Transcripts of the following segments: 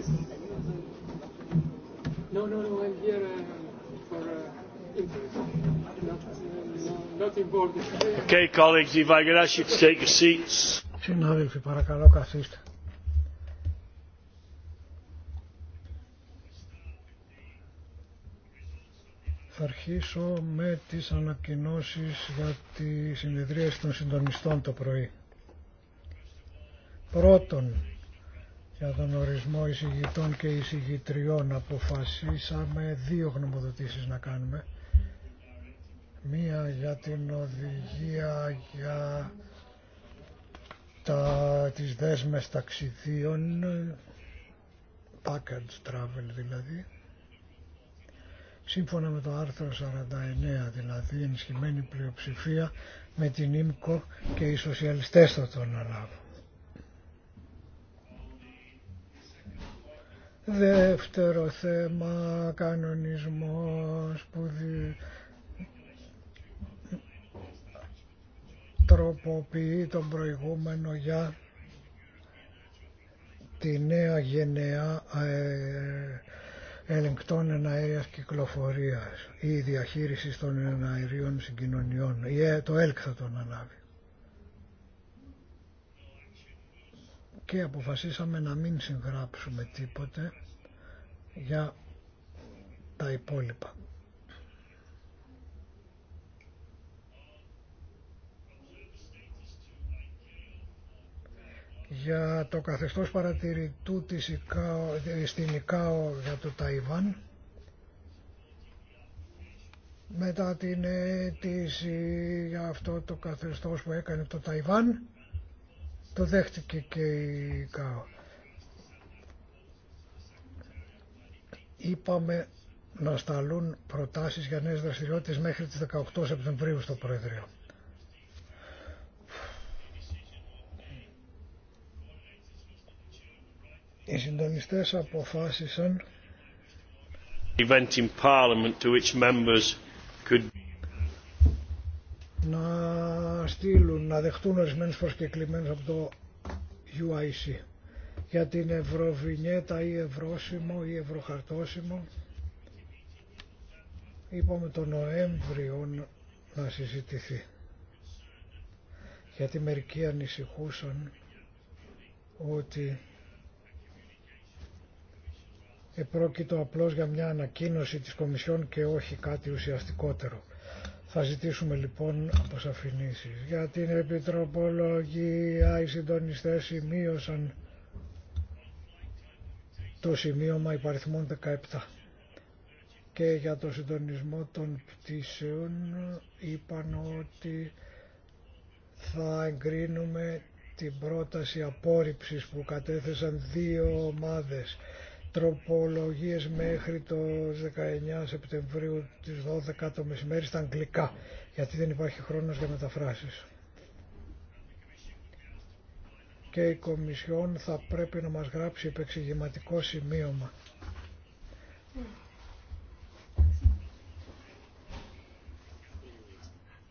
No, no, no, I'm here uh, for uh, interest. Not uh, involved. Okay, colleagues, if I could ask you to take your seats. Συνάδελφοι, παρακαλώ καθίστε. Θα αρχίσω με τις ανακοινώσεις για τη συνεδρίαση των συντονιστών το πρωί. Πρώτον, για τον ορισμό εισηγητών και εισηγητριών αποφασίσαμε δύο γνωμοδοτήσεις να κάνουμε. Μία για την οδηγία για τα, τις δέσμες ταξιδίων, package travel δηλαδή, σύμφωνα με το άρθρο 49 δηλαδή ενισχυμένη πλειοψηφία με την ΙΜΚΟ και οι σοσιαλιστές θα το αναλάβουν. Δεύτερο θέμα, κανονισμός που τροποποιεί τον προηγούμενο για τη νέα γενεά ελεγκτών εναερίας κυκλοφορίας ή διαχείρισης των εναερίων συγκοινωνιών. Ε, το ΕΛΚ θα τον ανάβει. και αποφασίσαμε να μην συγγράψουμε τίποτε για τα υπόλοιπα. για το καθεστώς παρατηρητού της στην ΙΚΑΟ για το Ταϊβάν μετά την αίτηση για αυτό το καθεστώς που έκανε το Ταϊβάν το δέχτηκε και η ΚΑΟ. Είπαμε να σταλούν προτάσεις για νέες δραστηριότητες μέχρι τις 18 Σεπτεμβρίου στο Προεδρείο. Οι συντονιστές αποφάσισαν να να στείλουν, να δεχτούν ορισμένους προσκεκλημένους από το UIC για την ευρωβινιέτα ή ευρώσιμο ή ευρωχαρτώσιμο. Είπαμε το Νοέμβριο να συζητηθεί. Γιατί μερικοί ανησυχούσαν ότι επρόκειτο απλώς για μια ανακοίνωση της Κομισιόν και όχι κάτι ουσιαστικότερο. Θα ζητήσουμε λοιπόν αποσαφηνήσεις. Για την επιτροπολογία οι συντονιστές σημείωσαν το σημείωμα υπαριθμών 17 και για το συντονισμό των πτήσεων είπαν ότι θα εγκρίνουμε την πρόταση απόρριψης που κατέθεσαν δύο ομάδες τροπολογίες μέχρι το 19 Σεπτεμβρίου τις 12 το μεσημέρι στα αγγλικά γιατί δεν υπάρχει χρόνος για μεταφράσεις. Και η Κομισιόν θα πρέπει να μας γράψει επεξηγηματικό σημείωμα.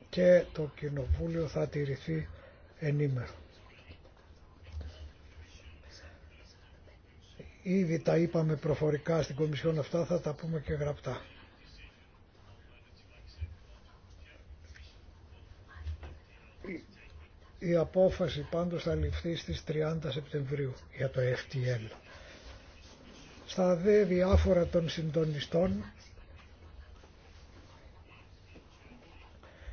Και το Κοινοβούλιο θα τηρηθεί ενήμερο. Ήδη τα είπαμε προφορικά στην Κομισιόν αυτά, θα τα πούμε και γραπτά. Η απόφαση πάντως θα ληφθεί στις 30 Σεπτεμβρίου για το FTL. Στα δε διάφορα των συντονιστών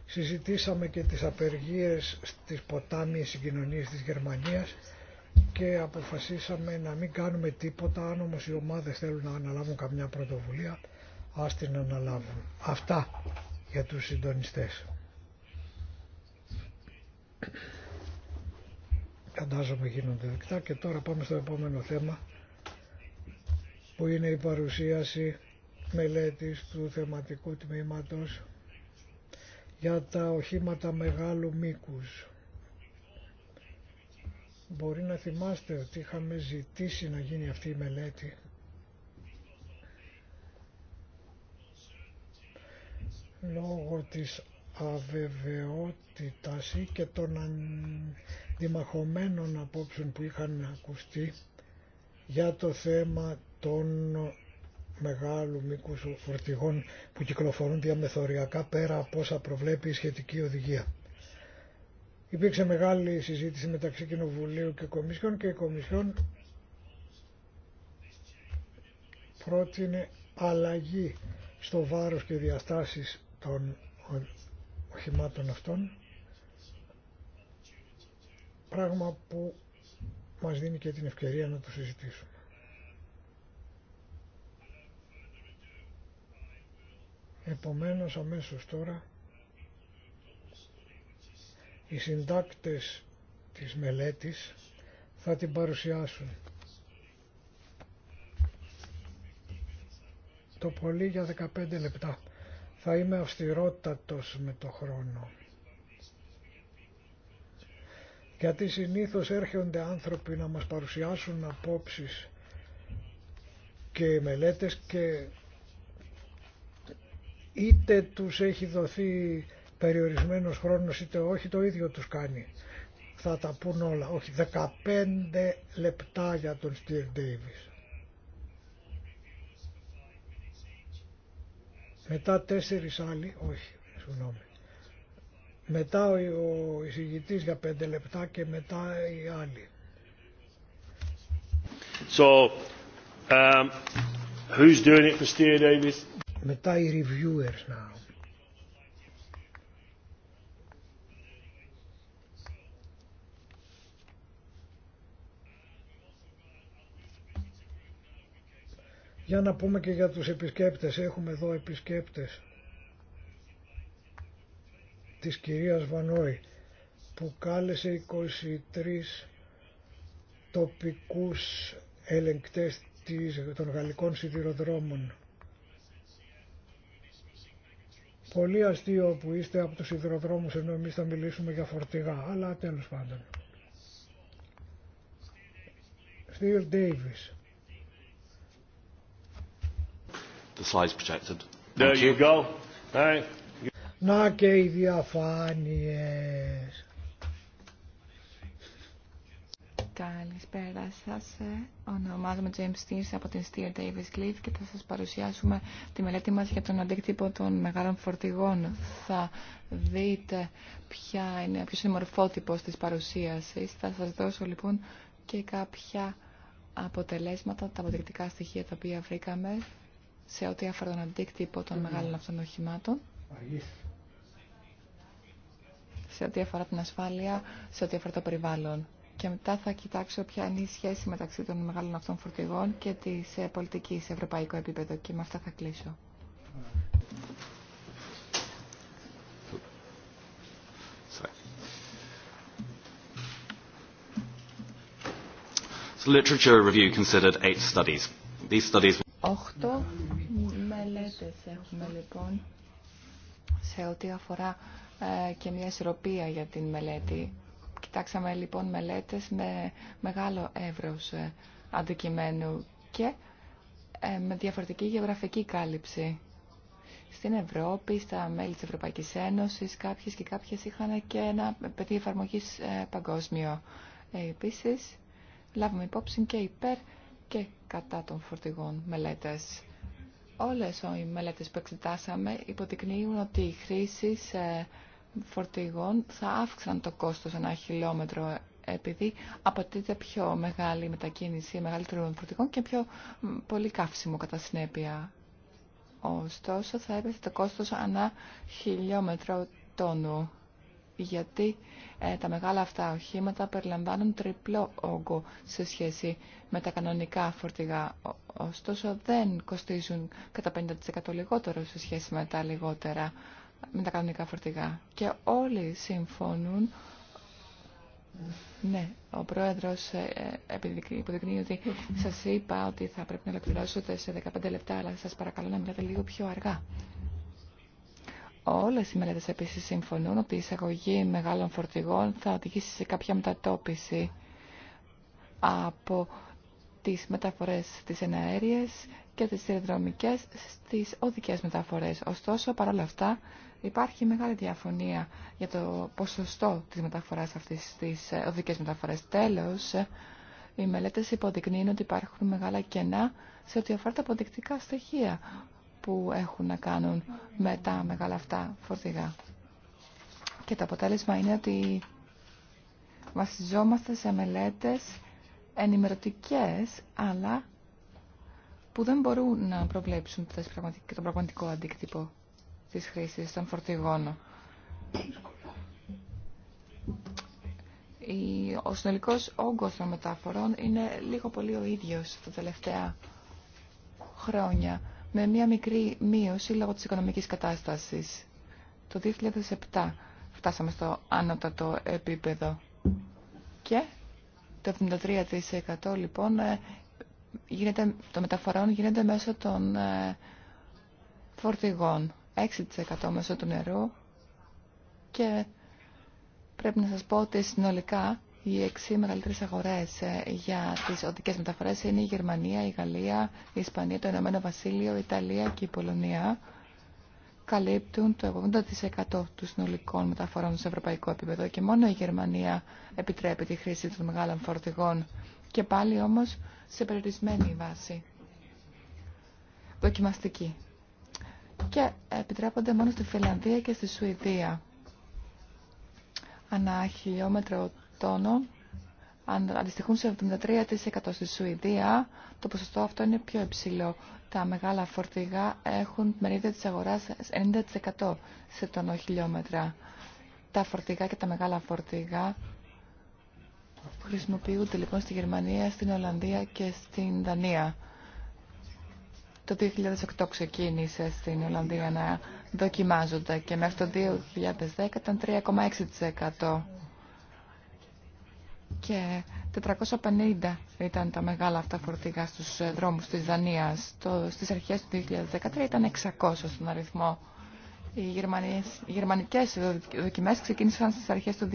συζητήσαμε και τις απεργίες στις ποτάμιες συγκοινωνίες της Γερμανίας και αποφασίσαμε να μην κάνουμε τίποτα αν όμως οι ομάδες θέλουν να αναλάβουν καμιά πρωτοβουλία ας την αναλάβουν. Αυτά για τους συντονιστές. Φαντάζομαι γίνονται δεκτά και τώρα πάμε στο επόμενο θέμα που είναι η παρουσίαση μελέτης του θεματικού τμήματος για τα οχήματα μεγάλου μήκους. Μπορεί να θυμάστε ότι είχαμε ζητήσει να γίνει αυτή η μελέτη λόγω της αβεβαιότητας ή και των αντιμαχωμένων απόψεων που είχαν ακουστεί για το θέμα των μεγάλου μήκους φορτηγών που κυκλοφορούν διαμεθοριακά πέρα από όσα προβλέπει η σχετική οδηγία. Υπήρξε μεγάλη συζήτηση μεταξύ Κοινοβουλίου και Κομισιόν και η Κομισιόν πρότεινε αλλαγή στο βάρος και διαστάσεις των οχημάτων αυτών πράγμα που μας δίνει και την ευκαιρία να το συζητήσουμε. Επομένως αμέσως τώρα οι συντάκτες της μελέτης θα την παρουσιάσουν. Το πολύ για 15 λεπτά. Θα είμαι αυστηρότατος με το χρόνο. Γιατί συνήθως έρχονται άνθρωποι να μας παρουσιάσουν απόψεις και μελέτες και είτε τους έχει δοθεί περιορισμένος χρόνος είτε όχι το ίδιο τους κάνει. Θα τα πούν όλα. Όχι, 15 λεπτά για τον Steve Davis. Μετά τέσσερις άλλοι, όχι, συγγνώμη. Μετά ο εισηγητής για πέντε λεπτά και μετά οι άλλοι. So, um, who's doing it for Steve Davis? Μετά οι reviewers now. Για να πούμε και για τους επισκέπτες. Έχουμε εδώ επισκέπτες της κυρίας Βανόη που κάλεσε 23 τοπικούς ελεγκτές των γαλλικών σιδηροδρόμων. Πολύ αστείο που είστε από τους σιδηροδρόμους ενώ εμείς θα μιλήσουμε για φορτηγά, αλλά τέλος πάντων. Ντέιβις. The projected. There you go. Να και οι διαφάνειες. Καλησπέρα σας. Ε, ονομάζομαι James Steers από την Steer Davis Cliff και θα σας παρουσιάσουμε τη μελέτη μας για τον αντίκτυπο των μεγάλων φορτηγών. Θα δείτε ποια είναι, ποιος είναι ο μορφότυπος της παρουσίασης. Θα σας δώσω λοιπόν και κάποια αποτελέσματα, τα αποτελεκτικά στοιχεία τα οποία βρήκαμε σε ό,τι αφορά τον αντίκτυπο των μεγάλων αυτών οχημάτων, σε ό,τι αφορά την ασφάλεια, σε ό,τι αφορά το περιβάλλον. Και μετά θα κοιτάξω ποια είναι η σχέση μεταξύ των μεγάλων αυτών φορτηγών και τη ε, πολιτική σε ευρωπαϊκό επίπεδο. Και με αυτά θα κλείσω. Οχτώ Έχουμε λοιπόν σε ό,τι αφορά ε, και μια ισορροπία για την μελέτη. Κοιτάξαμε λοιπόν μελέτες με μεγάλο εύρος ε, αντικειμένου και ε, με διαφορετική γεωγραφική κάλυψη. Στην Ευρώπη, στα μέλη της Ευρωπαϊκής Ένωσης, κάποιες και κάποιες είχαν και ένα πεδίο εφαρμογή παγκόσμιο. Επίσης, λάβουμε υπόψη και υπέρ και κατά των φορτηγών μελέτες. Όλες οι μελέτες που εξετάσαμε υποδεικνύουν ότι οι χρήσει ε, φορτηγών θα αύξαν το κόστος ένα χιλιόμετρο επειδή απαιτείται πιο μεγάλη μετακίνηση μεγαλύτερων φορτηγών και πιο πολύ καύσιμο κατά συνέπεια. Ωστόσο θα έπεσε το κόστος ανά χιλιόμετρο τόνου γιατί ε, τα μεγάλα αυτά οχήματα περιλαμβάνουν τριπλό όγκο σε σχέση με τα κανονικά φορτηγά. Ωστόσο δεν κοστίζουν κατά 50% λιγότερο σε σχέση με τα λιγότερα με τα κανονικά φορτηγά. Και όλοι συμφωνούν ναι, ο πρόεδρος ε, υποδεικνύει ότι σας είπα ότι θα πρέπει να ολοκληρώσετε σε 15 λεπτά, αλλά σας παρακαλώ να μιλάτε λίγο πιο αργά. Όλες οι μελέτες επίσης συμφωνούν ότι η εισαγωγή μεγάλων φορτηγών θα οδηγήσει σε κάποια μετατόπιση από τις μεταφορές της εναέριες και τις τηλεδρομικές στις οδικές μεταφορές. Ωστόσο, παρόλα αυτά, υπάρχει μεγάλη διαφωνία για το ποσοστό της μεταφοράς αυτής στις οδικές μεταφορές. Τέλος, οι μελέτες υποδεικνύουν ότι υπάρχουν μεγάλα κενά σε ό,τι αφορά τα αποδεικτικά στοιχεία που έχουν να κάνουν με τα μεγάλα αυτά φορτηγά. Και το αποτέλεσμα είναι ότι βασιζόμαστε σε μελέτες ενημερωτικές, αλλά που δεν μπορούν να προβλέψουν το πραγματικό αντίκτυπο της χρήσης των φορτηγών. Ο συνολικό όγκος των μεταφορών είναι λίγο πολύ ο ίδιος τα τελευταία χρόνια με μία μικρή μείωση λόγω της οικονομικής κατάστασης. Το 2007 φτάσαμε στο άνωτατο επίπεδο και το 73% λοιπόν ε, γίνεται, των μεταφορών γίνεται μέσω των ε, φορτηγών, 6% μέσω του νερού και πρέπει να σας πω ότι συνολικά οι έξι μεγαλύτερε αγορέ ε, για τις οδικέ μεταφορέ είναι η Γερμανία, η Γαλλία, η Ισπανία, το Ηνωμένο Βασίλειο, η Ιταλία και η Πολωνία. Καλύπτουν το 80% των συνολικών μεταφορών σε ευρωπαϊκό επίπεδο και μόνο η Γερμανία επιτρέπει τη χρήση των μεγάλων φορτηγών και πάλι όμως σε περιορισμένη βάση. Δοκιμαστική. Και επιτρέπονται μόνο στη Φιλανδία και στη Σουηδία. Ανά χιλιόμετρο τόνο αντιστοιχούν σε 73% στη Σουηδία. Το ποσοστό αυτό είναι πιο υψηλό. Τα μεγάλα φορτηγά έχουν μερίδιο της αγοράς 90% σε τόνο χιλιόμετρα. Τα φορτηγά και τα μεγάλα φορτηγά χρησιμοποιούνται λοιπόν στη Γερμανία, στην Ολλανδία και στην Δανία. Το 2008 ξεκίνησε στην Ολλανδία να δοκιμάζονται και μέχρι το 2010 ήταν 3,6% και 450 ήταν τα μεγάλα αυτά φορτηγά στους ε, δρόμους της Δανίας. Το, στις αρχές του 2013 ήταν 600 στον αριθμό. Οι, γερμανικές, δοκιμές ξεκίνησαν στις αρχές του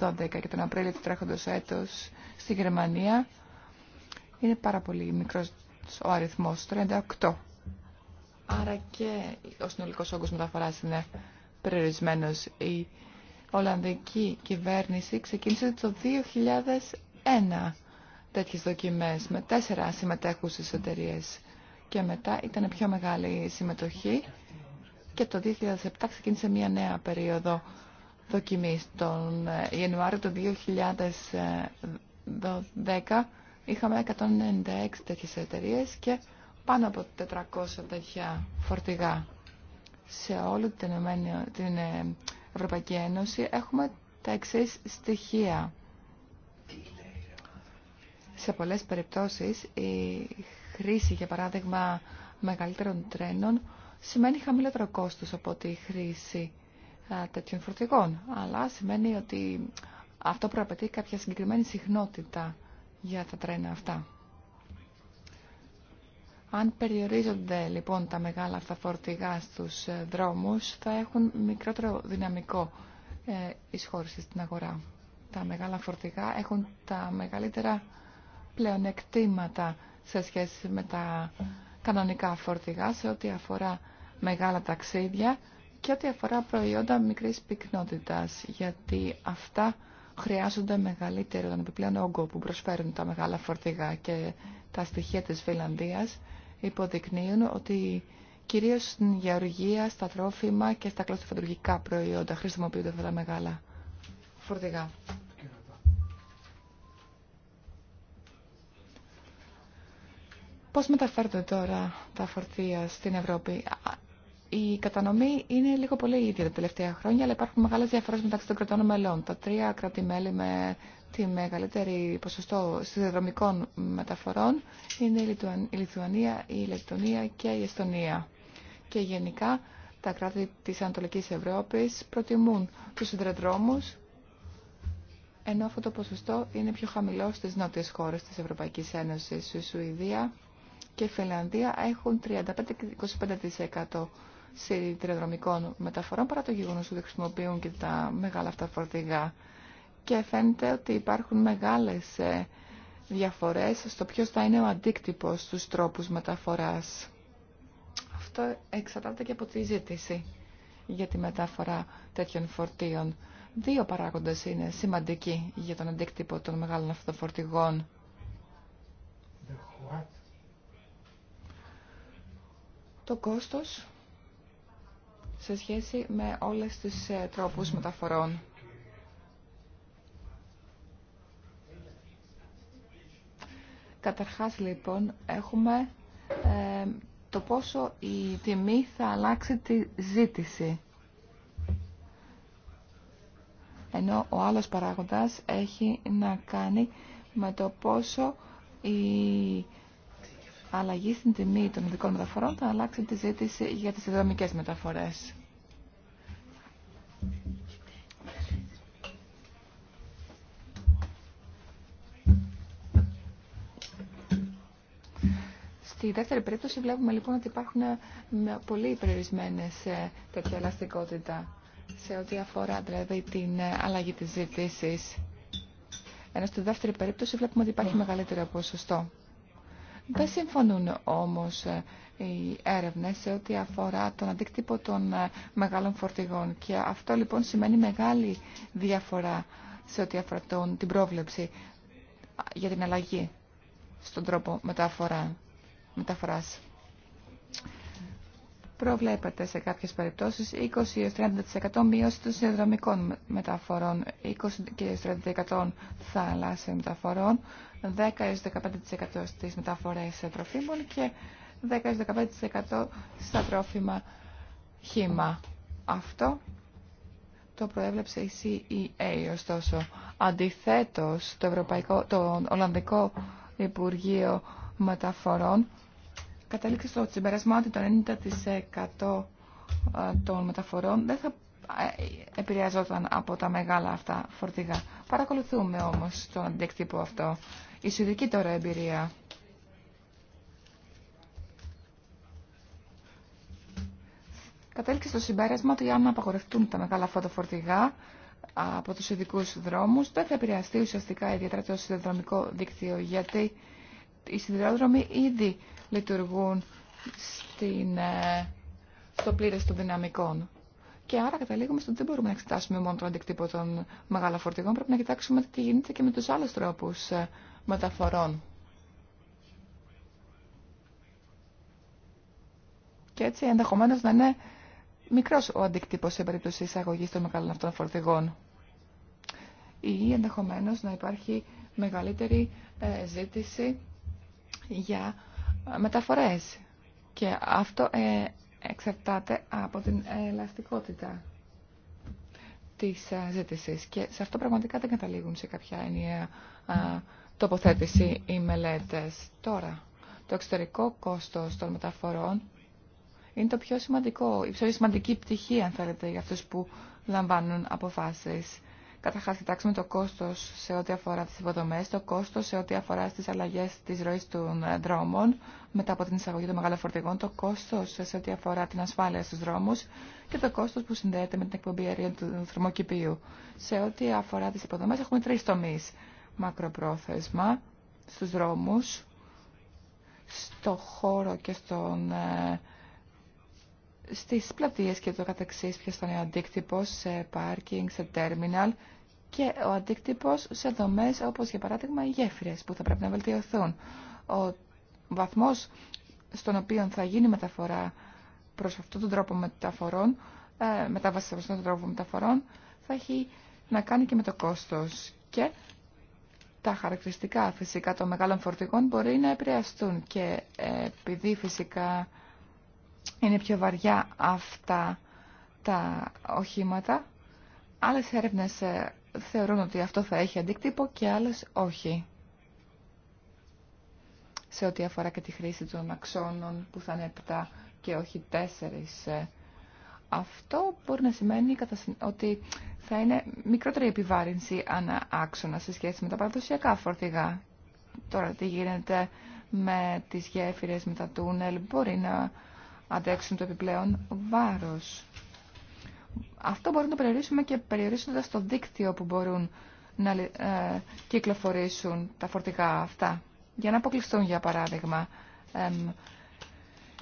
2012 και τον Απρίλιο του τρέχοντος έτος στη Γερμανία είναι πάρα πολύ μικρός ο αριθμός, 38. Άρα και ο συνολικός όγκος μεταφοράς είναι περιορισμένος. Ολλανδική κυβέρνηση ξεκίνησε το 2001 τέτοιες δοκιμές με τέσσερα συμμετέχουσες εταιρείε. Και μετά ήταν πιο μεγάλη η συμμετοχή και το 2007 ξεκίνησε μια νέα περίοδο δοκιμής. Τον ε, Ιανουάριο του 2010 είχαμε 196 τέτοιες εταιρείε και πάνω από 400 τέτοια φορτηγά σε όλη την, την ε, Ευρωπαϊκή Ένωση έχουμε τα εξή στοιχεία. Σε πολλές περιπτώσεις η χρήση, για παράδειγμα, μεγαλύτερων τρένων σημαίνει χαμηλότερο κόστος από τη χρήση τέτοιων φορτηγών. Αλλά σημαίνει ότι αυτό προαπαιτεί κάποια συγκεκριμένη συχνότητα για τα τρένα αυτά. Αν περιορίζονται λοιπόν τα μεγάλα αυτά φορτηγά στους ε, δρόμους, θα έχουν μικρότερο δυναμικό ε, εισχώρηση στην αγορά. Τα μεγάλα φορτηγά έχουν τα μεγαλύτερα πλεονεκτήματα σε σχέση με τα κανονικά φορτηγά σε ό,τι αφορά μεγάλα ταξίδια και ό,τι αφορά προϊόντα μικρής πυκνότητας, γιατί αυτά χρειάζονται μεγαλύτερο τον επιπλέον όγκο που προσφέρουν τα μεγάλα φορτηγά και τα στοιχεία της Φιλανδίας υποδεικνύουν ότι κυρίως στην γεωργία, στα τρόφιμα και στα κλωστοφαντουργικά προϊόντα χρησιμοποιούνται αυτά τα μεγάλα φορτηγά. Πώς μεταφέρονται τώρα τα φορτία στην Ευρώπη. Η κατανομή είναι λίγο πολύ ίδια τα τελευταία χρόνια, αλλά υπάρχουν μεγάλες διαφορές μεταξύ των κρατών μελών. Τα τρία τη μεγαλύτερη ποσοστό σιδηροδρομικών μεταφορών είναι η Λιθουανία, η Λεκτονία και η Εστονία. Και γενικά τα κράτη της Ανατολικής Ευρώπης προτιμούν τους σιδηροδρόμους ενώ αυτό το ποσοστό είναι πιο χαμηλό στις νότιες χώρες της Ευρωπαϊκής Ένωσης. Η Σουηδία και η Φιλανδία έχουν 35-25% σιδηροδρομικών μεταφορών παρά το γεγονός ότι χρησιμοποιούν και τα μεγάλα αυτά φορτηγά και φαίνεται ότι υπάρχουν μεγάλες ε, διαφορές στο ποιος θα είναι ο αντίκτυπος στους τρόπους μεταφοράς. Αυτό εξαρτάται και από τη ζήτηση για τη μεταφορά τέτοιων φορτίων. Δύο παράγοντες είναι σημαντικοί για τον αντίκτυπο των μεγάλων αυτοφορτηγών. Το κόστος σε σχέση με όλες τις ε, τρόπους μεταφορών. Καταρχάς λοιπόν έχουμε ε, το πόσο η τιμή θα αλλάξει τη ζήτηση. Ενώ ο άλλος παράγοντας έχει να κάνει με το πόσο η αλλαγή στην τιμή των ειδικών μεταφορών θα αλλάξει τη ζήτηση για τις ειδομικές μεταφορές. Στη δεύτερη περίπτωση βλέπουμε λοιπόν ότι υπάρχουν ε, πολύ περιορισμένε ε, τέτοια ελαστικότητα σε ό,τι αφορά δηλαδή την ε, αλλαγή της ζήτηση. Ενώ στη δεύτερη περίπτωση βλέπουμε ότι υπάρχει μεγαλύτερο ποσοστό. Δεν συμφωνούν όμως οι έρευνες σε ό,τι αφορά τον αντίκτυπο των μεγάλων φορτηγών και αυτό λοιπόν σημαίνει μεγάλη διαφορά σε ό,τι αφορά την πρόβλεψη για την αλλαγή στον τρόπο μεταφορά μεταφράσει. Προβλέπεται σε κάποιες περιπτώσεις 20-30% μείωση των συνδρομικών μεταφορών, 20-30% θαλάσσιων μεταφορών, 10-15% στις μεταφορές τροφίμων και 10-15% στα τρόφιμα χήμα. Αυτό το προέβλεψε η CEA, ωστόσο. Αντιθέτως, το, Ευρωπαϊκό, το Ολλανδικό Υπουργείο Μεταφορών Κατέλήξε στο συμπέρασμα ότι το 90% των μεταφορών δεν θα ε, επηρεαζόταν από τα μεγάλα αυτά φορτηγά. Παρακολουθούμε όμως τον αντίκτυπο αυτό. Η σουδική τώρα εμπειρία. Κατέληξε στο συμπέρασμα ότι αν απαγορευτούν τα μεγάλα φωτοφορτηγά από τους ειδικούς δρόμους, δεν θα επηρεαστεί ουσιαστικά ιδιαίτερα το σιδηροδρομικό δίκτυο, γιατί οι σιδηρόδρομοι ήδη λειτουργούν στην, ε, στο πλήρε των δυναμικών. Και άρα καταλήγουμε στο ότι δεν μπορούμε να εξετάσουμε μόνο τον αντικτύπο των μεγάλων φορτηγών, πρέπει να κοιτάξουμε τι γίνεται και με τους άλλους τρόπους ε, μεταφορών. Και έτσι ενδεχομένω να είναι μικρός ο αντικτύπος σε περίπτωση εισαγωγή των μεγάλων αυτών φορτηγών. Ή ενδεχομένω να υπάρχει μεγαλύτερη ε, ζήτηση για μεταφορές. Και αυτό ε, εξαρτάται από την ελαστικότητα της ε, ζήτησης. Και σε αυτό πραγματικά δεν καταλήγουν σε κάποια ενιαία τοποθέτηση οι μελέτες. Τώρα, το εξωτερικό κόστος των μεταφορών είναι το πιο σημαντικό, η πιο σημαντική πτυχή, αν θέλετε, για αυτούς που λαμβάνουν αποφάσεις. Καταρχάς, κοιτάξουμε το κόστος σε ό,τι αφορά τις υποδομές, το κόστος σε ό,τι αφορά στις αλλαγές της ροής των ε, δρόμων μετά από την εισαγωγή των μεγάλων φορτηγών, το κόστος σε ό,τι αφορά την ασφάλεια στους δρόμους και το κόστος που συνδέεται με την εκπομπή αερίων του θερμοκηπίου. Σε ό,τι αφορά τις υποδομέ έχουμε τρεις τομείς. Μακροπρόθεσμα, στους δρόμους, στο χώρο και στον ε, στις πλατείες και το καταξής ποιος θα είναι ο αντίκτυπος σε πάρκινγκ, σε τέρμιναλ και ο αντίκτυπος σε δομές όπως για παράδειγμα οι γέφυρες που θα πρέπει να βελτιωθούν. Ο βαθμός στον οποίο θα γίνει μεταφορά προς αυτόν τον τρόπο μεταφορών, ε, μετάβαση προς αυτόν τον τρόπο μεταφορών, θα έχει να κάνει και με το κόστος. Και τα χαρακτηριστικά φυσικά των μεγάλων φορτηγών μπορεί να επηρεαστούν και επειδή φυσικά είναι πιο βαριά αυτά τα οχήματα. Άλλες έρευνες ε, θεωρούν ότι αυτό θα έχει αντίκτυπο και άλλες όχι. Σε ό,τι αφορά και τη χρήση των αξώνων που θα είναι 7 και όχι 4. Ε, αυτό μπορεί να σημαίνει ότι θα είναι μικρότερη επιβάρυνση ανά άξονα σε σχέση με τα παραδοσιακά φορτηγά. Τώρα τι γίνεται με τις γέφυρες, με τα τούνελ, μπορεί να αντέξουν το επιπλέον βάρος. Αυτό μπορούμε να το περιορίσουμε και περιορίσοντας το δίκτυο που μπορούν να ε, κυκλοφορήσουν τα φορτικά αυτά. Για να αποκλειστούν, για παράδειγμα,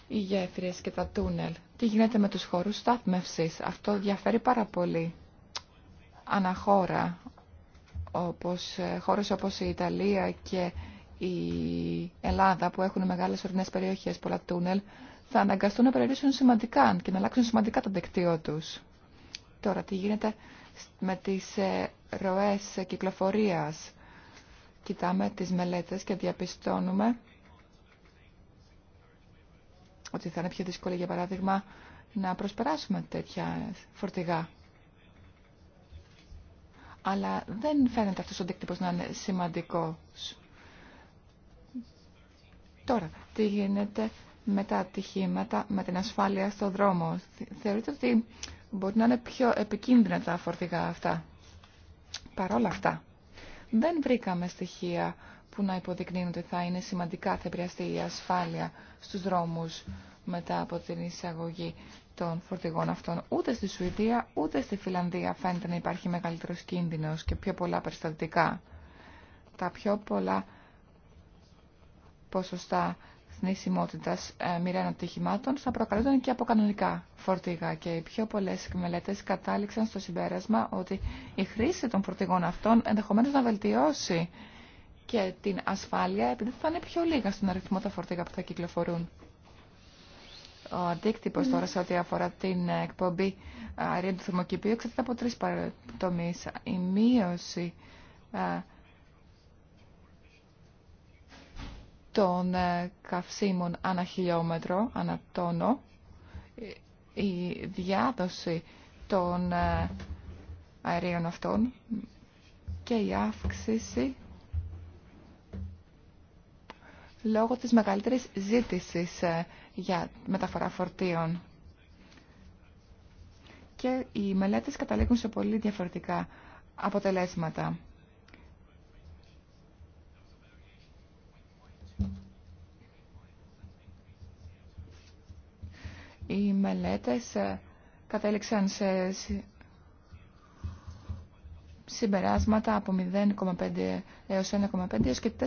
οι γέφυρες και τα τούνελ. Τι γίνεται με τους χώρους στάθμευσης. Αυτό διαφέρει πάρα πολύ αναχώρα. Όπως, ε, χώρες όπως η Ιταλία και η Ελλάδα που έχουν μεγάλες ορεινές περιοχές, πολλά τούνελ, θα αναγκαστούν να περιορίσουν σημαντικά και να αλλάξουν σημαντικά το δεκτύο τους. Τώρα, τι γίνεται με τις ε, ροές κυκλοφορίας. Κοιτάμε τις μελέτες και διαπιστώνουμε ότι θα είναι πιο δύσκολο, για παράδειγμα, να προσπεράσουμε τέτοια φορτηγά. Αλλά δεν φαίνεται αυτός ο δίκτυπος να είναι σημαντικός. Τώρα, τι γίνεται με τα ατυχήματα, με την ασφάλεια στο δρόμο. Θεωρείτε ότι μπορεί να είναι πιο επικίνδυνα τα φορτηγά αυτά. Παρ' όλα αυτά, δεν βρήκαμε στοιχεία που να υποδεικνύουν ότι θα είναι σημαντικά, θα επηρεαστεί η ασφάλεια στους δρόμους μετά από την εισαγωγή των φορτηγών αυτών. Ούτε στη Σουηδία, ούτε στη Φιλανδία φαίνεται να υπάρχει μεγαλύτερος κίνδυνος και πιο πολλά περιστατικά. Τα πιο πολλά ποσοστά θνησιμότητας ε, μοιραίων ατυχημάτων θα προκαλούνταν και από κανονικά φορτηγά και οι πιο πολλέ μελέτε κατάληξαν στο συμπέρασμα ότι η χρήση των φορτηγών αυτών ενδεχομένως να βελτιώσει και την ασφάλεια επειδή θα είναι πιο λίγα στον αριθμό τα φορτηγά που θα κυκλοφορούν. Ο αντίκτυπος τώρα σε ό,τι αφορά την εκπομπή ε, αερίων του θερμοκηπίου εξαρτάται από τρεις τομείς. Η μείωση ε, των ε, καυσίμων ανά χιλιόμετρο, ε, η διάδοση των ε, αερίων αυτών και η αύξηση λόγω της μεγαλύτερης ζήτησης για μεταφορά φορτίων. Και οι μελέτες καταλήγουν σε πολύ διαφορετικά αποτελέσματα. μελέτες ε, κατέληξαν σε συμπεράσματα από 0,5 έως 1,5 έως και 4%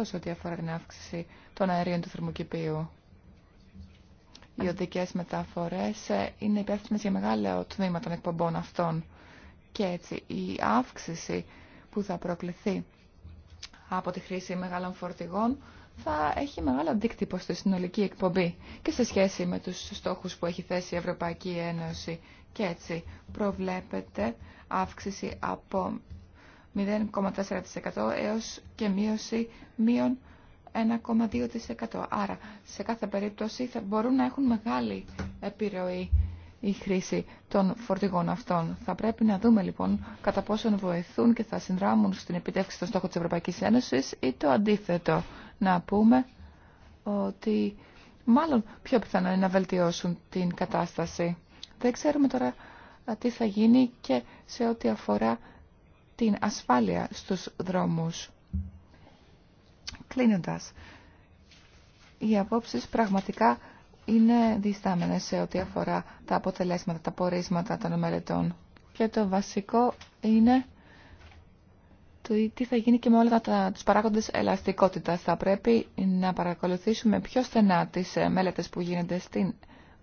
σε ό,τι αφορά την αύξηση των αερίων του θερμοκηπίου. Οι οδικές μεταφορές ε, είναι υπεύθυνες για μεγάλο τμήμα των εκπομπών αυτών και έτσι η αύξηση που θα προκληθεί από τη χρήση μεγάλων φορτηγών θα έχει μεγάλο αντίκτυπο στη συνολική εκπομπή και σε σχέση με τους στόχους που έχει θέσει η Ευρωπαϊκή Ένωση. Και έτσι προβλέπεται αύξηση από 0,4% έως και μείωση μείων 1,2%. Άρα σε κάθε περίπτωση θα μπορούν να έχουν μεγάλη επιρροή η χρήση των φορτηγών αυτών. Θα πρέπει να δούμε λοιπόν κατά πόσον βοηθούν και θα συνδράμουν στην επιτεύξη των στόχων της Ευρωπαϊκής Ένωσης ή το αντίθετο να πούμε ότι μάλλον πιο πιθανό είναι να βελτιώσουν την κατάσταση. Δεν ξέρουμε τώρα τι θα γίνει και σε ό,τι αφορά την ασφάλεια στους δρόμους. Κλείνοντας, οι απόψεις πραγματικά είναι διστάμενες σε ό,τι αφορά τα αποτελέσματα, τα πορίσματα των μελετών. Και το βασικό είναι το τι θα γίνει και με όλα τα, τους παράγοντες ελαστικότητας. Θα πρέπει να παρακολουθήσουμε πιο στενά τις ε, μελέτες που γίνονται στην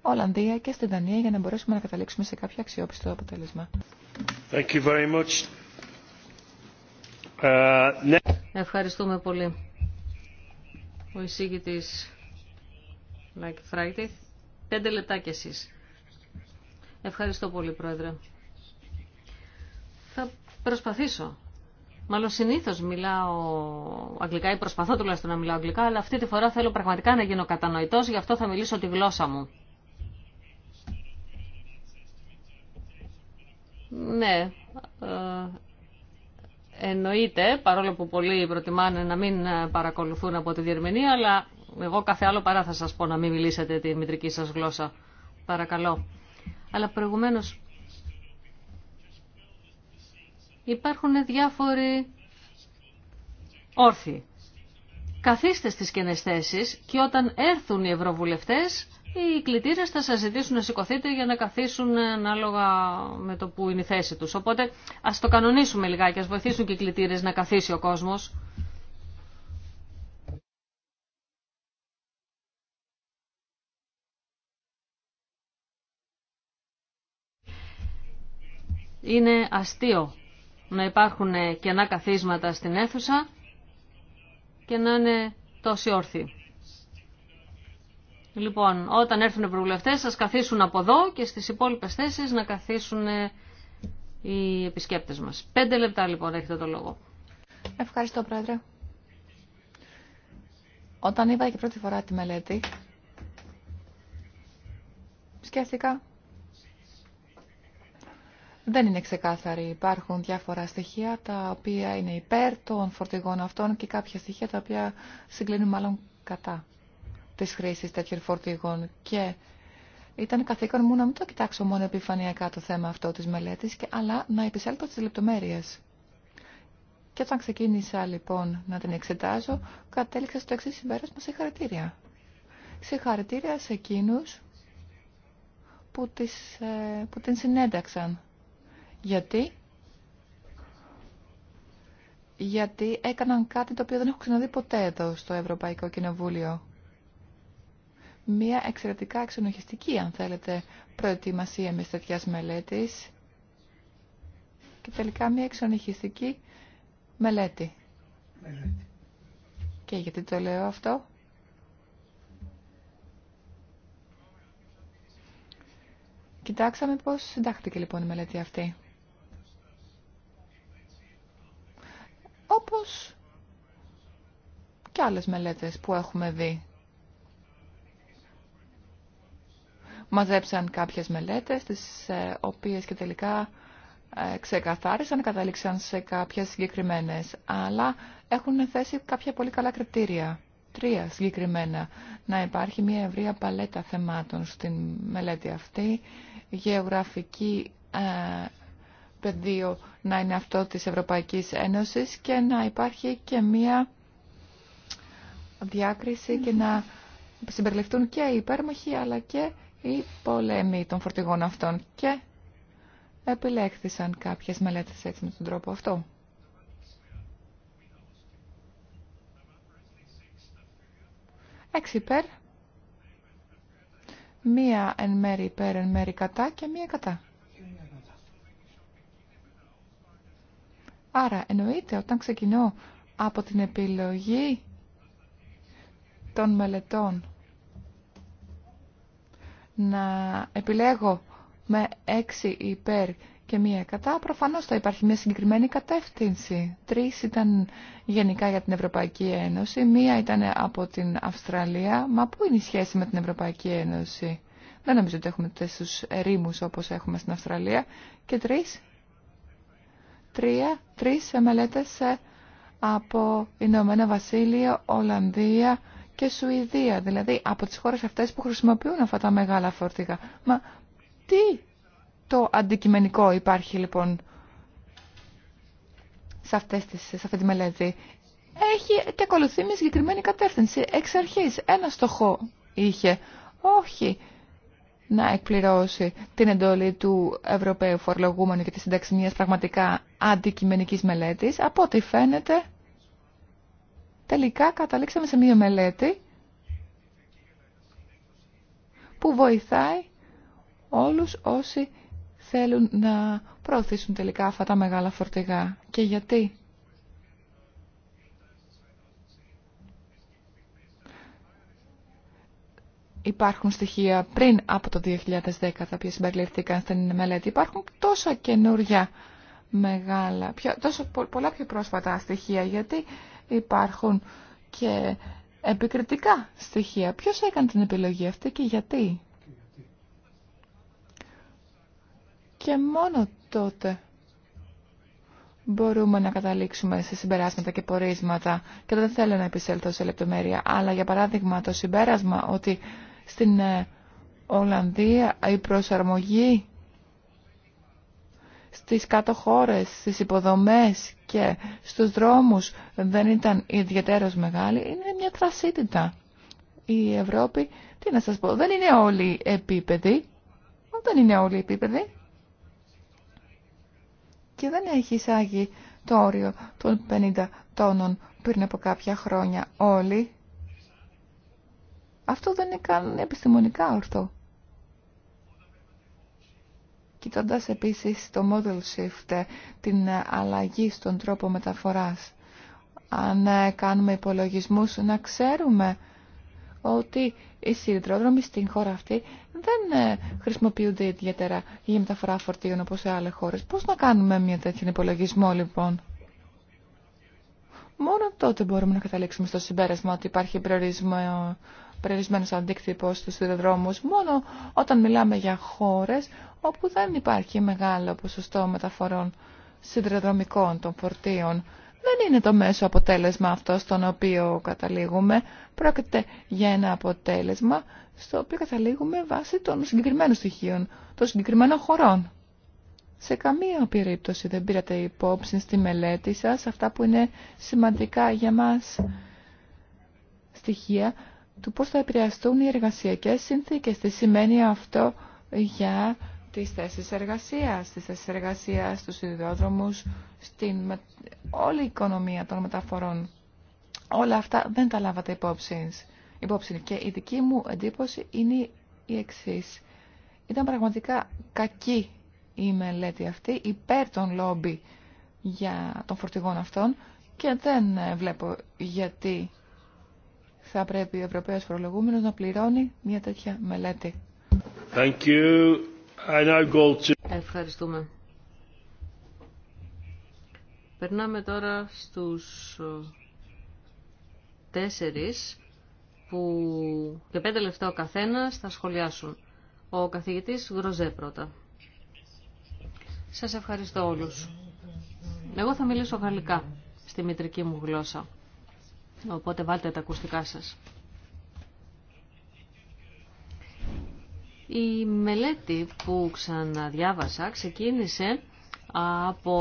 Ολλανδία και στην Δανία για να μπορέσουμε να καταλήξουμε σε κάποιο αξιόπιστο αποτέλεσμα. Ε, uh, ευχαριστούμε πολύ. Ο Like Friday. Πέντε λεπτά κι εσείς. Ευχαριστώ πολύ, Πρόεδρε. Θα προσπαθήσω. Μάλλον συνήθω μιλάω αγγλικά ή προσπαθώ τουλάχιστον να μιλάω αγγλικά, αλλά αυτή τη φορά θέλω πραγματικά να γίνω κατανοητό, γι' αυτό θα μιλήσω τη γλώσσα μου. Ναι, ε, εννοείται, παρόλο που πολλοί προτιμάνε να μην παρακολουθούν από τη διερμηνία, αλλά εγώ κάθε άλλο παρά θα σας πω να μην μιλήσετε τη μητρική σας γλώσσα. Παρακαλώ. Αλλά προηγουμένως υπάρχουν διάφοροι όρθιοι. Καθίστε στις κενές θέσεις και όταν έρθουν οι ευρωβουλευτές οι κλητήρες θα σας ζητήσουν να σηκωθείτε για να καθίσουν ανάλογα με το που είναι η θέση τους. Οπότε ας το κανονίσουμε λιγάκι, ας βοηθήσουν και οι κλητήρες να καθίσει ο κόσμος. Είναι αστείο να υπάρχουν κενά καθίσματα στην αίθουσα και να είναι τόσοι όρθιοι. Λοιπόν, όταν έρθουν οι προβουλευτές σας καθίσουν από εδώ και στις υπόλοιπες θέσεις να καθίσουν οι επισκέπτες μας. Πέντε λεπτά λοιπόν έχετε το λόγο. Ευχαριστώ Πρόεδρε. Όταν είπα και πρώτη φορά τη μελέτη, σκέφτηκα δεν είναι ξεκάθαρη. Υπάρχουν διάφορα στοιχεία τα οποία είναι υπέρ των φορτηγών αυτών και κάποια στοιχεία τα οποία συγκλίνουν μάλλον κατά τη χρήση τέτοιων φορτηγών. Και ήταν καθήκον μου να μην το κοιτάξω μόνο επιφανειακά το θέμα αυτό τη μελέτη, αλλά να επισέλθω στις λεπτομέρειε. Και όταν ξεκίνησα λοιπόν να την εξετάζω, κατέληξα στο εξή συμπέρασμα σε χαρακτήρια. Σε χαρακτήρια σε εκείνους που, τις, ε, που την συνένταξαν γιατί? Γιατί έκαναν κάτι το οποίο δεν έχω ξαναδεί ποτέ εδώ στο Ευρωπαϊκό Κοινοβούλιο. Μία εξαιρετικά εξονοχιστική, αν θέλετε, προετοιμασία μιας τέτοια μελέτης και τελικά μία εξονοχιστική μελέτη. μελέτη. Και γιατί το λέω αυτό? Κοιτάξαμε πώς συντάχθηκε λοιπόν η μελέτη αυτή. όπως και άλλες μελέτες που έχουμε δει. Μαζέψαν κάποιες μελέτες, τις ε, οποίες και τελικά ε, ξεκαθάρισαν, καταλήξαν σε κάποιες συγκεκριμένες, αλλά έχουν θέσει κάποια πολύ καλά κριτήρια. Τρία συγκεκριμένα. Να υπάρχει μια ευρεία παλέτα θεμάτων στην μελέτη αυτή, γεωγραφική ε, πεδίο να είναι αυτό της Ευρωπαϊκής Ένωσης και να υπάρχει και μία διάκριση και να συμπεριληφθούν και οι υπέρμαχοι αλλά και οι πολέμοι των φορτηγών αυτών και επιλέχθησαν κάποιες μελέτες έτσι με τον τρόπο αυτό. Έξι υπέρ, μία εν μέρη υπέρ εν μέρη κατά και μία κατά. Άρα εννοείται όταν ξεκινώ από την επιλογή των μελετών να επιλέγω με έξι υπέρ και μία κατά, προφανώς θα υπάρχει μια συγκεκριμένη κατεύθυνση. Τρεις ήταν γενικά για την Ευρωπαϊκή Ένωση, μία ήταν από την Αυστραλία. Μα πού είναι η σχέση με την Ευρωπαϊκή Ένωση. Δεν νομίζω ότι έχουμε τέσσερις ρήμους όπως έχουμε στην Αυστραλία. Και τρεις τρία, τρεις μελέτες από Ηνωμένα Βασίλεια, Ολλανδία και Σουηδία, δηλαδή από τις χώρες αυτές που χρησιμοποιούν αυτά τα μεγάλα φορτηγά. Μα τι το αντικειμενικό υπάρχει λοιπόν σε, αυτές τις, σε αυτή τη μελέτη. Έχει και ακολουθεί μια συγκεκριμένη κατεύθυνση. Εξ αρχής ένα στοχό είχε. Όχι να εκπληρώσει την εντολή του Ευρωπαίου Φορολογούμενου και τη σύνταξη πραγματικά αντικειμενική μελέτη, Από ό,τι φαίνεται, τελικά καταλήξαμε σε μια μελέτη που βοηθάει όλους όσοι θέλουν να προωθήσουν τελικά αυτά τα μεγάλα φορτηγά. Και γιατί υπάρχουν στοιχεία πριν από το 2010 τα οποία συμπεριληφθήκαν στην μελέτη. Υπάρχουν τόσα καινούργια μεγάλα, πιο, τόσο πολλά πιο πρόσφατα στοιχεία γιατί υπάρχουν και επικριτικά στοιχεία. Ποιος έκανε την επιλογή αυτή και γιατί. Και μόνο τότε μπορούμε να καταλήξουμε σε συμπεράσματα και πορίσματα και δεν θέλω να επισέλθω σε λεπτομέρεια αλλά για παράδειγμα το συμπέρασμα ότι στην ε, Ολλανδία η προσαρμογή στις κάτω χώρες, στις υποδομές και στους δρόμους δεν ήταν ιδιαίτερος μεγάλη, είναι μια τρασίτητα. Η Ευρώπη, τι να σας πω, δεν είναι όλοι επίπεδοι, δεν είναι όλοι επίπεδοι και δεν έχει εισάγει το όριο των 50 τόνων πριν από κάποια χρόνια όλοι. Αυτό δεν είναι καν επιστημονικά ορθό. Κοιτώντας επίσης το model shift, την αλλαγή στον τρόπο μεταφοράς. Αν ε, κάνουμε υπολογισμούς, να ξέρουμε ότι οι σιδηρόδρομοι στην χώρα αυτή δεν ε, χρησιμοποιούνται ιδιαίτερα για μεταφορά φορτίων όπως σε άλλες χώρες. Πώς να κάνουμε μια τέτοια υπολογισμό λοιπόν. Μόνο τότε μπορούμε να καταλήξουμε στο συμπέρασμα ότι υπάρχει περιορισμό περιορισμένος αντίκτυπος στου σιδηροδρόμους μόνο όταν μιλάμε για χώρες όπου δεν υπάρχει μεγάλο ποσοστό μεταφορών σιδηροδρομικών των φορτίων. Δεν είναι το μέσο αποτέλεσμα αυτό στον οποίο καταλήγουμε. Πρόκειται για ένα αποτέλεσμα στο οποίο καταλήγουμε βάσει των συγκεκριμένων στοιχείων, των συγκεκριμένων χωρών. Σε καμία περίπτωση δεν πήρατε υπόψη στη μελέτη σας αυτά που είναι σημαντικά για μας στοιχεία του πώς θα επηρεαστούν οι εργασιακές συνθήκες. Τι σημαίνει αυτό για τις θέσεις εργασίας, τις θέσεις εργασίας, τους ιδιόδρομους, στην όλη η οικονομία των μεταφορών. Όλα αυτά δεν τα λάβατε υπόψη. Και η δική μου εντύπωση είναι η εξή. Ήταν πραγματικά κακή η μελέτη αυτή υπέρ των λόμπι για των φορτηγών αυτών και δεν βλέπω γιατί θα πρέπει ο Ευρωπαίος φορολογούμενος να πληρώνει μια τέτοια μελέτη. Thank you. I to... Ευχαριστούμε. Περνάμε τώρα στους ε, τέσσερις που για πέντε λεπτά ο καθένας θα σχολιάσουν. Ο καθηγητής Γροζέ πρώτα. Σας ευχαριστώ όλους. Εγώ θα μιλήσω γαλλικά στη μητρική μου γλώσσα. Οπότε βάλτε τα ακουστικά σας. Η μελέτη που ξαναδιάβασα ξεκίνησε από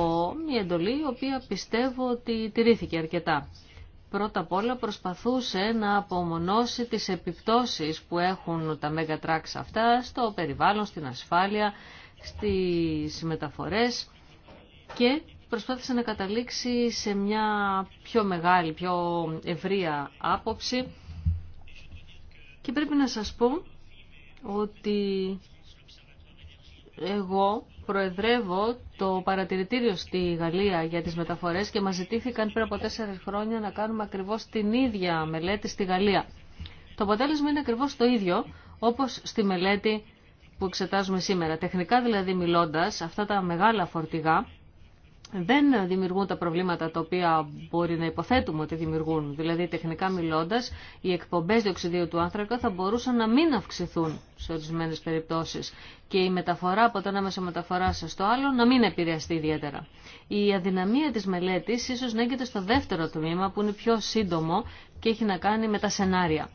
μια εντολή η οποία πιστεύω ότι τηρήθηκε αρκετά. Πρώτα απ' όλα προσπαθούσε να απομονώσει τις επιπτώσεις που έχουν τα μεγατράξ αυτά στο περιβάλλον, στην ασφάλεια, στις μεταφορές και προσπάθησε να καταλήξει σε μια πιο μεγάλη, πιο ευρεία άποψη και πρέπει να σας πω ότι εγώ προεδρεύω το παρατηρητήριο στη Γαλλία για τις μεταφορές και μας ζητήθηκαν πριν από τέσσερα χρόνια να κάνουμε ακριβώς την ίδια μελέτη στη Γαλλία. Το αποτέλεσμα είναι ακριβώς το ίδιο όπως στη μελέτη που εξετάζουμε σήμερα. Τεχνικά δηλαδή μιλώντας, αυτά τα μεγάλα φορτηγά δεν δημιουργούν τα προβλήματα τα οποία μπορεί να υποθέτουμε ότι δημιουργούν. Δηλαδή, τεχνικά μιλώντα οι εκπομπέ διοξιδίου του άνθρακα θα μπορούσαν να μην αυξηθούν σε ορισμένε περιπτώσει και η μεταφορά από το ένα μέσο μεταφορά στο άλλο να μην επηρεαστεί ιδιαίτερα. Η αδυναμία τη μελέτη ίσω να έγκυται στο δεύτερο τμήμα που είναι πιο σύντομο και έχει να κάνει με τα σενάρια.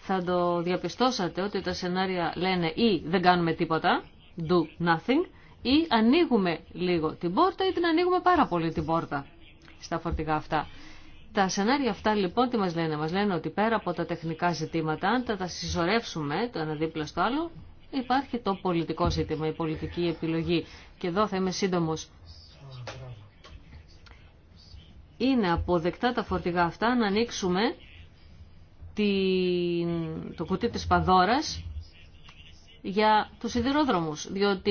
Θα το διαπιστώσατε ότι τα σενάρια λένε ή δεν κάνουμε τίποτα, do nothing, ή ανοίγουμε λίγο την πόρτα ή την ανοίγουμε πάρα πολύ την πόρτα στα φορτηγά αυτά. Τα σενάρια αυτά λοιπόν τι μας λένε. Μας λένε ότι πέρα από τα τεχνικά ζητήματα, αν τα, τα συσσωρεύσουμε το ένα δίπλα στο άλλο, υπάρχει το πολιτικό ζήτημα, η πολιτική επιλογή. Και εδώ θα είμαι σύντομος. Είναι αποδεκτά τα φορτηγά αυτά να ανοίξουμε την... το κουτί της Πανδώρας για τους σιδηρόδρομους, διότι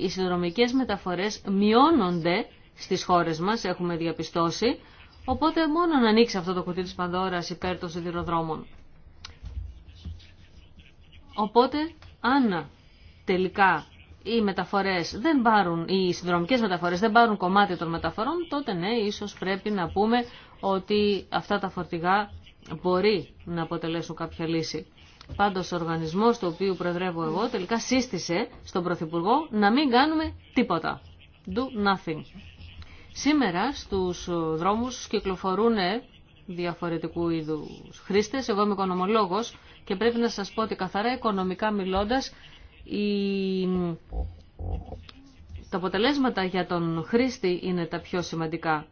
οι σιδηροδρομικές μεταφορές μειώνονται στις χώρες μας, έχουμε διαπιστώσει, οπότε μόνο να ανοίξει αυτό το κουτί της Πανδώρας υπέρ των σιδηροδρόμων. Οπότε, αν τελικά οι μεταφορές δεν πάρουν, οι συνδρομικές μεταφορές δεν πάρουν κομμάτι των μεταφορών, τότε ναι, ίσως πρέπει να πούμε ότι αυτά τα φορτηγά μπορεί να αποτελέσουν κάποια λύση. Πάντως ο οργανισμός του οποίου προεδρεύω εγώ τελικά σύστησε στον Πρωθυπουργό να μην κάνουμε τίποτα. Do nothing. Σήμερα στους δρόμους κυκλοφορούν διαφορετικού είδου χρήστε. Εγώ είμαι οικονομολόγο και πρέπει να σα πω ότι καθαρά οικονομικά μιλώντα, η... τα αποτελέσματα για τον χρήστη είναι τα πιο σημαντικά.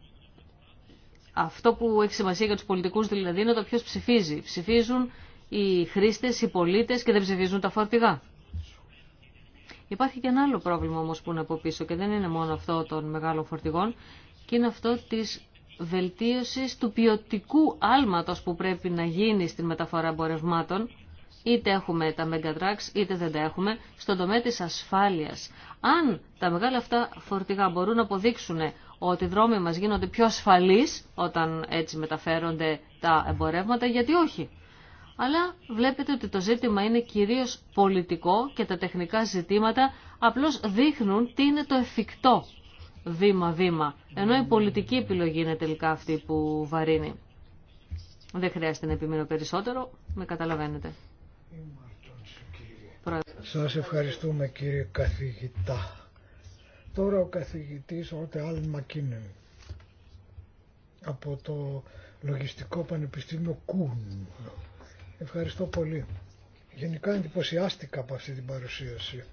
Αυτό που έχει σημασία για του πολιτικού, δηλαδή είναι το ποιο ψηφίζει. Ψηφίζουν οι χρήστες, οι πολίτες και δεν ψηφίζουν τα φορτηγά. Υπάρχει και ένα άλλο πρόβλημα όμως που είναι από πίσω και δεν είναι μόνο αυτό των μεγάλων φορτηγών και είναι αυτό της βελτίωσης του ποιοτικού άλματος που πρέπει να γίνει στην μεταφορά εμπορευμάτων είτε έχουμε τα μεγατράξ είτε δεν τα έχουμε, στον τομέα της ασφάλειας. Αν τα μεγάλα αυτά φορτηγά μπορούν να αποδείξουν ότι οι δρόμοι μας γίνονται πιο ασφαλείς όταν έτσι μεταφέρονται τα εμπορεύματα, γιατί όχι αλλά βλέπετε ότι το ζήτημα είναι κυρίως πολιτικό και τα τεχνικά ζητήματα απλώς δείχνουν τι είναι το εφικτό βήμα-βήμα, ενώ η πολιτική επιλογή είναι τελικά αυτή που βαρύνει. Δεν χρειάζεται να επιμείνω περισσότερο, με καταλαβαίνετε. Σας ευχαριστούμε κύριε καθηγητά. Τώρα ο καθηγητής Ότε άλλη Μακίνεν από το Λογιστικό Πανεπιστήμιο Κούν. Ευχαριστώ πολύ. Γενικά εντυπωσιάστηκα από αυτή την παρουσίαση.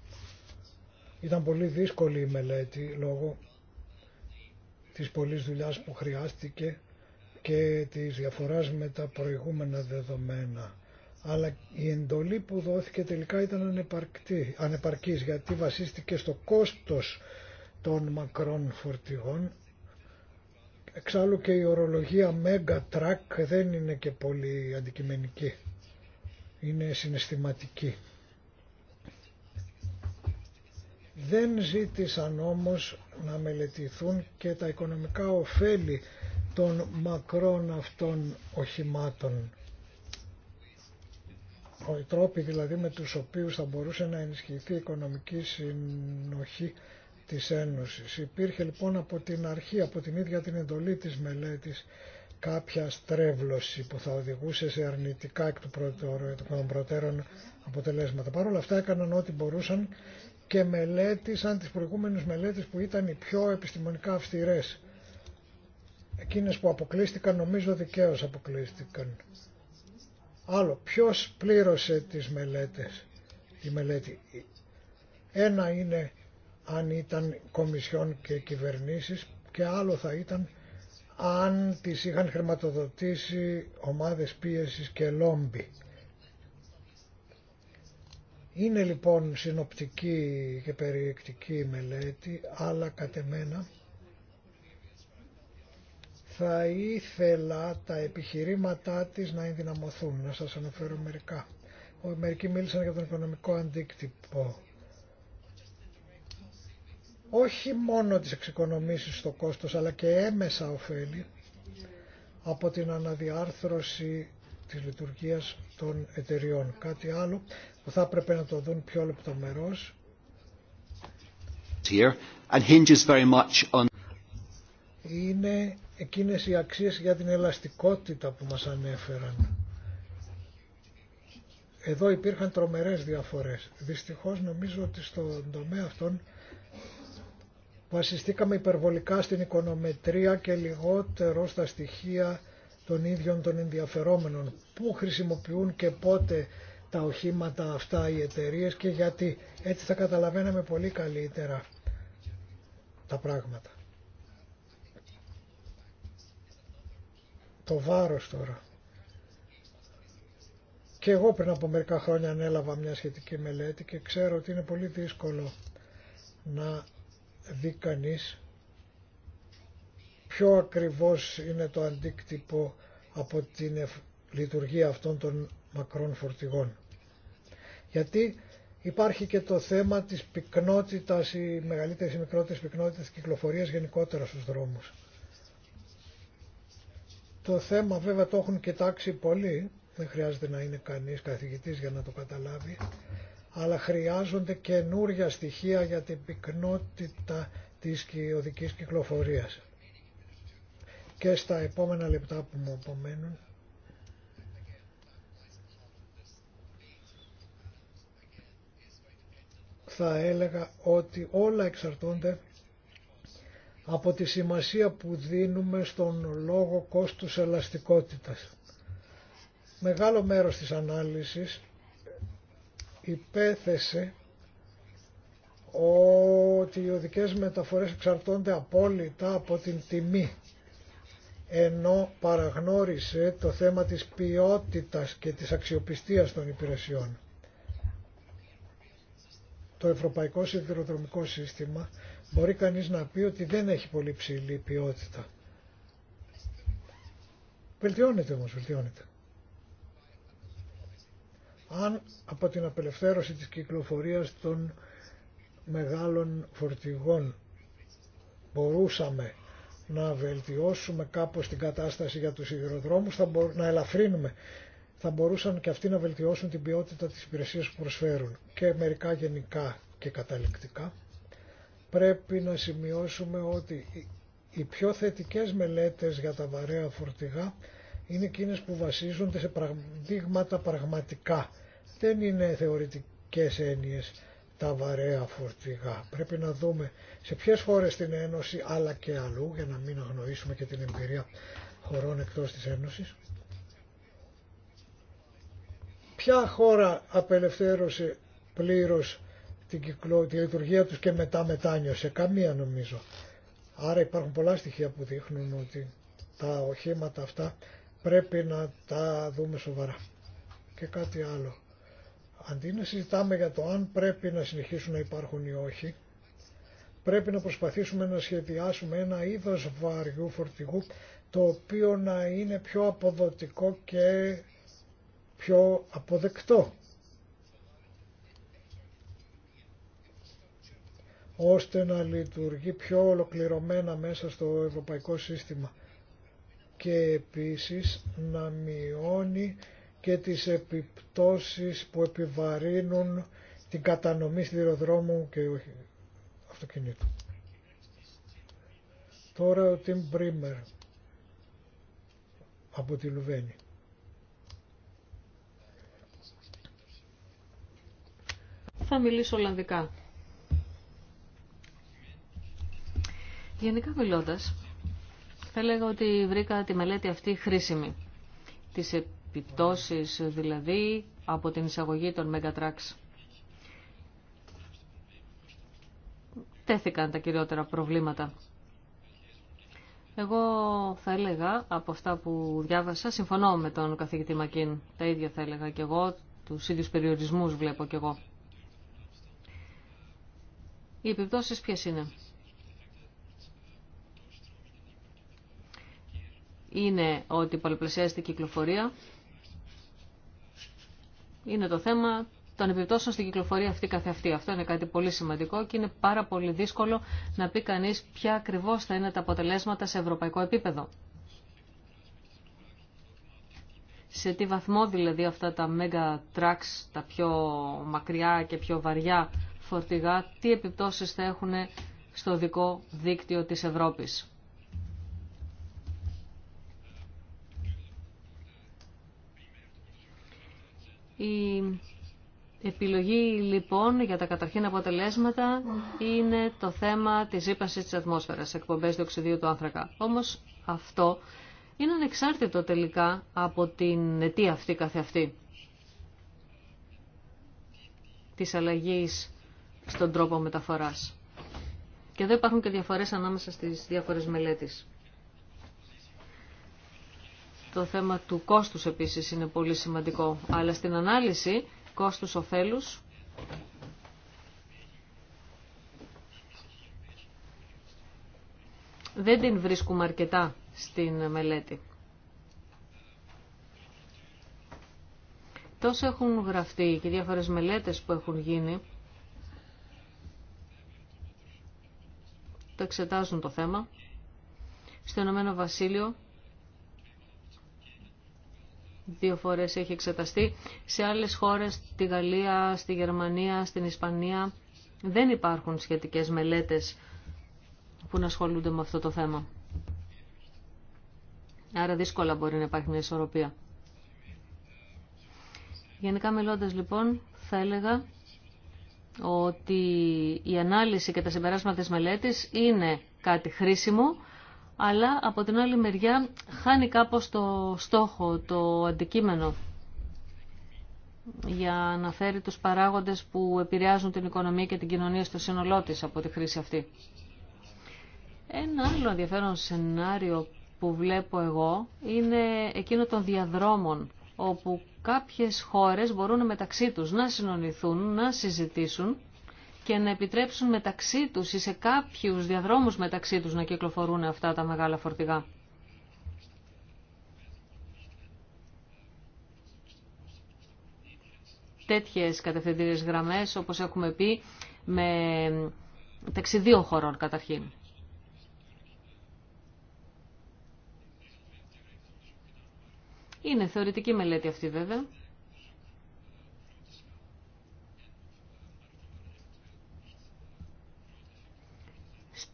Ήταν πολύ δύσκολη η μελέτη λόγω της πολλή δουλειάς που χρειάστηκε και της διαφοράς με τα προηγούμενα δεδομένα. Αλλά η εντολή που δόθηκε τελικά ήταν ανεπαρκή, ανεπαρκής γιατί βασίστηκε στο κόστος των μακρών φορτηγών Εξάλλου και η ορολογία mega track δεν είναι και πολύ αντικειμενική. Είναι συναισθηματική. Δεν ζήτησαν όμως να μελετηθούν και τα οικονομικά ωφέλη των μακρών αυτών οχημάτων. Οι τρόποι δηλαδή με τους οποίους θα μπορούσε να ενισχυθεί η οικονομική συνοχή της Ένωσης. Υπήρχε λοιπόν από την αρχή, από την ίδια την εντολή της μελέτης, κάποια στρέβλωση που θα οδηγούσε σε αρνητικά εκ των προτέρων αποτελέσματα. Παρ' όλα αυτά έκαναν ό,τι μπορούσαν και μελέτησαν τις προηγούμενες μελέτες που ήταν οι πιο επιστημονικά αυστηρές. Εκείνες που αποκλείστηκαν νομίζω δικαίω αποκλείστηκαν. Άλλο, ποιος πλήρωσε τις μελέτες, τη μελέτη. Ένα είναι αν ήταν κομισιόν και κυβερνήσεις και άλλο θα ήταν αν τις είχαν χρηματοδοτήσει ομάδες πίεσης και λόμπι. Είναι λοιπόν συνοπτική και περιεκτική η μελέτη, αλλά κατ' εμένα θα ήθελα τα επιχειρήματά της να ενδυναμωθούν. Να σας αναφέρω μερικά. μερικοί μίλησαν για τον οικονομικό αντίκτυπο όχι μόνο τις εξοικονομήσεις στο κόστος αλλά και έμεσα ωφέλη από την αναδιάρθρωση της λειτουργίας των εταιριών. Κάτι άλλο που θα έπρεπε να το δουν πιο λεπτομερώς. Είναι εκείνες οι αξίες για την ελαστικότητα που μας ανέφεραν. Εδώ υπήρχαν τρομερές διαφορές. Δυστυχώς νομίζω ότι στον τομέα αυτόν βασιστήκαμε υπερβολικά στην οικονομετρία και λιγότερο στα στοιχεία των ίδιων των ενδιαφερόμενων. Πού χρησιμοποιούν και πότε τα οχήματα αυτά οι εταιρείε και γιατί έτσι θα καταλαβαίναμε πολύ καλύτερα τα πράγματα. Το βάρος τώρα. Και εγώ πριν από μερικά χρόνια ανέλαβα μια σχετική μελέτη και ξέρω ότι είναι πολύ δύσκολο να δει κανείς ποιο ακριβώς είναι το αντίκτυπο από την λειτουργία αυτών των μακρών φορτηγών. Γιατί υπάρχει και το θέμα της πυκνότητας ή μεγαλύτερης ή μικρότερης πυκνότητας κυκλοφορίας γενικότερα στους δρόμους. Το θέμα βέβαια το έχουν κοιτάξει πολλοί, δεν χρειάζεται να είναι κανείς καθηγητής για να το καταλάβει, αλλά χρειάζονται καινούρια στοιχεία για την πυκνότητα της οδικής κυκλοφορίας. Και στα επόμενα λεπτά που μου απομένουν, θα έλεγα ότι όλα εξαρτώνται από τη σημασία που δίνουμε στον λόγο κόστους ελαστικότητας. Μεγάλο μέρος της ανάλυσης υπέθεσε ότι οι οδικές μεταφορές εξαρτώνται απόλυτα από την τιμή ενώ παραγνώρισε το θέμα της ποιότητας και της αξιοπιστίας των υπηρεσιών. Το Ευρωπαϊκό Σιδηροδρομικό Σύστημα μπορεί κανείς να πει ότι δεν έχει πολύ ψηλή ποιότητα. Βελτιώνεται όμως, βελτιώνεται αν από την απελευθέρωση της κυκλοφορίας των μεγάλων φορτηγών μπορούσαμε να βελτιώσουμε κάπως την κατάσταση για τους σιδηροδρόμους, θα να ελαφρύνουμε. Θα μπορούσαν και αυτοί να βελτιώσουν την ποιότητα της υπηρεσίας που προσφέρουν και μερικά γενικά και καταληκτικά. Πρέπει να σημειώσουμε ότι οι πιο θετικές μελέτες για τα βαρέα φορτηγά είναι εκείνες που βασίζονται σε δείγματα πραγματικά δεν είναι θεωρητικές έννοιες τα βαρέα φορτηγά. Πρέπει να δούμε σε ποιες χώρες την Ένωση αλλά και αλλού για να μην αγνοήσουμε και την εμπειρία χωρών εκτός της Ένωσης. Ποια χώρα απελευθέρωσε πλήρως την τη λειτουργία τους και μετά μετάνιωσε. Καμία νομίζω. Άρα υπάρχουν πολλά στοιχεία που δείχνουν ότι τα οχήματα αυτά πρέπει να τα δούμε σοβαρά. Και κάτι άλλο. Αντί να συζητάμε για το αν πρέπει να συνεχίσουν να υπάρχουν ή όχι, πρέπει να προσπαθήσουμε να σχεδιάσουμε ένα είδος βαριού φορτηγού το οποίο να είναι πιο αποδοτικό και πιο αποδεκτό. ώστε να λειτουργεί πιο ολοκληρωμένα μέσα στο ευρωπαϊκό σύστημα και επίσης να μειώνει και τις επιπτώσεις που επιβαρύνουν την κατανομή σιδηροδρόμου και όχι αυτοκινήτου. Τώρα ο Τιμ Μπρίμερ από τη Λουβένη. Θα μιλήσω Ολλανδικά. Γενικά μιλώντας, θα έλεγα ότι βρήκα τη μελέτη αυτή χρήσιμη. Τις επιπτώσεις δηλαδή από την εισαγωγή των Megatrax. Τέθηκαν τα κυριότερα προβλήματα. Εγώ θα έλεγα από αυτά που διάβασα, συμφωνώ με τον καθηγητή Μακίν, τα ίδια θα έλεγα και εγώ, τους ίδιους περιορισμούς βλέπω και εγώ. Οι επιπτώσεις ποιες είναι. Είναι ότι πολλαπλασιάζεται η κυκλοφορία, είναι το θέμα των επιπτώσεων στην κυκλοφορία αυτή καθεαυτή. Αυτό είναι κάτι πολύ σημαντικό και είναι πάρα πολύ δύσκολο να πει κανείς ποια ακριβώς θα είναι τα αποτελέσματα σε ευρωπαϊκό επίπεδο. Σε τι βαθμό δηλαδή αυτά τα mega trucks, τα πιο μακριά και πιο βαριά φορτηγά, τι επιπτώσεις θα έχουν στο δικό δίκτυο της Ευρώπης. Η επιλογή λοιπόν για τα καταρχήν αποτελέσματα είναι το θέμα της ύπασης της ατμόσφαιρας, εκπομπές διοξιδίου του άνθρακα. Όμως αυτό είναι ανεξάρτητο τελικά από την αιτία αυτή καθεαυτή της αλλαγής στον τρόπο μεταφοράς. Και εδώ υπάρχουν και διαφορές ανάμεσα στις διάφορες μελέτες. Το θέμα του κόστους επίσης είναι πολύ σημαντικό. Αλλά στην ανάλυση κόστους οφέλους δεν την βρίσκουμε αρκετά στην μελέτη. Τόσο έχουν γραφτεί και διάφορες μελέτες που έχουν γίνει το εξετάζουν το θέμα. Στο Ηνωμένο Βασίλειο δύο φορές έχει εξεταστεί. Σε άλλες χώρες, στη Γαλλία, στη Γερμανία, στην Ισπανία, δεν υπάρχουν σχετικές μελέτες που να ασχολούνται με αυτό το θέμα. Άρα δύσκολα μπορεί να υπάρχει μια ισορροπία. Γενικά μιλώντας λοιπόν, θα έλεγα ότι η ανάλυση και τα συμπεράσματα της μελέτης είναι κάτι χρήσιμο αλλά από την άλλη μεριά χάνει κάπως το στόχο, το αντικείμενο για να φέρει τους παράγοντες που επηρεάζουν την οικονομία και την κοινωνία στο σύνολό της από τη χρήση αυτή. Ένα άλλο ενδιαφέρον σενάριο που βλέπω εγώ είναι εκείνο των διαδρόμων όπου κάποιες χώρες μπορούν μεταξύ τους να συνονιθούν, να συζητήσουν και να επιτρέψουν μεταξύ τους ή σε κάποιους διαδρόμους μεταξύ τους να κυκλοφορούν αυτά τα μεγάλα φορτηγά. Τέτοιες κατευθυντήριες γραμμές, όπως έχουμε πει, με ταξιδίων χωρών καταρχήν. Είναι θεωρητική μελέτη αυτή βέβαια.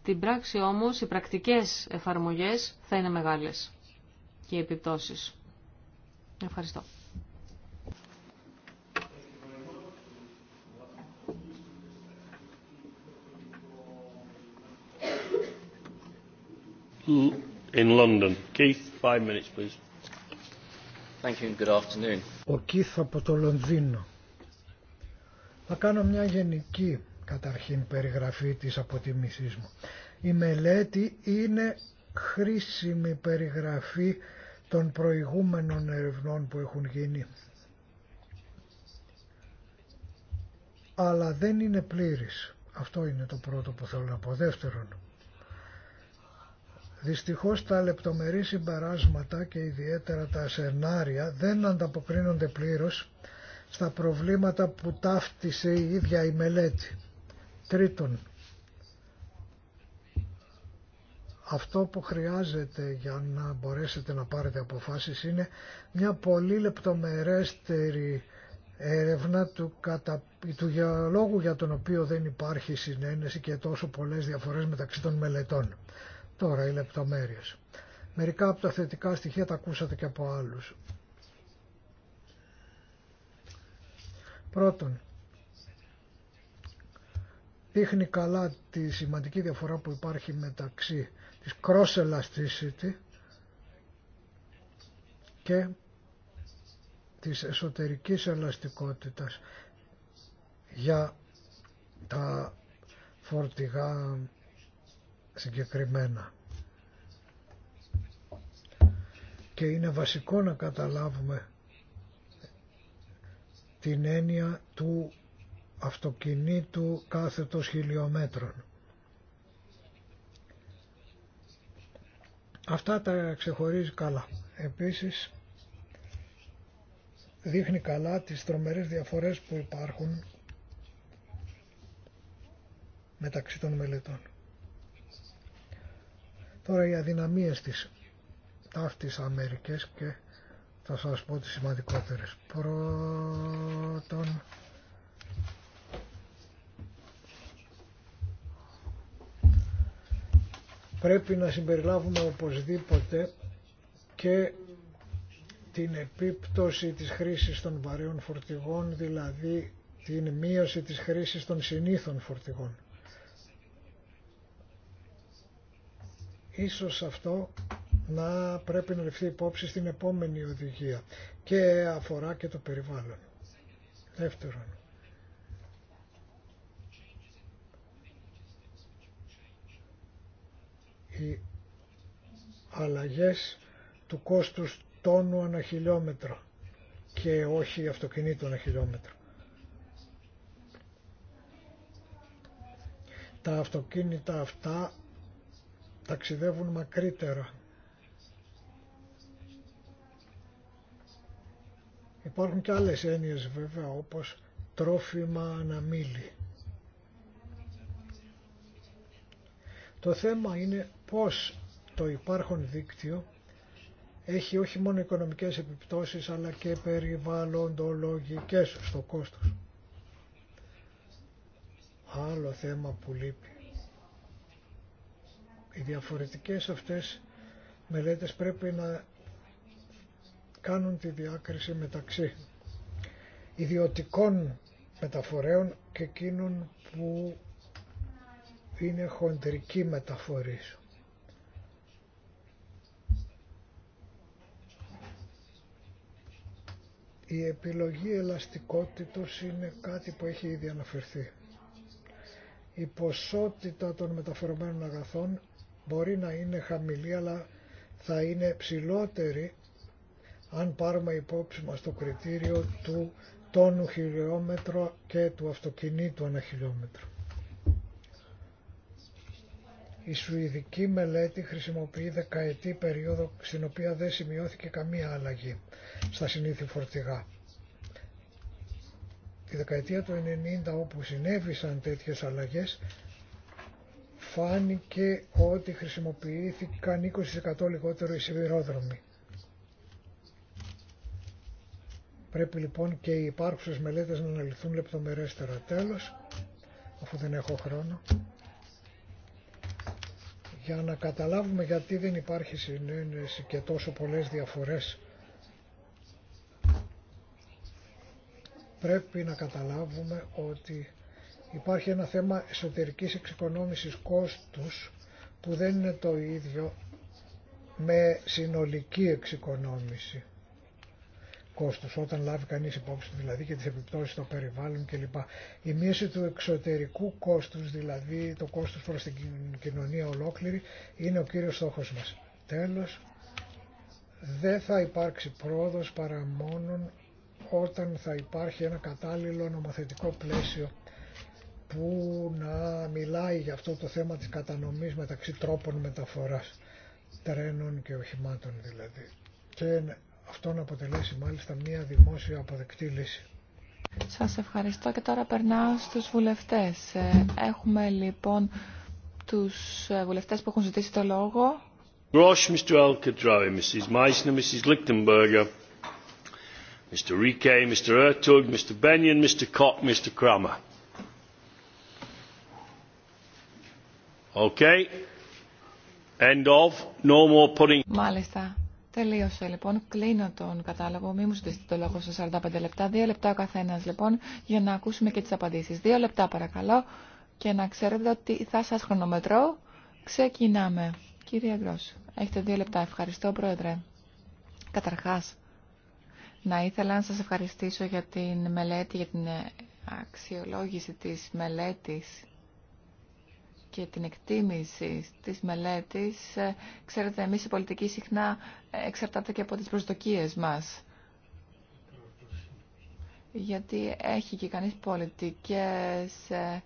Στην πράξη όμως οι πρακτικές εφαρμογές θα είναι μεγάλες και οι επιπτώσεις. Ευχαριστώ. In London. Keith, five minutes, please. Thank you and good afternoon. Ο Keith από το Λονδίνο. Θα κάνω μια γενική καταρχήν περιγραφή της αποτιμήσεις μου. Η μελέτη είναι χρήσιμη περιγραφή των προηγούμενων ερευνών που έχουν γίνει. Αλλά δεν είναι πλήρης. Αυτό είναι το πρώτο που θέλω να πω. Δεύτερον, δυστυχώς τα λεπτομερή συμπεράσματα και ιδιαίτερα τα σενάρια δεν ανταποκρίνονται πλήρως στα προβλήματα που ταύτισε η ίδια η μελέτη. Τρίτον, αυτό που χρειάζεται για να μπορέσετε να πάρετε αποφάσεις είναι μια πολύ λεπτομερέστερη έρευνα του, κατα... του λόγου για τον οποίο δεν υπάρχει συνένεση και τόσο πολλές διαφορές μεταξύ των μελετών. Τώρα οι λεπτομέρειες. Μερικά από τα θετικά στοιχεία τα ακούσατε και από άλλους. Πρώτον, δείχνει καλά τη σημαντική διαφορά που υπάρχει μεταξύ της cross elasticity και της εσωτερικής ελαστικότητας για τα φορτηγά συγκεκριμένα. Και είναι βασικό να καταλάβουμε την έννοια του αυτοκινήτου κάθετος χιλιόμετρων. Αυτά τα ξεχωρίζει καλά. Επίσης δείχνει καλά τις τρομερές διαφορές που υπάρχουν μεταξύ των μελετών. Τώρα οι αδυναμίες της ταύτης Αμερικές και θα σας πω τις σημαντικότερες. Πρώτον, Πρέπει να συμπεριλάβουμε οπωσδήποτε και την επίπτωση της χρήσης των βαρέων φορτηγών, δηλαδή την μείωση της χρήσης των συνήθων φορτηγών. Ίσως αυτό να πρέπει να ληφθεί υπόψη στην επόμενη οδηγία και αφορά και το περιβάλλον. Δεύτερον, οι αλλαγές του κόστους τόνου ανά χιλιόμετρο και όχι αυτοκινήτου ανά χιλιόμετρο. Τα αυτοκίνητα αυτά ταξιδεύουν μακρύτερα. Υπάρχουν και άλλες έννοιες βέβαια όπως τρόφιμα αναμίλη. Το θέμα είναι πώς το υπάρχον δίκτυο έχει όχι μόνο οικονομικές επιπτώσεις αλλά και περιβαλλοντολογικές στο κόστος. Άλλο θέμα που λείπει. Οι διαφορετικές αυτές μελέτες πρέπει να κάνουν τη διάκριση μεταξύ ιδιωτικών μεταφορέων και εκείνων που είναι χοντρική μεταφορής. Η επιλογή ελαστικότητος είναι κάτι που έχει ήδη αναφερθεί. Η ποσότητα των μεταφερομένων αγαθών μπορεί να είναι χαμηλή αλλά θα είναι ψηλότερη αν πάρουμε υπόψη μας το κριτήριο του τόνου χιλιόμετρο και του αυτοκινήτου ανά χιλιόμετρο. Η σουηδική μελέτη χρησιμοποιεί δεκαετή περίοδο στην οποία δεν σημειώθηκε καμία αλλαγή στα συνήθη φορτηγά. Τη δεκαετία του 90 όπου συνέβησαν τέτοιες αλλαγές φάνηκε ότι χρησιμοποιήθηκαν 20% λιγότερο οι σιδηρόδρομοι. Πρέπει λοιπόν και οι υπάρχουσες μελέτες να αναλυθούν λεπτομερέστερα. Τέλος, αφού δεν έχω χρόνο, για να καταλάβουμε γιατί δεν υπάρχει συνένεση και τόσο πολλές διαφορές πρέπει να καταλάβουμε ότι υπάρχει ένα θέμα εσωτερικής εξοικονόμησης κόστους που δεν είναι το ίδιο με συνολική εξοικονόμηση κόστος, όταν λάβει κανείς υπόψη του δηλαδή και τις επιπτώσεις στο περιβάλλον κλπ. Η μείωση του εξωτερικού κόστους, δηλαδή το κόστος προς την κοινωνία ολόκληρη, είναι ο κύριος στόχος μας. Τέλος, δεν θα υπάρξει πρόοδος παρά μόνον όταν θα υπάρχει ένα κατάλληλο νομοθετικό πλαίσιο που να μιλάει για αυτό το θέμα της κατανομής μεταξύ τρόπων μεταφοράς, τρένων και οχημάτων δηλαδή. Και αυτό να αποτελέσει μάλιστα μία δημόσια αποδεκτή λύση. Σας ευχαριστώ και τώρα περνάω στους βουλευτές. Ε, έχουμε λοιπόν τους ε, βουλευτές που έχουν ζητήσει το λόγο. Grosch, Mr. Alcadrawi, Mrs. Meissner, Mrs. Lichtenberger, Mr. Rike, Mr. Ertug, Mr. Benyon, Mr. Koch, Mr. Kramer. Okay. End of. No more putting... Μάλιστα. Τελείωσε λοιπόν. Κλείνω τον κατάλογο. Μην μου ζητήσετε το λόγο σε 45 λεπτά. Δύο λεπτά ο καθένα λοιπόν για να ακούσουμε και τι απαντήσει. Δύο λεπτά παρακαλώ και να ξέρετε ότι θα σα χρονομετρώ. Ξεκινάμε. Κύριε Γκρό, έχετε δύο λεπτά. Ευχαριστώ πρόεδρε. Καταρχά, να ήθελα να σα ευχαριστήσω για την μελέτη, για την αξιολόγηση τη μελέτη και την εκτίμηση της μελέτης, ε, ξέρετε, εμείς οι πολιτικοί συχνά ε, εξαρτάται και από τις προσδοκίες μας. Γιατί έχει και κανείς πολιτικές, ε,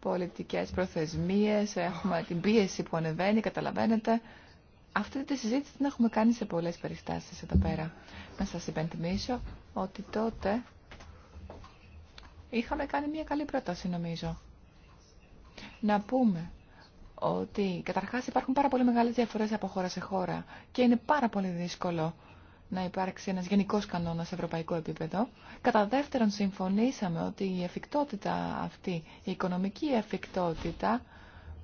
πολιτικές προθεσμίες, έχουμε την πίεση που ανεβαίνει, καταλαβαίνετε. Αυτή τη συζήτηση την έχουμε κάνει σε πολλές περιστάσεις εδώ πέρα. Να σας υπενθυμίσω ότι τότε είχαμε κάνει μια καλή πρόταση νομίζω να πούμε ότι καταρχάς υπάρχουν πάρα πολύ μεγάλες διαφορές από χώρα σε χώρα και είναι πάρα πολύ δύσκολο να υπάρξει ένας γενικός κανόνας σε ευρωπαϊκό επίπεδο. Κατά δεύτερον, συμφωνήσαμε ότι η εφικτότητα αυτή, η οικονομική εφικτότητα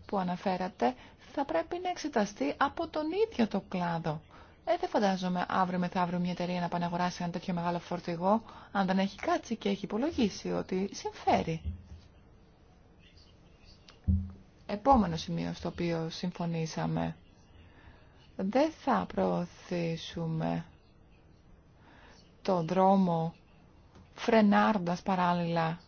που αναφέρατε, θα πρέπει να εξεταστεί από τον ίδιο το κλάδο. Ε, δεν φαντάζομαι αύριο μεθαύριο μια εταιρεία να πανεγοράσει ένα τέτοιο μεγάλο φορτηγό, αν δεν έχει κάτσει και έχει υπολογίσει ότι συμφέρει επόμενο σημείο στο οποίο συμφωνήσαμε. Δεν θα προωθήσουμε το δρόμο φρενάροντας παράλληλα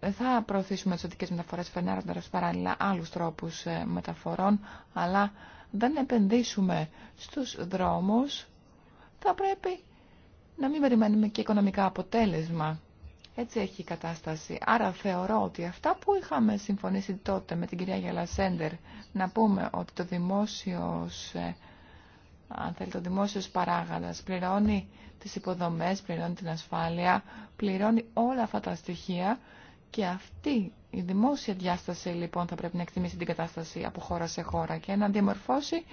θα προωθήσουμε τις οδικές μεταφορές φρενάροντας παράλληλα άλλους τρόπους ε, μεταφορών, αλλά δεν επενδύσουμε στους δρόμους, θα πρέπει να μην περιμένουμε και οικονομικά αποτέλεσμα. Έτσι έχει η κατάσταση. Άρα θεωρώ ότι αυτά που είχαμε συμφωνήσει τότε με την κυρία Γελασέντερ, να πούμε ότι το δημόσιος, ε, αν θέλει, το δημόσιος πληρώνει τις υποδομές, πληρώνει την ασφάλεια, πληρώνει όλα αυτά τα στοιχεία και αυτή η δημόσια διάσταση λοιπόν θα πρέπει να εκτιμήσει την κατάσταση από χώρα σε χώρα και να διαμορφώσει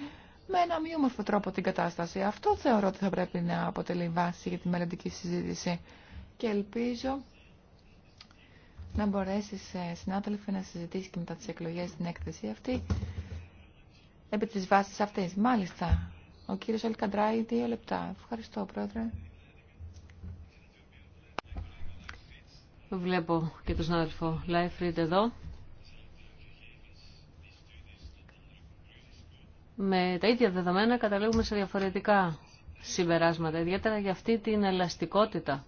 με ένα όμορφο τρόπο την κατάσταση. Αυτό θεωρώ ότι θα πρέπει να αποτελεί βάση για τη μελλοντική συζήτηση και ελπίζω να μπορέσεις, συνάδελφε, να συζητήσεις και μετά τις εκλογές την έκθεση αυτή επί της βάσης αυτής. Μάλιστα, ο κύριος Αλκαντράη, δύο λεπτά. Ευχαριστώ, πρόεδρε. Βλέπω και τον συνάδελφο Λάιφριντ εδώ. Με τα ίδια δεδομένα καταλήγουμε σε διαφορετικά συμπεράσματα, ιδιαίτερα για αυτή την ελαστικότητα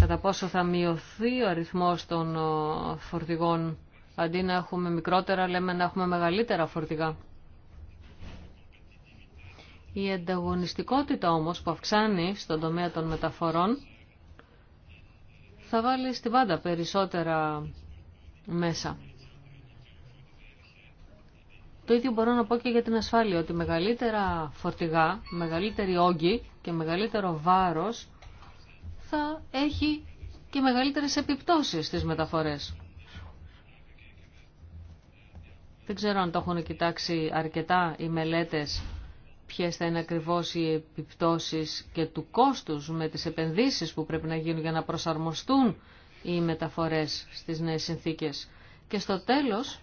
κατά πόσο θα μειωθεί ο αριθμός των ε, φορτηγών αντί να έχουμε μικρότερα λέμε να έχουμε μεγαλύτερα φορτηγά. Η ανταγωνιστικότητα όμως που αυξάνει στον τομέα των μεταφορών θα βάλει στη πάντα περισσότερα μέσα. Το ίδιο μπορώ να πω και για την ασφάλεια, ότι μεγαλύτερα φορτηγά, μεγαλύτερη όγκη και μεγαλύτερο βάρος θα έχει και μεγαλύτερες επιπτώσεις στις μεταφορές. Δεν ξέρω αν το έχουν κοιτάξει αρκετά οι μελέτες ποιες θα είναι ακριβώς οι επιπτώσεις και του κόστους με τις επενδύσεις που πρέπει να γίνουν για να προσαρμοστούν οι μεταφορές στις νέες συνθήκες. Και στο τέλος,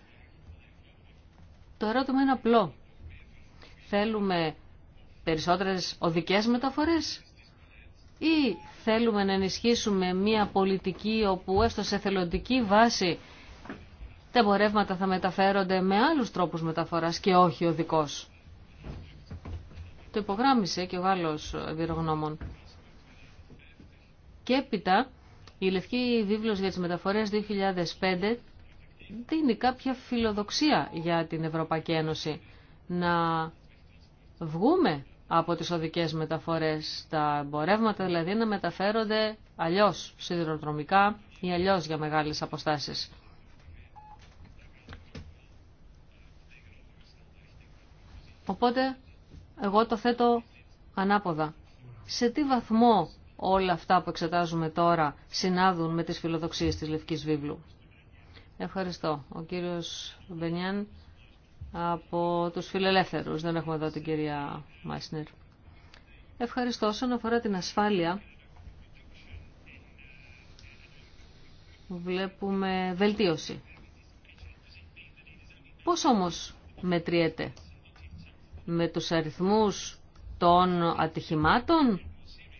το ερώτημα είναι απλό. Θέλουμε περισσότερες οδικές μεταφορές ή θέλουμε να ενισχύσουμε μια πολιτική όπου έστω σε θελοντική βάση τα εμπορεύματα θα μεταφέρονται με άλλους τρόπους μεταφοράς και όχι ο δικός. Το υπογράμμισε και ο Γάλλος εμπειρογνώμων. Και έπειτα η Λευκή Βίβλος για τις Μεταφορές 2005 δίνει κάποια φιλοδοξία για την Ευρωπαϊκή Ένωση να βγούμε από τις οδικές μεταφορές. Τα εμπορεύματα δηλαδή να μεταφέρονται αλλιώς σιδηροδρομικά ή αλλιώς για μεγάλες αποστάσεις. Οπότε εγώ το θέτω ανάποδα. Σε τι βαθμό όλα αυτά που εξετάζουμε τώρα συνάδουν με τις φιλοδοξίες της Λευκής Βίβλου. Ευχαριστώ. Ο κύριος Μπενιάν από τους φιλελεύθερους. Δεν έχουμε εδώ την κυρία Μάισνερ. Ευχαριστώ. Όσον αφορά την ασφάλεια, βλέπουμε βελτίωση. Πώς όμως μετριέται με τους αριθμούς των ατυχημάτων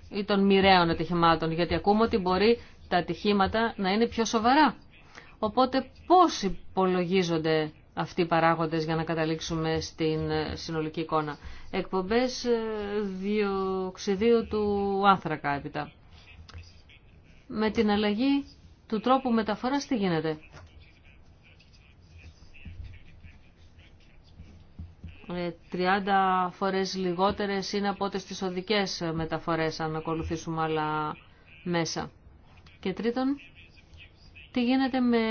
ή των μοιραίων ατυχημάτων, γιατί ακούμε ότι μπορεί τα ατυχήματα να είναι πιο σοβαρά. Οπότε πώς υπολογίζονται αυτοί οι παράγοντες για να καταλήξουμε στην συνολική εικόνα. Εκπομπές ε, διοξιδίου του άνθρακα έπειτα. Με την αλλαγή του τρόπου μεταφοράς τι γίνεται. Ε, 30 φορές λιγότερες είναι από ό,τι στις οδικές μεταφορές αν ακολουθήσουμε άλλα μέσα. Και τρίτον, τι γίνεται με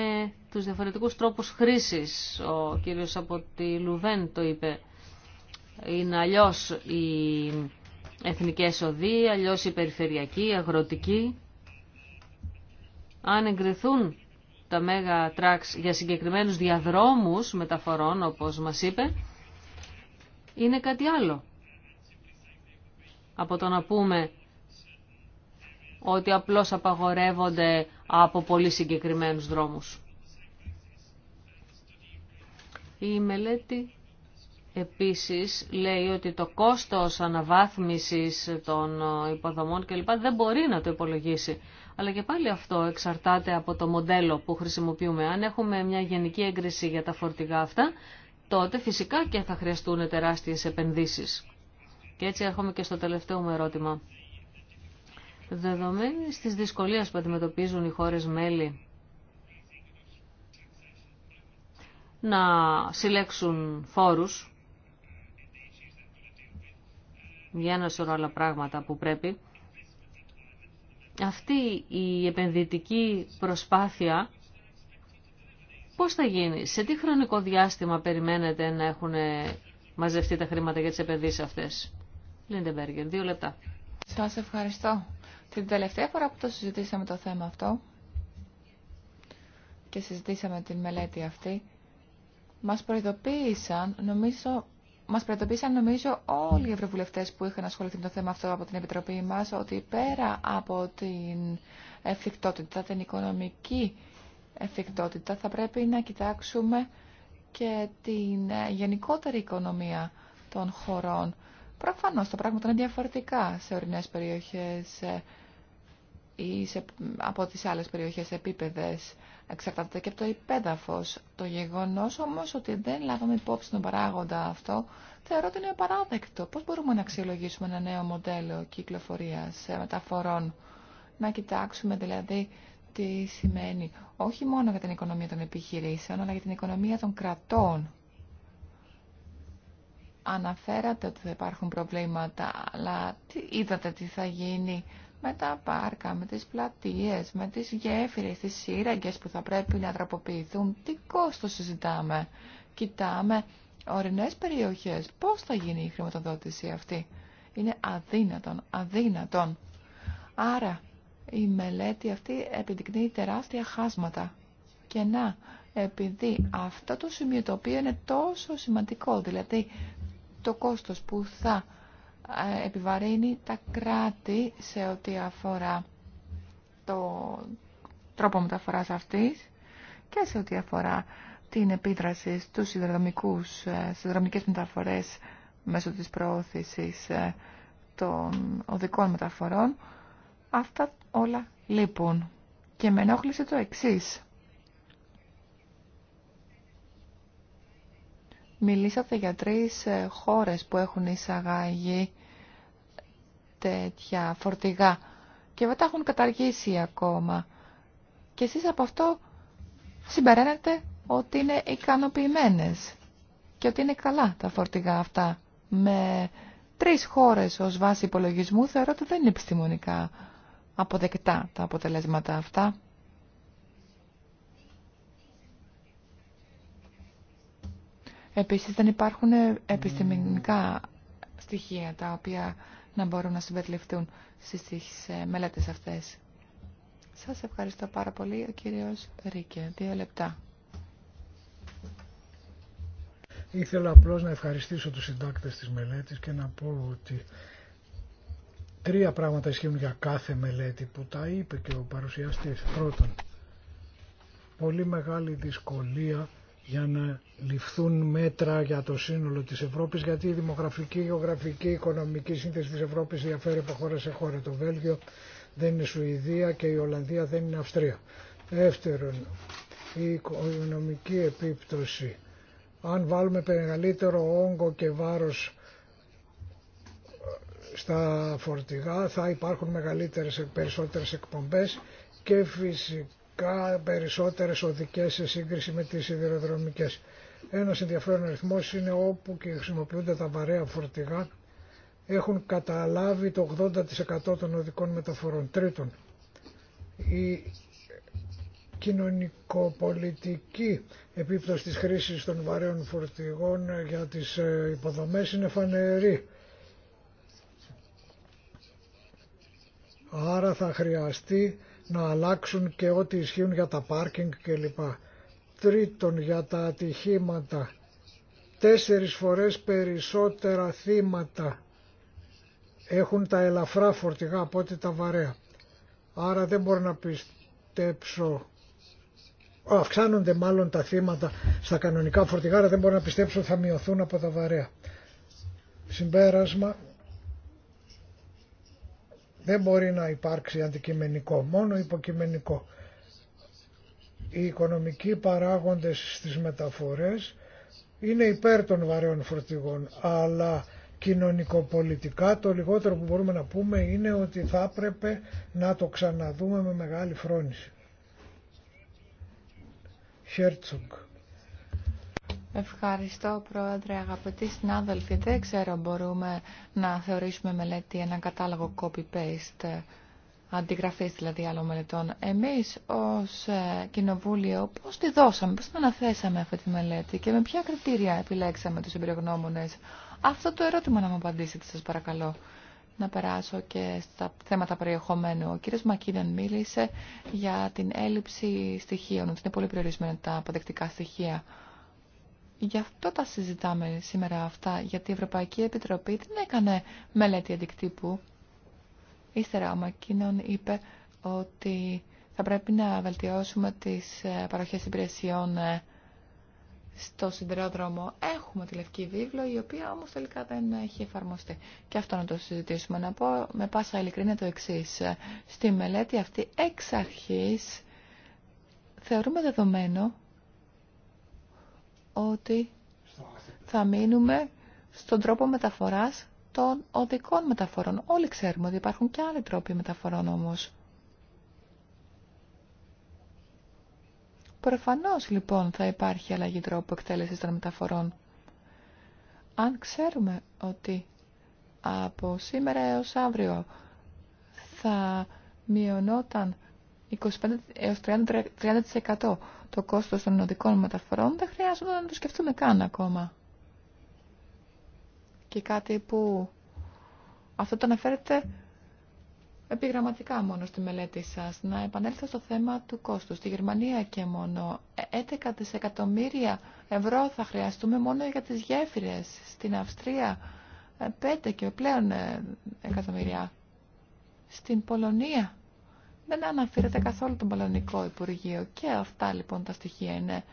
τους διαφορετικούς τρόπους χρήσης. Ο κύριος από τη Λουβέν το είπε. Είναι αλλιώς η εθνικές οδοί, αλλιώς η περιφερειακή, η αγροτική. Αν εγκριθούν τα μέγα τραξ για συγκεκριμένους διαδρόμους μεταφορών, όπως μας είπε, είναι κάτι άλλο. Από το να πούμε ότι απλώς απαγορεύονται από πολύ συγκεκριμένους δρόμους. Η μελέτη επίσης λέει ότι το κόστος αναβάθμισης των υποδομών κλπ. δεν μπορεί να το υπολογίσει. Αλλά και πάλι αυτό εξαρτάται από το μοντέλο που χρησιμοποιούμε. Αν έχουμε μια γενική έγκριση για τα φορτηγά αυτά, τότε φυσικά και θα χρειαστούν τεράστιες επενδύσεις. Και έτσι έρχομαι και στο τελευταίο μου ερώτημα. Δεδομένου της δυσκολίες που αντιμετωπίζουν οι χώρες μέλη να συλλέξουν φόρους για ένα σωρό άλλα πράγματα που πρέπει. Αυτή η επενδυτική προσπάθεια πώς θα γίνει, σε τι χρονικό διάστημα περιμένετε να έχουν μαζευτεί τα χρήματα για τις επενδύσεις αυτές. Λίντεμπεργκερ, δύο λεπτά. Σας ευχαριστώ. Την τελευταία φορά που το συζητήσαμε το θέμα αυτό και συζητήσαμε την μελέτη αυτή, μας προειδοποίησαν, νομίζω, μας προειδοποίησαν νομίζω όλοι οι ευρωβουλευτές που είχαν ασχοληθεί με το θέμα αυτό από την Επιτροπή μας ότι πέρα από την εφικτότητα, την οικονομική εφικτότητα θα πρέπει να κοιτάξουμε και την ε, γενικότερη οικονομία των χωρών. Προφανώς τα πράγματα είναι διαφορετικά σε ορεινές περιοχές ε, ή σε, από τις άλλες περιοχές επίπεδες. Εξαρτάται και από το υπέδαφος. Το γεγονός όμως ότι δεν λάβαμε υπόψη τον παράγοντα αυτό, θεωρώ ότι είναι παράδεκτο. Πώς μπορούμε να αξιολογήσουμε ένα νέο μοντέλο κυκλοφορίας ε, μεταφορών. Να κοιτάξουμε δηλαδή τι σημαίνει όχι μόνο για την οικονομία των επιχειρήσεων, αλλά για την οικονομία των κρατών. Αναφέρατε ότι θα υπάρχουν προβλήματα, αλλά είδατε τι θα γίνει με τα πάρκα, με τις πλατείες, με τις γέφυρες, τις σύραγγες που θα πρέπει να τραποποιηθούν. Τι κόστος συζητάμε. Κοιτάμε ορεινές περιοχές. Πώς θα γίνει η χρηματοδότηση αυτή. Είναι αδύνατον, αδύνατον. Άρα η μελέτη αυτή επιδεικνύει τεράστια χάσματα. Και να, επειδή αυτό το σημείο το οποίο είναι τόσο σημαντικό, δηλαδή το κόστος που θα επιβαρύνει τα κράτη σε ό,τι αφορά το τρόπο μεταφοράς αυτής και σε ό,τι αφορά την επίδραση στους συνδρομικούς, ε, συνδρομικές μεταφορές μέσω της προώθησης ε, των οδικών μεταφορών, αυτά όλα λείπουν. Και με ενόχλησε το εξής. Μιλήσατε για τρεις ε, χώρες που έχουν εισαγάγει τέτοια φορτηγά και δεν έχουν καταργήσει ακόμα. Και εσείς από αυτό συμπεραίνετε ότι είναι ικανοποιημένες και ότι είναι καλά τα φορτηγά αυτά. Με τρεις χώρες ως βάση υπολογισμού θεωρώ ότι δεν είναι επιστημονικά αποδεκτά τα αποτελέσματα αυτά. Επίσης δεν υπάρχουν ε, επιστημονικά στοιχεία τα οποία να μπορούν να συμπεριληφθούν στις ε, μελέτες αυτές. Σας ευχαριστώ πάρα πολύ, ο κύριος Ρίκε. Δύο λεπτά. Ήθελα απλώς να ευχαριστήσω τους συντάκτες της μελέτης και να πω ότι τρία πράγματα ισχύουν για κάθε μελέτη που τα είπε και ο παρουσιαστής. Πρώτον, πολύ μεγάλη δυσκολία για να ληφθούν μέτρα για το σύνολο της Ευρώπης γιατί η δημογραφική, γεωγραφική, οικονομική σύνθεση της Ευρώπης διαφέρει από χώρα σε χώρα. Το Βέλγιο δεν είναι Σουηδία και η Ολλανδία δεν είναι Αυστρία. Δεύτερον, η οικονομική επίπτωση. Αν βάλουμε μεγαλύτερο όγκο και βάρος στα φορτηγά θα υπάρχουν μεγαλύτερες, περισσότερες εκπομπές και φυσικά περισσότερες οδικές σε σύγκριση με τις σιδηροδρομικές. Ένας ενδιαφέρον αριθμό είναι όπου και χρησιμοποιούνται τα βαρέα φορτηγά έχουν καταλάβει το 80% των οδικών μεταφορών. Τρίτον, η κοινωνικοπολιτική επίπτωση της χρήσης των βαρέων φορτηγών για τις ε, υποδομές είναι φανερή. Άρα θα χρειαστεί να αλλάξουν και ό,τι ισχύουν για τα πάρκινγκ κλπ. Τρίτον, για τα ατυχήματα. Τέσσερις φορές περισσότερα θύματα έχουν τα ελαφρά φορτηγά από ό,τι τα βαρέα. Άρα δεν μπορώ να πιστέψω... Αυξάνονται μάλλον τα θύματα στα κανονικά φορτηγά, αλλά δεν μπορώ να πιστέψω ότι θα μειωθούν από τα βαρέα. Συμπέρασμα, δεν μπορεί να υπάρξει αντικειμενικό, μόνο υποκειμενικό. Οι οικονομικοί παράγοντες στις μεταφορές είναι υπέρ των βαρέων φορτηγών, αλλά κοινωνικοπολιτικά το λιγότερο που μπορούμε να πούμε είναι ότι θα έπρεπε να το ξαναδούμε με μεγάλη φρόνηση. Χέρτσογκ. Ευχαριστώ, Πρόεδρε, αγαπητοί συνάδελφοι. Δεν ξέρω, μπορούμε να θεωρήσουμε μελέτη έναν κατάλογο copy-paste, αντιγραφής δηλαδή άλλων μελετών. Εμείς ως ε, Κοινοβούλιο πώς τη δώσαμε, πώς την αναθέσαμε αυτή τη μελέτη και με ποια κριτήρια επιλέξαμε τους εμπειρογνώμονες. Αυτό το ερώτημα να μου απαντήσετε, σας παρακαλώ. Να περάσω και στα θέματα περιεχομένου. Ο κύριος Μακίδεν μίλησε για την έλλειψη στοιχείων, ότι είναι πολύ περιορισμένα τα αποδεκτικά στοιχεία. Γι' αυτό τα συζητάμε σήμερα αυτά, γιατί η Ευρωπαϊκή Επιτροπή δεν έκανε μελέτη αντικτύπου. Ύστερα ο Μακίνον είπε ότι θα πρέπει να βελτιώσουμε τις ε, παροχές υπηρεσιών ε, στο σιδηρόδρομο. Έχουμε τη Λευκή Βίβλο, η οποία όμως τελικά δεν έχει εφαρμοστεί. Και αυτό να το συζητήσουμε. Να πω με πάσα ειλικρίνεια το εξή. Ε, στη μελέτη αυτή εξ αρχής θεωρούμε δεδομένο ότι θα μείνουμε στον τρόπο μεταφοράς των οδικών μεταφορών. Όλοι ξέρουμε ότι υπάρχουν και άλλοι τρόποι μεταφορών όμως. Προφανώς λοιπόν θα υπάρχει αλλαγή τρόπου εκτέλεσης των μεταφορών. Αν ξέρουμε ότι από σήμερα έως αύριο θα μειωνόταν 25 έως 30%, 30 το κόστος των οδικών μεταφορών, δεν χρειάζεται να το σκεφτούμε καν ακόμα. Και κάτι που αυτό το αναφέρεται επιγραμματικά μόνο στη μελέτη σας. Να επανέλθω στο θέμα του κόστου. Στη Γερμανία και μόνο 11 δισεκατομμύρια ευρώ θα χρειαστούμε μόνο για τις γέφυρες. Στην Αυστρία 5 ε, και πλέον ε, εκατομμυριά. Στην Πολωνία δεν αναφέρεται καθόλου τον Πολωνικό Υπουργείο. Και αυτά λοιπόν τα στοιχεία είναι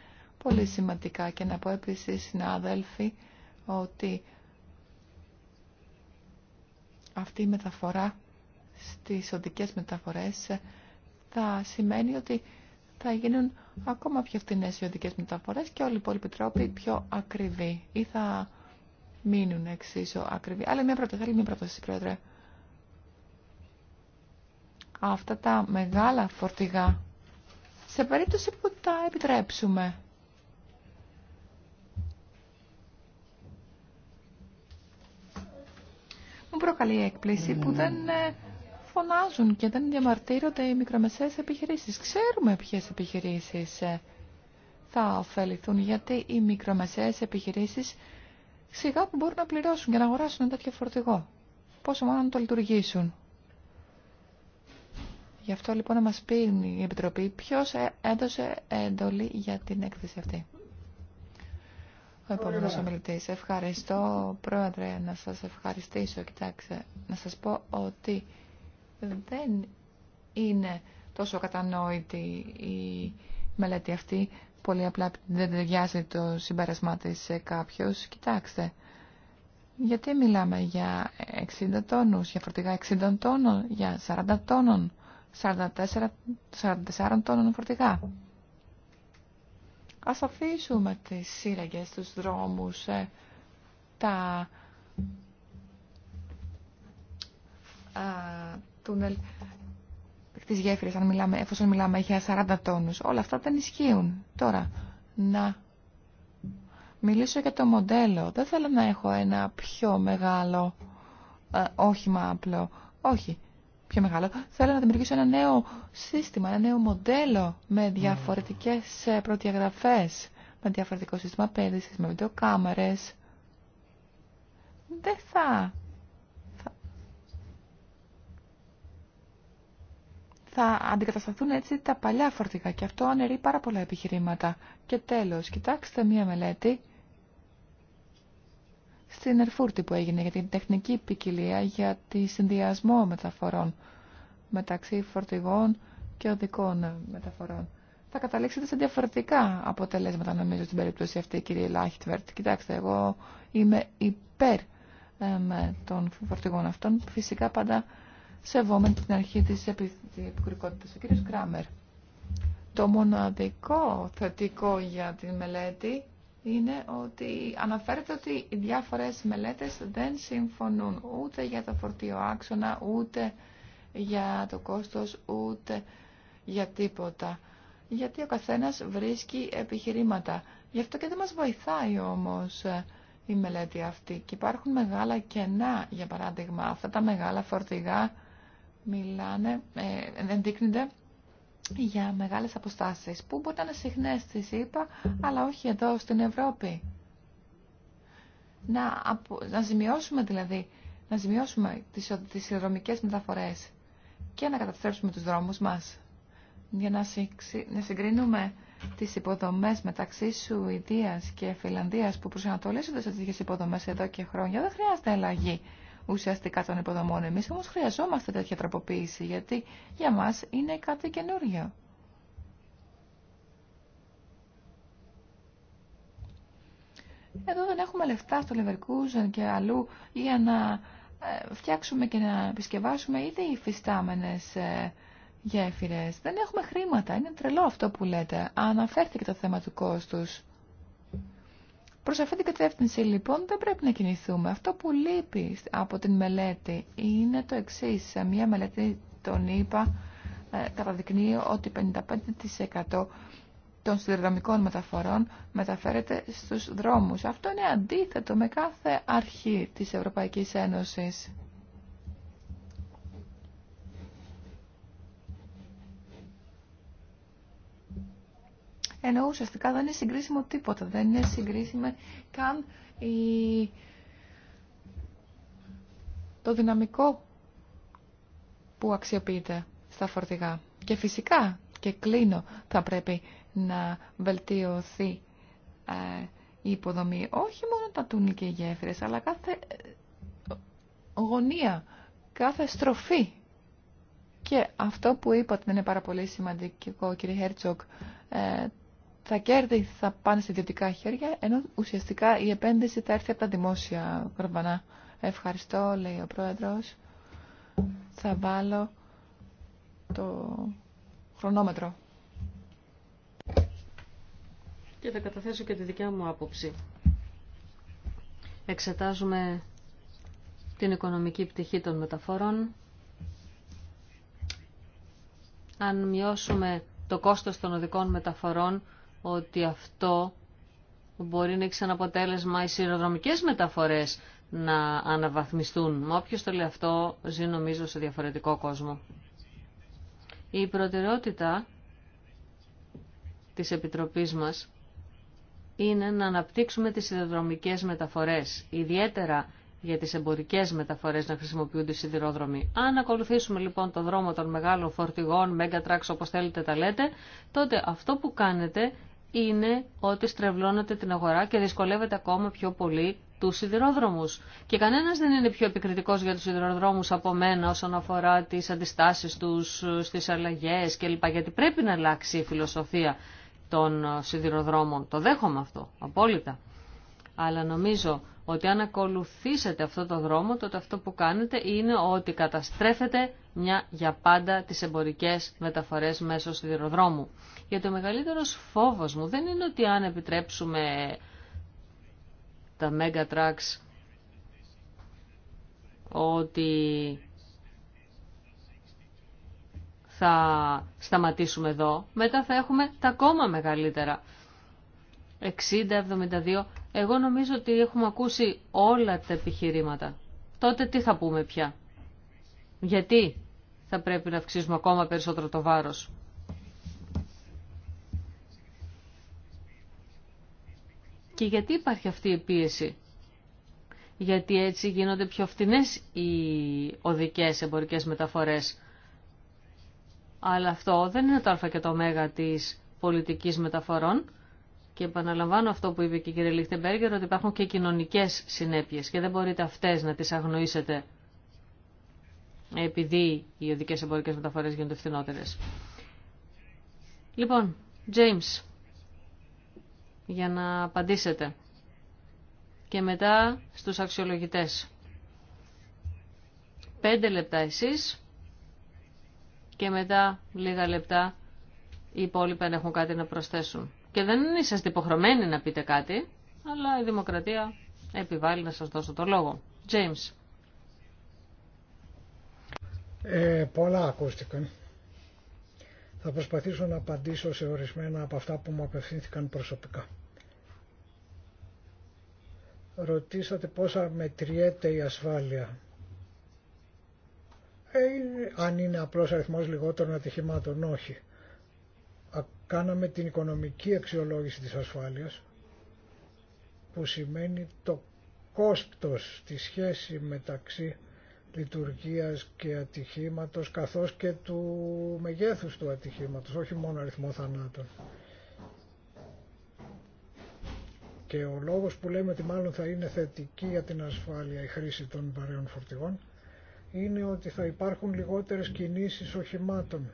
πολύ σημαντικά. Και να πω επίσης, συνάδελφοι, ότι αυτή η μεταφορά στις οδικές μεταφορές θα σημαίνει ότι θα γίνουν ακόμα πιο φθηνέ οι οδικές μεταφορές και όλοι οι υπόλοιποι τρόποι πιο ακριβοί ή θα μείνουν εξίσου ακριβοί. Αλλά μια πρόταση, άλλη μια πρόταση, Πρόεδρε αυτά τα μεγάλα φορτηγά σε περίπτωση που τα επιτρέψουμε. Μου προκαλεί έκπληση που ναι. δεν ε, φωνάζουν και δεν διαμαρτύρονται οι μικρομεσαίες επιχειρήσεις. Ξέρουμε ποιες επιχειρήσεις ε, θα ωφεληθούν γιατί οι μικρομεσαίες επιχειρήσεις σιγά που μπορούν να πληρώσουν και να αγοράσουν ένα τέτοιο φορτηγό. Πόσο μάλλον το λειτουργήσουν. Γι' αυτό λοιπόν να μας πει η Επιτροπή ποιος ε, έδωσε εντολή για την έκθεση αυτή. Ο επόμενο ομιλητή. Ευχαριστώ, Πρόεδρε, να σας ευχαριστήσω. Κοιτάξτε, να σας πω ότι δεν είναι τόσο κατανόητη η μελέτη αυτή. Πολύ απλά δεν ταιριάζει το συμπέρασμά τη σε κάποιο. Κοιτάξτε, γιατί μιλάμε για 60 τόνους, για φορτηγά 60 τόνων, για 40 τόνων. 44, 44 τόνων φορτηγά. Ας αφήσουμε τις σύραγγες, τους δρόμους, ε, τα τούνελ, τις γέφυρες, αν μιλάμε, εφόσον μιλάμε για 40 τόνους. Όλα αυτά δεν ισχύουν. Τώρα, να μιλήσω για το μοντέλο. Δεν θέλω να έχω ένα πιο μεγάλο α, ε, όχημα απλό. Όχι, πιο μεγάλο, θέλω να δημιουργήσω ένα νέο σύστημα, ένα νέο μοντέλο με διαφορετικές ε, προδιαγραφέ, με διαφορετικό σύστημα πέδηση, με βιντεοκάμερες. Δεν θα... θα... Θα αντικατασταθούν έτσι τα παλιά φορτηγά και αυτό αναιρεί πάρα πολλά επιχειρήματα. Και τέλος, κοιτάξτε μία μελέτη στην Ερφούρτη που έγινε για την τεχνική ποικιλία για τη συνδυασμό μεταφορών μεταξύ φορτηγών και οδικών μεταφορών. Θα καταλήξετε σε διαφορετικά αποτελέσματα νομίζω στην περίπτωση αυτή κύριε Λάχιτβερτ. Κοιτάξτε, εγώ είμαι υπέρ των φορτηγών αυτών, φυσικά πάντα σεβόμενοι την αρχή της επικουρικότητας. Ο κύριο Κράμερ, το μοναδικό θετικό για τη μελέτη είναι ότι αναφέρεται ότι οι διάφορες μελέτες δεν συμφωνούν ούτε για το φορτίο άξονα, ούτε για το κόστος, ούτε για τίποτα. Γιατί ο καθένας βρίσκει επιχειρήματα. Γι' αυτό και δεν μας βοηθάει όμως ε, η μελέτη αυτή. Και υπάρχουν μεγάλα κενά, για παράδειγμα, αυτά τα μεγάλα φορτηγά μιλάνε, ε, ενδείκνυνται για μεγάλες αποστάσεις που μπορεί να είναι συχνές αλλά όχι εδώ στην Ευρώπη. Να, να ζημιώσουμε δηλαδή, να ζημιώσουμε τις, τις δρομικές μεταφορές και να καταστρέψουμε τους δρόμους μας για να, να συγκρίνουμε τις υποδομές μεταξύ Σουηδίας και Φιλανδίας που προσανατολίζονται σε τέτοιες υποδομές εδώ και χρόνια δεν χρειάζεται αλλαγή ουσιαστικά των υποδομών. Εμείς όμως χρειαζόμαστε τέτοια τροποποίηση γιατί για μας είναι κάτι καινούριο. Εδώ δεν έχουμε λεφτά στο Λεβερκούζεν και αλλού για να ε, φτιάξουμε και να επισκευάσουμε ήδη υφιστάμενες ε, γέφυρες. Δεν έχουμε χρήματα. Είναι τρελό αυτό που λέτε. Αναφέρθηκε το θέμα του κόστους. Προς αυτή την κατεύθυνση λοιπόν δεν πρέπει να κινηθούμε. Αυτό που λείπει από την μελέτη είναι το Σε Μια μελέτη τον είπα ε, καταδεικνύει ότι 55% των συνδρομικών μεταφορών μεταφέρεται στους δρόμους. Αυτό είναι αντίθετο με κάθε αρχή της Ευρωπαϊκής Ένωσης. ενώ ουσιαστικά δεν είναι συγκρίσιμο τίποτα. Δεν είναι συγκρίσιμο καν η... το δυναμικό που αξιοποιείται στα φορτηγά. Και φυσικά και κλείνω θα πρέπει να βελτιωθεί ε, η υποδομή όχι μόνο τα τούνη και οι γέφυρες αλλά κάθε ε, γωνία, κάθε στροφή και αυτό που είπατε είναι πάρα πολύ σημαντικό κύριε Χέρτσοκ ε, τα κέρδη θα πάνε σε ιδιωτικά χέρια, ενώ ουσιαστικά η επένδυση θα έρθει από τα δημόσια κορβανά. Ευχαριστώ, λέει ο πρόεδρος. Θα βάλω το χρονόμετρο. Και θα καταθέσω και τη δικιά μου άποψη. Εξετάζουμε την οικονομική πτυχή των μεταφορών. Αν μειώσουμε το κόστος των οδικών μεταφορών, ότι αυτό μπορεί να έχει σαν αποτέλεσμα οι σειροδρομικές μεταφορές να αναβαθμιστούν. Μα όποιος το λέει αυτό ζει νομίζω σε διαφορετικό κόσμο. Η προτεραιότητα της Επιτροπής μας είναι να αναπτύξουμε τις σιδηροδρομικές μεταφορές, ιδιαίτερα για τις εμπορικές μεταφορές να χρησιμοποιούνται οι σιδηρόδρομοι. Αν ακολουθήσουμε λοιπόν το δρόμο των μεγάλων φορτηγών, mega όπως θέλετε τα λέτε, τότε αυτό που κάνετε είναι ότι στρεβλώνεται την αγορά και δυσκολεύεται ακόμα πιο πολύ του σιδηρόδρομου. Και κανένα δεν είναι πιο επικριτικό για του σιδηροδρόμους από μένα όσον αφορά τι αντιστάσει του ε, τι αλλαγέ κλπ. Γιατί πρέπει να αλλάξει η φιλοσοφία των ε, σιδηροδρόμων. Το δέχομαι αυτό, απόλυτα. Αλλά νομίζω ότι αν ακολουθήσετε αυτό το δρόμο, τότε αυτό που κάνετε είναι ότι καταστρέφετε μια για πάντα τις εμπορικές μεταφορές μέσω σιδηροδρόμου. Γιατί ο μεγαλύτερος φόβος μου δεν είναι ότι αν επιτρέψουμε τα mega trucks ότι θα σταματήσουμε εδώ, μετά θα έχουμε τα ακόμα μεγαλύτερα. 60-72, εγώ νομίζω ότι έχουμε ακούσει όλα τα επιχειρήματα. Τότε τι θα πούμε πια. Γιατί θα πρέπει να αυξήσουμε ακόμα περισσότερο το βάρος. Και γιατί υπάρχει αυτή η πίεση. Γιατί έτσι γίνονται πιο φτηνές οι οδικές εμπορικές μεταφορές. Αλλά αυτό δεν είναι το α και το ω της πολιτικής μεταφορών. Και επαναλαμβάνω αυτό που είπε και η κυρία Λίχτεμπέργκερ, ότι υπάρχουν και κοινωνικές συνέπειες και δεν μπορείτε αυτές να τις αγνοήσετε επειδή οι οδικές εμπορικές μεταφορές γίνονται φθηνότερες. Λοιπόν, James, για να απαντήσετε και μετά στους αξιολογητές. Πέντε λεπτά εσείς και μετά λίγα λεπτά οι υπόλοιποι αν έχουν κάτι να προσθέσουν. Και δεν είσαστε υποχρεωμένοι να πείτε κάτι, αλλά η δημοκρατία επιβάλλει να σας δώσω το λόγο. James. Ε, πολλά ακούστηκαν. Θα προσπαθήσω να απαντήσω σε ορισμένα από αυτά που μου απευθύνθηκαν προσωπικά. Ρωτήσατε πόσα μετριέται η ασφάλεια. Ε, αν είναι απλός αριθμός λιγότερων ατυχημάτων, όχι. Κάναμε την οικονομική αξιολόγηση της ασφάλειας, που σημαίνει το κόστος, τη σχέση μεταξύ λειτουργίας και ατυχήματος καθώς και του μεγέθους του ατυχήματος, όχι μόνο αριθμό θανάτων. Και ο λόγος που λέμε ότι μάλλον θα είναι θετική για την ασφάλεια η χρήση των βαρέων φορτηγών είναι ότι θα υπάρχουν λιγότερες κινήσεις οχημάτων.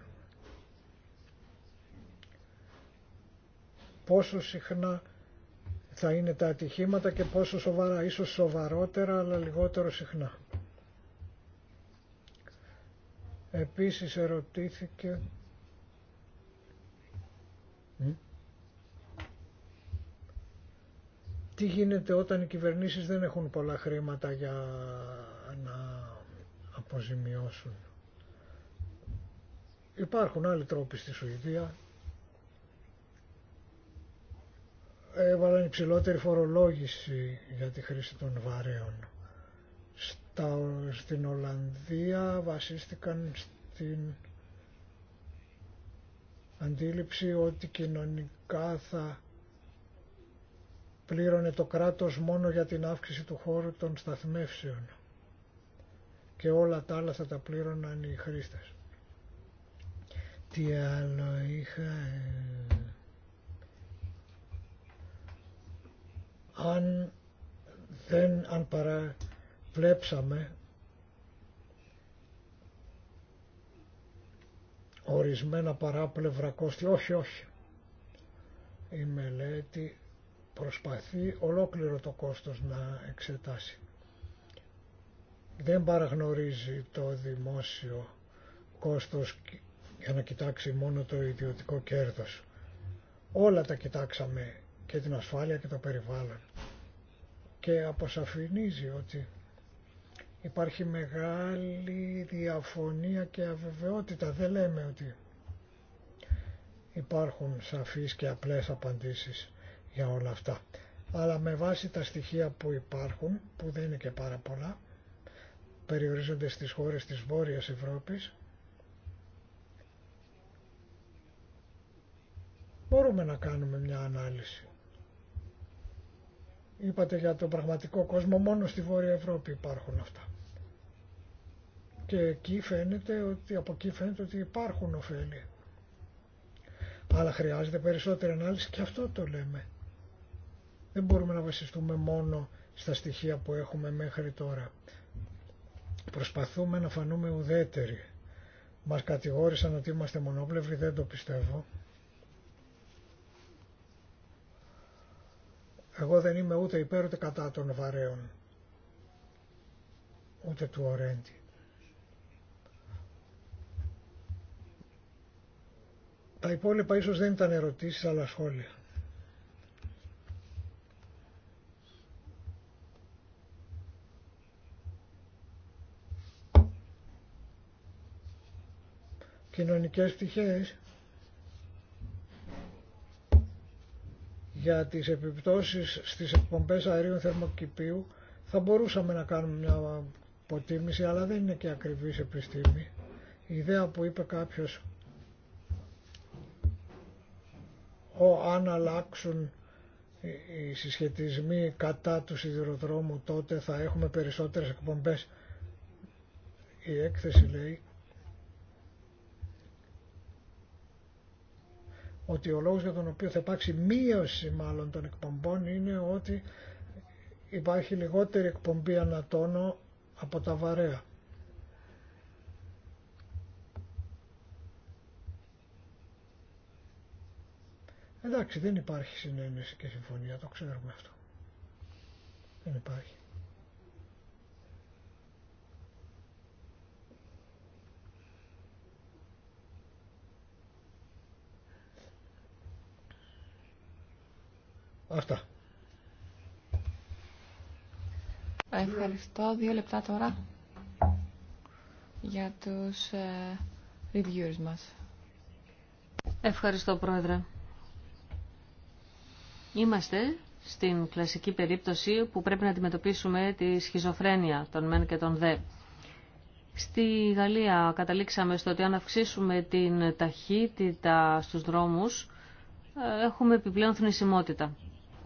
Πόσο συχνά θα είναι τα ατυχήματα και πόσο σοβαρά, ίσως σοβαρότερα αλλά λιγότερο συχνά. Επίσης ερωτήθηκε τι γίνεται όταν οι κυβερνήσεις δεν έχουν πολλά χρήματα για να αποζημιώσουν. Υπάρχουν άλλοι τρόποι στη Σουηδία. Έβαλαν υψηλότερη φορολόγηση για τη χρήση των βαρέων στην Ολλανδία βασίστηκαν στην αντίληψη ότι κοινωνικά θα πλήρωνε το κράτος μόνο για την αύξηση του χώρου των σταθμεύσεων και όλα τα άλλα θα τα πλήρωναν οι χρήστες. Τι άλλο είχα... Ε, αν, δεν, αν βλέψαμε ορισμένα παράπλευρα κόστη. Όχι, όχι. Η μελέτη προσπαθεί ολόκληρο το κόστος να εξετάσει. Δεν παραγνωρίζει το δημόσιο κόστος για να κοιτάξει μόνο το ιδιωτικό κέρδος. Όλα τα κοιτάξαμε και την ασφάλεια και το περιβάλλον και αποσαφηνίζει ότι Υπάρχει μεγάλη διαφωνία και αβεβαιότητα. Δεν λέμε ότι υπάρχουν σαφείς και απλές απαντήσεις για όλα αυτά. Αλλά με βάση τα στοιχεία που υπάρχουν, που δεν είναι και πάρα πολλά, περιορίζονται στις χώρες της Βόρειας Ευρώπης, μπορούμε να κάνουμε μια ανάλυση. Είπατε για τον πραγματικό κόσμο, μόνο στη Βόρεια Ευρώπη υπάρχουν αυτά. Και εκεί φαίνεται ότι, από εκεί φαίνεται ότι υπάρχουν ωφέλη. Αλλά χρειάζεται περισσότερη ανάλυση και αυτό το λέμε. Δεν μπορούμε να βασιστούμε μόνο στα στοιχεία που έχουμε μέχρι τώρα. Προσπαθούμε να φανούμε ουδέτεροι. Μας κατηγόρησαν ότι είμαστε μονόπλευροι, δεν το πιστεύω. Εγώ δεν είμαι ούτε υπέρ ούτε κατά των βαρέων, ούτε του ορέντη. Τα υπόλοιπα ίσως δεν ήταν ερωτήσεις αλλά σχόλια. Κοινωνικές πτυχές. για τις επιπτώσεις στις εκπομπές αερίων θερμοκηπίου θα μπορούσαμε να κάνουμε μια ποτίμηση, αλλά δεν είναι και ακριβής επιστήμη. Η ιδέα που είπε κάποιος ο, αν αλλάξουν οι συσχετισμοί κατά του σιδηροδρόμου τότε θα έχουμε περισσότερες εκπομπές η έκθεση λέει ότι ο λόγος για τον οποίο θα υπάρξει μείωση μάλλον των εκπομπών είναι ότι υπάρχει λιγότερη εκπομπή ανατόνο από τα βαρέα. Εντάξει, δεν υπάρχει συνένεση και συμφωνία, το ξέρουμε αυτό. Δεν υπάρχει. Αυτά. Ευχαριστώ. Δύο λεπτά τώρα για τους ε, reviewers μας. Ευχαριστώ, Πρόεδρε. Είμαστε στην κλασική περίπτωση που πρέπει να αντιμετωπίσουμε τη σχιζοφρένεια των μεν και των δε. Στη Γαλλία καταλήξαμε στο ότι αν αυξήσουμε την ταχύτητα στους δρόμους, ε, έχουμε επιπλέον θνησιμότητα.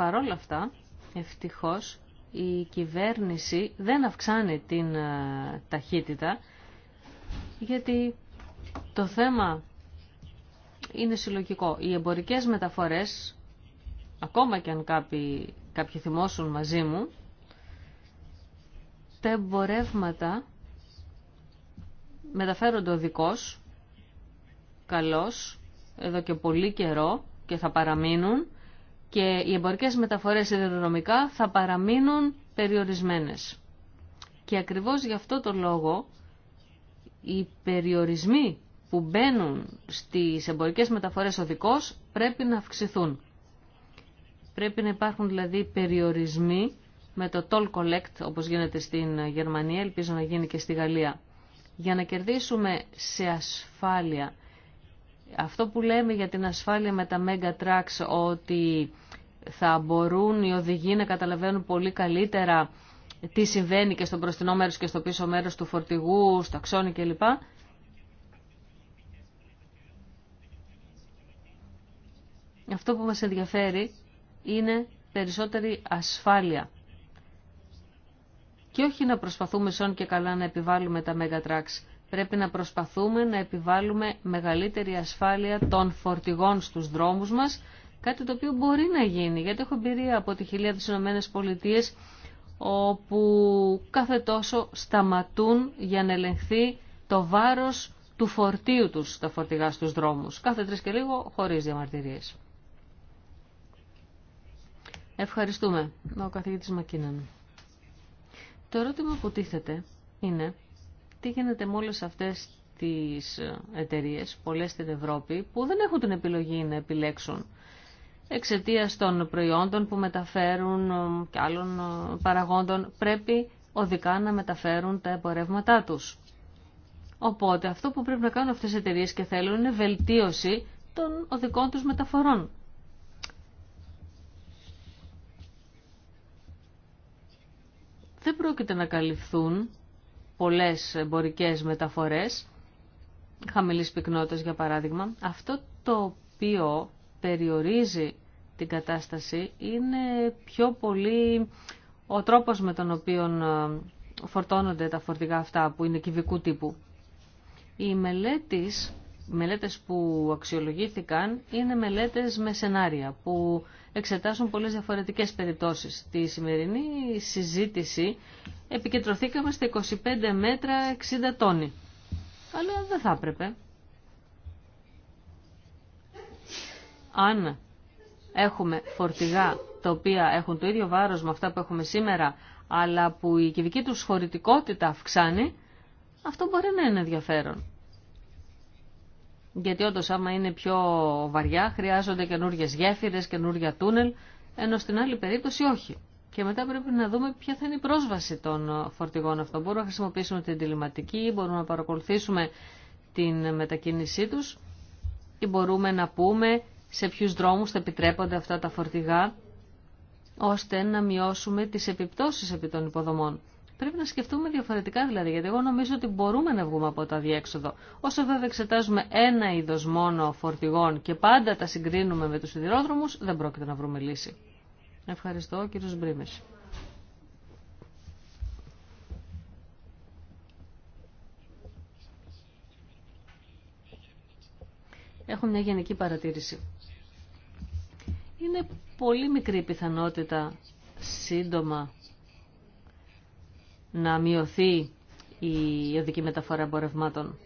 Παρόλα αυτά, ευτυχώς, η κυβέρνηση δεν αυξάνει την ε, ταχύτητα, γιατί το θέμα είναι συλλογικό. Οι εμπορικές μεταφορές, ακόμα και αν κάποιοι, κάποιοι θυμώσουν μαζί μου, τα εμπορεύματα μεταφέρονται δικός, καλός, εδώ και πολύ καιρό και θα παραμείνουν και οι εμπορικές μεταφορές ιδεοδρομικά θα παραμείνουν περιορισμένες. Και ακριβώς γι' αυτό το λόγο οι περιορισμοί που μπαίνουν στις εμπορικές μεταφορές οδικός πρέπει να αυξηθούν. Πρέπει να υπάρχουν δηλαδή περιορισμοί με το toll collect όπως γίνεται στην Γερμανία, ελπίζω να γίνει και στη Γαλλία. Για να κερδίσουμε σε ασφάλεια αυτό που λέμε για την ασφάλεια με τα mega trucks ότι θα μπορούν οι οδηγοί να καταλαβαίνουν πολύ καλύτερα τι συμβαίνει και στο μπροστινό μέρος και στο πίσω μέρος του φορτηγού, στο αξόνι κλπ. Αυτό που μας ενδιαφέρει είναι περισσότερη ασφάλεια. Και όχι να προσπαθούμε σών και καλά να επιβάλλουμε τα Megatrax. Πρέπει να προσπαθούμε να επιβάλλουμε μεγαλύτερη ασφάλεια των φορτηγών στους δρόμους μας Κάτι το οποίο μπορεί να γίνει, γιατί έχω εμπειρία από τη χιλία της Ηνωμένες όπου κάθε τόσο σταματούν για να ελεγχθεί το βάρος του φορτίου τους τα φορτηγά στους δρόμους. Κάθε τρεις και λίγο χωρίς διαμαρτυρίες. Ευχαριστούμε. Ο καθηγητής Μακίναν. Το ερώτημα που τίθεται είναι τι γίνεται με όλες αυτές τις εταιρείες, πολλές στην Ευρώπη, που δεν έχουν την επιλογή να επιλέξουν. Εξαιτία των προϊόντων που μεταφέρουν ε, και άλλων ε, παραγόντων πρέπει οδικά να μεταφέρουν τα εμπορεύματά τους. Οπότε αυτό που πρέπει να κάνουν αυτές οι εταιρείε και θέλουν είναι βελτίωση των οδικών τους μεταφορών. Δεν πρόκειται να καλυφθούν πολλές εμπορικές μεταφορές, χαμηλής πυκνότητας για παράδειγμα. Αυτό το οποίο περιορίζει την κατάσταση είναι πιο πολύ ο τρόπος με τον οποίο ε, φορτώνονται τα φορτηγά αυτά που είναι κυβικού τύπου. Οι μελέτες, μελέτες που αξιολογήθηκαν είναι μελέτες με σενάρια που εξετάσουν πολλές διαφορετικές περιπτώσεις. Τη σημερινή συζήτηση επικεντρωθήκαμε στα 25 μέτρα 60 τόνοι. Αλλά δεν θα έπρεπε. Αν έχουμε φορτηγά τα οποία έχουν το ίδιο βάρος με αυτά που έχουμε σήμερα, αλλά που η κυβική τους χωρητικότητα αυξάνει, αυτό μπορεί να είναι ενδιαφέρον. Γιατί όντω άμα είναι πιο βαριά χρειάζονται καινούριε γέφυρε, καινούρια τούνελ, ενώ στην άλλη περίπτωση όχι. Και μετά πρέπει να δούμε ποια θα είναι η πρόσβαση των φορτηγών αυτών. Μπορούμε να χρησιμοποιήσουμε την τηλεματική, μπορούμε να παρακολουθήσουμε την μετακίνησή τους ή μπορούμε να πούμε σε ποιους δρόμους θα επιτρέπονται αυτά τα φορτηγά, ώστε να μειώσουμε τις επιπτώσεις επί των υποδομών. Πρέπει να σκεφτούμε διαφορετικά δηλαδή, γιατί εγώ νομίζω ότι μπορούμε να βγούμε από τα διέξοδο. Όσο βέβαια εξετάζουμε ένα είδο μόνο φορτηγών και πάντα τα συγκρίνουμε με του σιδηρόδρομου, δεν πρόκειται να βρούμε λύση. Ευχαριστώ, κύριο Μπρίμε. Έχω μια γενική παρατήρηση είναι πολύ μικρή η πιθανότητα σύντομα να μειωθεί η οδική μεταφορά εμπορευμάτων.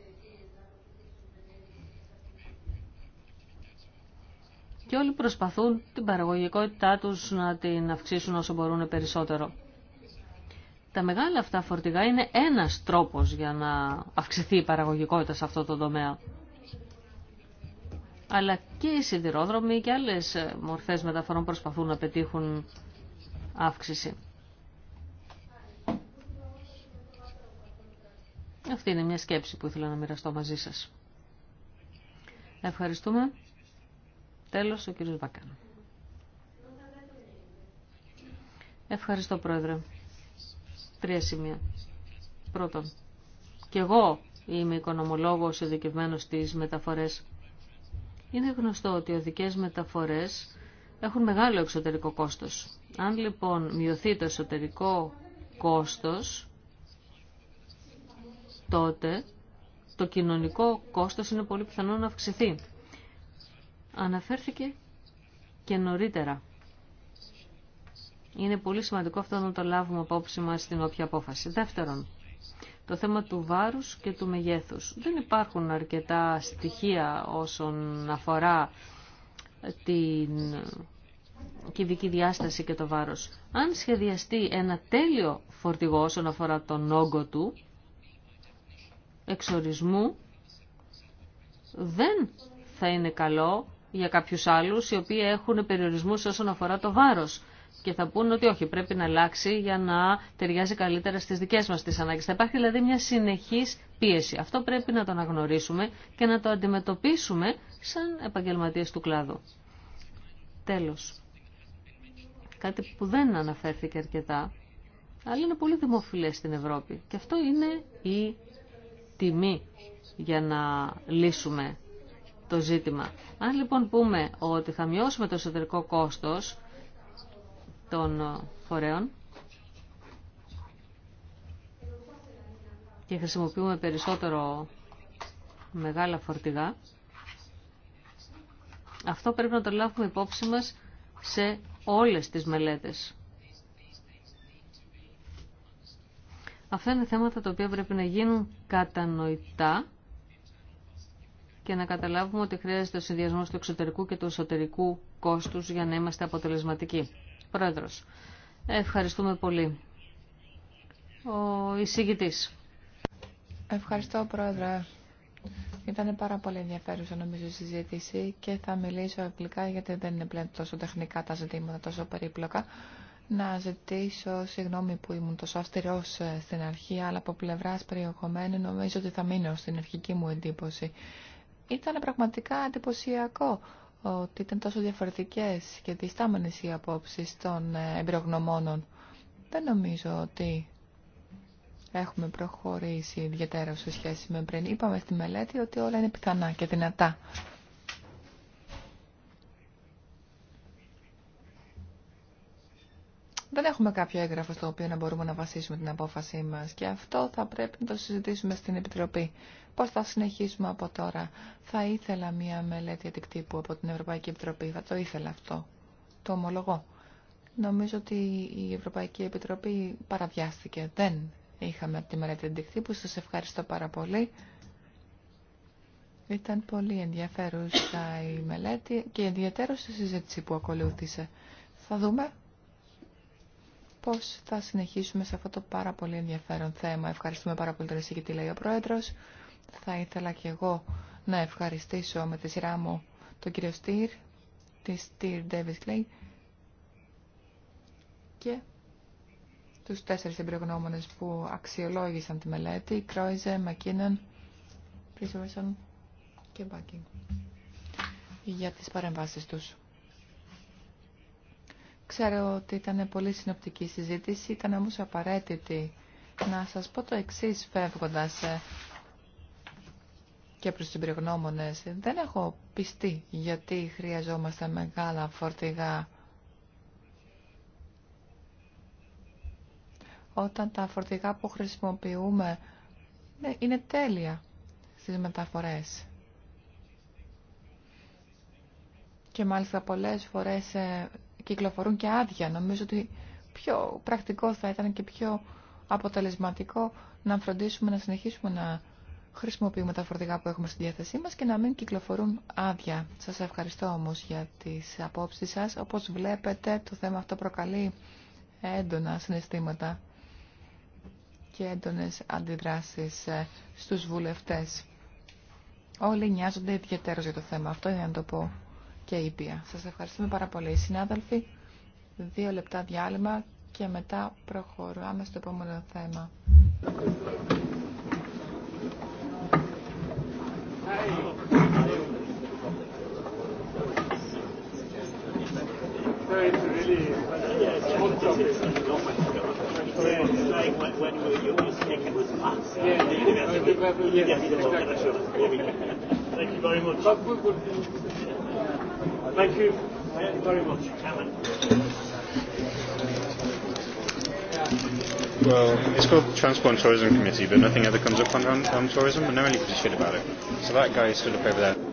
Και όλοι προσπαθούν την παραγωγικότητά τους να την αυξήσουν όσο μπορούν περισσότερο. Τα μεγάλα αυτά φορτηγά είναι ένας τρόπος για να αυξηθεί η παραγωγικότητα σε αυτό το τομέα αλλά και οι σιδηρόδρομοι και άλλες ε, μορφές μεταφορών προσπαθούν να πετύχουν αύξηση. Αυτή είναι μια σκέψη που ήθελα να μοιραστώ μαζί σας. Ευχαριστούμε. Τέλος, ο κύριος Βακάν. Ευχαριστώ, Πρόεδρε. Τρία σημεία. Πρώτον, κι εγώ είμαι οικονομολόγος ειδικευμένος στις μεταφορές είναι γνωστό ότι οι οδικές μεταφορές έχουν μεγάλο εξωτερικό κόστος. Αν λοιπόν μειωθεί το εσωτερικό κόστος, τότε το κοινωνικό κόστος είναι πολύ πιθανό να αυξηθεί. Αναφέρθηκε και νωρίτερα. Είναι πολύ σημαντικό αυτό να το λάβουμε απόψη μας στην όποια απόφαση. Δεύτερον, το θέμα του βάρους και του μεγέθους. Δεν υπάρχουν αρκετά στοιχεία όσον αφορά την κυβική διάσταση και το βάρος. Αν σχεδιαστεί ένα τέλειο φορτηγό όσον αφορά τον όγκο του, εξορισμού, δεν θα είναι καλό για κάποιους άλλους οι οποίοι έχουν περιορισμούς όσον αφορά το βάρος και θα πούν ότι όχι, πρέπει να αλλάξει για να ταιριάζει καλύτερα στις δικές μας τις ανάγκες. Θα υπάρχει δηλαδή μια συνεχής πίεση. Αυτό πρέπει να το αναγνωρίσουμε και να το αντιμετωπίσουμε σαν επαγγελματίες του κλάδου. Τέλος, κάτι που δεν αναφέρθηκε αρκετά, αλλά είναι πολύ δημοφιλές στην Ευρώπη και αυτό είναι η τιμή για να λύσουμε το ζήτημα. Αν λοιπόν πούμε ότι θα μειώσουμε το εσωτερικό κόστος, των ε, φορέων και χρησιμοποιούμε περισσότερο μεγάλα φορτηγά. Αυτό πρέπει να το λάβουμε υπόψη μας σε όλες τις μελέτες. Αυτά είναι θέματα τα οποία πρέπει να γίνουν κατανοητά και να καταλάβουμε ότι χρειάζεται ο συνδυασμός του εξωτερικού και του εσωτερικού κόστους για να είμαστε αποτελεσματικοί. Πρόεδρος. Ευχαριστούμε πολύ. Ο εισηγητής. Ευχαριστώ, Πρόεδρε. Ήταν πάρα πολύ ενδιαφέρουσα νομίζω η συζήτηση και θα μιλήσω αγγλικά γιατί δεν είναι πλέον τόσο τεχνικά τα ζητήματα, τόσο περίπλοκα. Να ζητήσω συγγνώμη που ήμουν τόσο αυστηρό ε, στην αρχή, αλλά από πλευρά περιεχομένου νομίζω ότι θα μείνω στην αρχική μου εντύπωση. Ήταν πραγματικά εντυπωσιακό ότι ήταν τόσο διαφορετικές και διστάμενες οι απόψεις των ε, εμπειρογνωμόνων. Δεν νομίζω ότι έχουμε προχωρήσει ιδιαίτερα σε σχέση με πριν. Είπαμε στη μελέτη ότι όλα είναι πιθανά και δυνατά. Δεν έχουμε κάποιο έγγραφο στο οποίο να μπορούμε να βασίσουμε την απόφασή μας και αυτό θα πρέπει να το συζητήσουμε στην Επιτροπή Πώς θα συνεχίσουμε από τώρα. Θα ήθελα μία μελέτη αντικτύπου από την Ευρωπαϊκή Επιτροπή. Θα το ήθελα αυτό. Το ομολογώ. Νομίζω ότι η Ευρωπαϊκή Επιτροπή παραβιάστηκε. Δεν είχαμε τη μελέτη αντικτύπου. Σας ευχαριστώ πάρα πολύ. Ήταν πολύ ενδιαφέρουσα η μελέτη και ιδιαίτερα στη συζήτηση που ακολούθησε. Θα δούμε πώς θα συνεχίσουμε σε αυτό το πάρα πολύ ενδιαφέρον θέμα. Ευχαριστούμε πάρα πολύ τον τι λέει ο Πρόεδρος. Θα ήθελα και εγώ να ευχαριστήσω με τη σειρά μου τον κύριο Στυρ, τη Στυρ Ντέβις και τους τέσσερις εμπειρογνώμονες που αξιολόγησαν τη μελέτη, Κρόιζε, Μακίνεν, Πρίσοβεσον και Μπάκιν για τις παρεμβάσεις τους. Ξέρω ότι ήταν πολύ συνοπτική συζήτηση, ήταν όμως απαραίτητη να σας πω το εξής φεύγοντας ε, και προς τους εμπειρογνώμονες. Δεν έχω πιστεί γιατί χρειαζόμαστε μεγάλα φορτηγά όταν τα φορτηγά που χρησιμοποιούμε είναι τέλεια στις μεταφορές. Και μάλιστα πολλές φορές ε, κυκλοφορούν και άδεια. Νομίζω ότι πιο πρακτικό θα ήταν και πιο αποτελεσματικό να φροντίσουμε να συνεχίσουμε να χρησιμοποιούμε τα φορτηγά που έχουμε στη διάθεσή μας και να μην κυκλοφορούν άδεια. Σας ευχαριστώ όμως για τις απόψεις σας. Όπως βλέπετε το θέμα αυτό προκαλεί έντονα συναισθήματα και έντονες αντιδράσεις ε, στους βουλευτές. Όλοι νοιάζονται ιδιαίτερως για το θέμα αυτό, είναι να το πω και ήπια. Σας ευχαριστούμε πάρα πολύ. Συνάδελφοι, δύο λεπτά διάλειμμα και μετά προχωράμε στο επόμενο θέμα. Thank you very much. Well, it's called Transport and Tourism Committee, but nothing ever comes up on, on, on tourism, and no one gives a shit about it. So that guy is still up over there.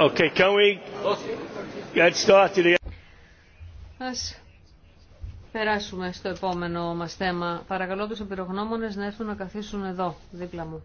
Okay, can we get started? Ας περάσουμε στο επόμενο μας θέμα. Παρακαλώ τους εμπειρογνώμονες να έρθουν να καθίσουν εδώ, δίπλα μου.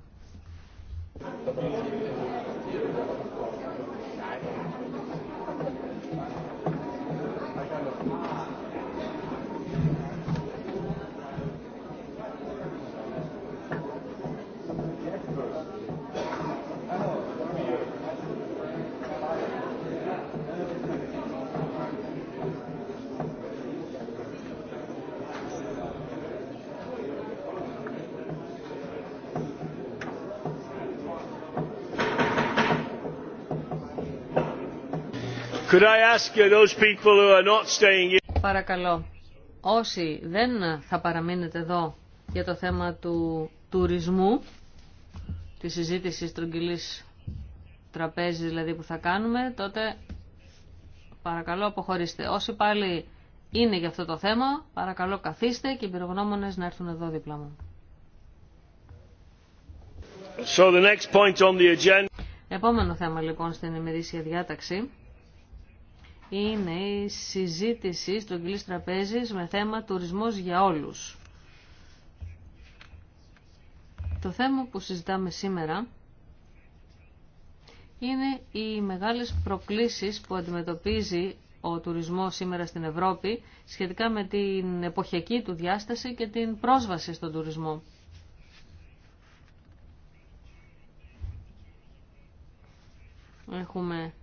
Παρακαλώ, όσοι δεν θα παραμείνετε εδώ για το θέμα του τουρισμού, τη συζήτηση τρογγυλής τραπέζι δηλαδή που θα κάνουμε, τότε παρακαλώ αποχωρήστε. Όσοι πάλι είναι για αυτό το θέμα, παρακαλώ καθίστε και οι πυρογνώμονες να έρθουν εδώ δίπλα μου. So the next point on the agenda... Επόμενο θέμα λοιπόν στην ημερήσια διάταξη είναι η συζήτηση στον Αγγλής Τραπέζης με θέμα τουρισμός για όλους. Το θέμα που συζητάμε σήμερα είναι οι μεγάλες προκλήσεις που αντιμετωπίζει ο τουρισμός σήμερα στην Ευρώπη σχετικά με την εποχική του διάσταση και την πρόσβαση στον τουρισμό. Έχουμε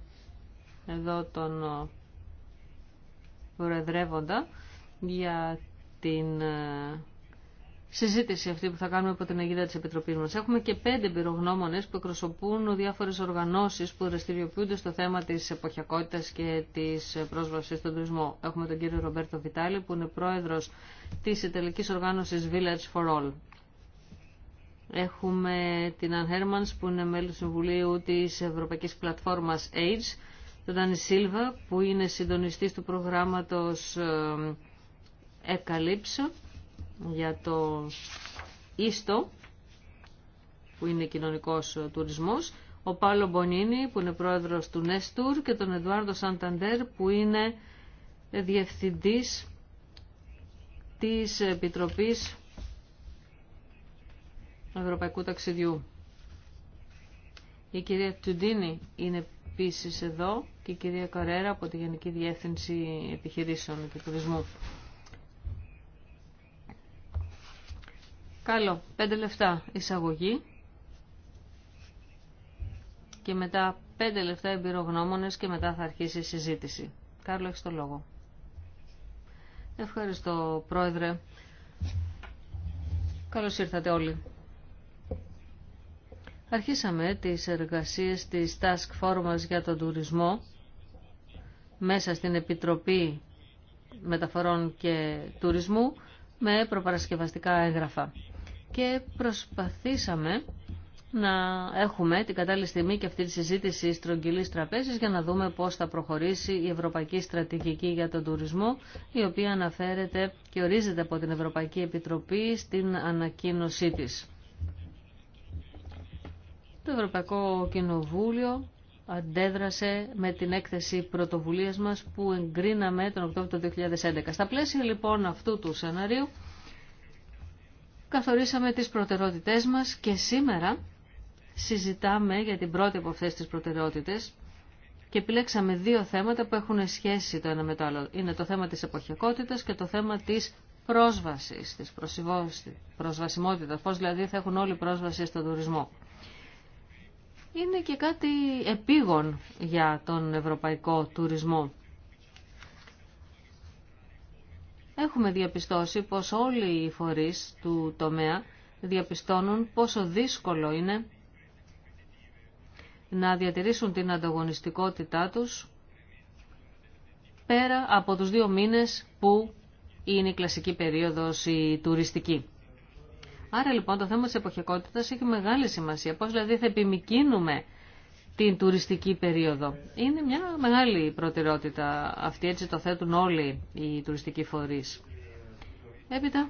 εδώ τον ε, προεδρεύοντα για την ε, συζήτηση αυτή που θα κάνουμε από την Αγίδα της Επιτροπής μας. Έχουμε και πέντε εμπειρογνώμονες που εκπροσωπούν διάφορες οργανώσεις που δραστηριοποιούνται στο θέμα της εποχιακότητας και της πρόσβασης στον τουρισμό. Έχουμε τον κύριο Ρομπέρτο Βιτάλη που είναι πρόεδρος της Ιταλικής Οργάνωσης Village for All. Έχουμε την Αν Χέρμανς που είναι μέλος του Συμβουλίου της Ευρωπαϊκής Πλατφόρμας AIDS τον Άννη Σίλβα που είναι συντονιστής του προγράμματος Εκαλύψω για το Ίστο που είναι κοινωνικός ε, τουρισμός, ο Πάλο Μπονίνη που είναι πρόεδρος του Νέστουρ και τον Εδουάρδο Σανταντέρ που είναι ε, διευθυντής της Επιτροπής Ευρωπαϊκού Ταξιδιού. Η κυρία Τουντίνη είναι επίσης εδώ και η κυρία Καρέρα από τη Γενική Διεύθυνση Επιχειρήσεων και Τουρισμού. Καλό. Πέντε λεφτά εισαγωγή και μετά πέντε λεφτά εμπειρογνώμονες και μετά θα αρχίσει η συζήτηση. Κάρλο, έχεις το λόγο. Ευχαριστώ, Πρόεδρε. Καλώς ήρθατε όλοι. Αρχίσαμε τις εργασίες της Task Force για τον τουρισμό μέσα στην Επιτροπή Μεταφορών και Τουρισμού με προπαρασκευαστικά έγγραφα. Και προσπαθήσαμε να έχουμε την κατάλληλη στιγμή και αυτή τη συζήτηση στρογγυλής τραπέζης για να δούμε πώς θα προχωρήσει η Ευρωπαϊκή Στρατηγική για τον Τουρισμό, η οποία αναφέρεται και ορίζεται από την Ευρωπαϊκή Επιτροπή στην ανακοίνωσή της. Το Ευρωπαϊκό Κοινοβούλιο αντέδρασε με την έκθεση πρωτοβουλίας μας που εγκρίναμε τον Οκτώβριο του 2011. Στα πλαίσια λοιπόν αυτού του σενάριου καθορίσαμε τις προτεραιότητές μας και σήμερα συζητάμε για την πρώτη από αυτές τις προτεραιότητες και επιλέξαμε δύο θέματα που έχουν σχέση το ένα με το άλλο. Είναι το θέμα της εποχιακότητας και το θέμα της πρόσβασης, της προσβασιμότητας, πώς δηλαδή θα έχουν όλοι πρόσβαση στον τουρισμό είναι και κάτι επίγον για τον ευρωπαϊκό τουρισμό. Έχουμε διαπιστώσει πως όλοι οι φορείς του τομέα διαπιστώνουν πόσο δύσκολο είναι να διατηρήσουν την ανταγωνιστικότητά τους πέρα από τους δύο μήνες που είναι η κλασική περίοδος η τουριστική. Άρα λοιπόν το θέμα της εποχικότητας έχει μεγάλη σημασία. Πώς δηλαδή θα επιμικίνουμε την τουριστική περίοδο. Είναι μια μεγάλη προτεραιότητα αυτή, έτσι το θέτουν όλοι οι τουριστικοί φορείς. Έπειτα,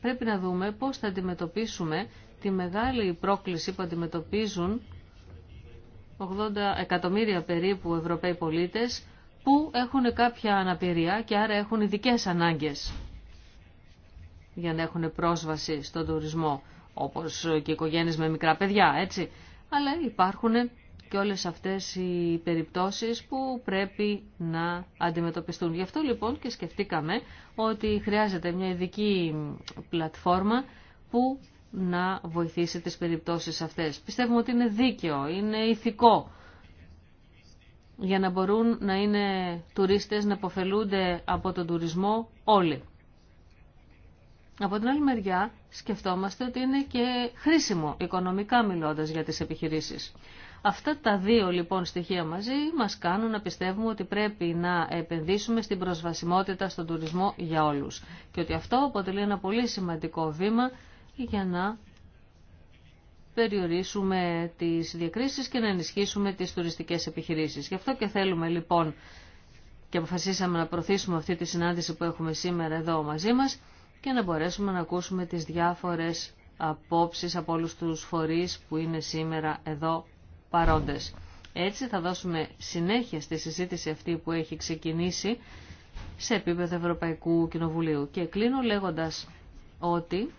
πρέπει να δούμε πώς θα αντιμετωπίσουμε τη μεγάλη πρόκληση που αντιμετωπίζουν 80 εκατομμύρια περίπου Ευρωπαίοι πολίτες που έχουν κάποια αναπηρία και άρα έχουν ειδικέ ανάγκες για να έχουν πρόσβαση στον τουρισμό, όπως και οι οικογένειες με μικρά παιδιά, έτσι. Αλλά υπάρχουν και όλες αυτές οι περιπτώσεις που πρέπει να αντιμετωπιστούν. Γι' αυτό λοιπόν και σκεφτήκαμε ότι χρειάζεται μια ειδική πλατφόρμα που να βοηθήσει τις περιπτώσεις αυτές. Πιστεύουμε ότι είναι δίκαιο, είναι ηθικό για να μπορούν να είναι τουρίστες, να αποφελούνται από τον τουρισμό όλοι. Από την άλλη μεριά σκεφτόμαστε ότι είναι και χρήσιμο οικονομικά μιλώντας για τις επιχειρήσεις. Αυτά τα δύο λοιπόν στοιχεία μαζί μας κάνουν να πιστεύουμε ότι πρέπει να επενδύσουμε στην προσβασιμότητα στον τουρισμό για όλους και ότι αυτό αποτελεί ένα πολύ σημαντικό βήμα για να περιορίσουμε τις διακρίσεις και να ενισχύσουμε τις τουριστικές επιχειρήσεις. Γι' αυτό και θέλουμε λοιπόν και αποφασίσαμε να προωθήσουμε αυτή τη συνάντηση που έχουμε σήμερα εδώ μαζί μας και να μπορέσουμε να ακούσουμε τις διάφορες απόψεις από όλους τους φορείς που είναι σήμερα εδώ παρόντες. Έτσι θα δώσουμε συνέχεια στη συζήτηση αυτή που έχει ξεκινήσει σε επίπεδο Ευρωπαϊκού Κοινοβουλίου. Και κλείνω λέγοντας ότι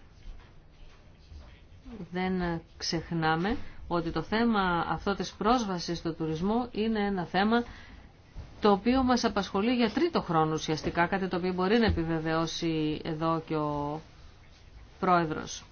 δεν ξεχνάμε ότι το θέμα αυτό της πρόσβασης στο τουρισμό είναι ένα θέμα το οποίο μας απασχολεί για τρίτο χρόνο ουσιαστικά, κάτι το οποίο μπορεί να επιβεβαιώσει εδώ και ο πρόεδρος.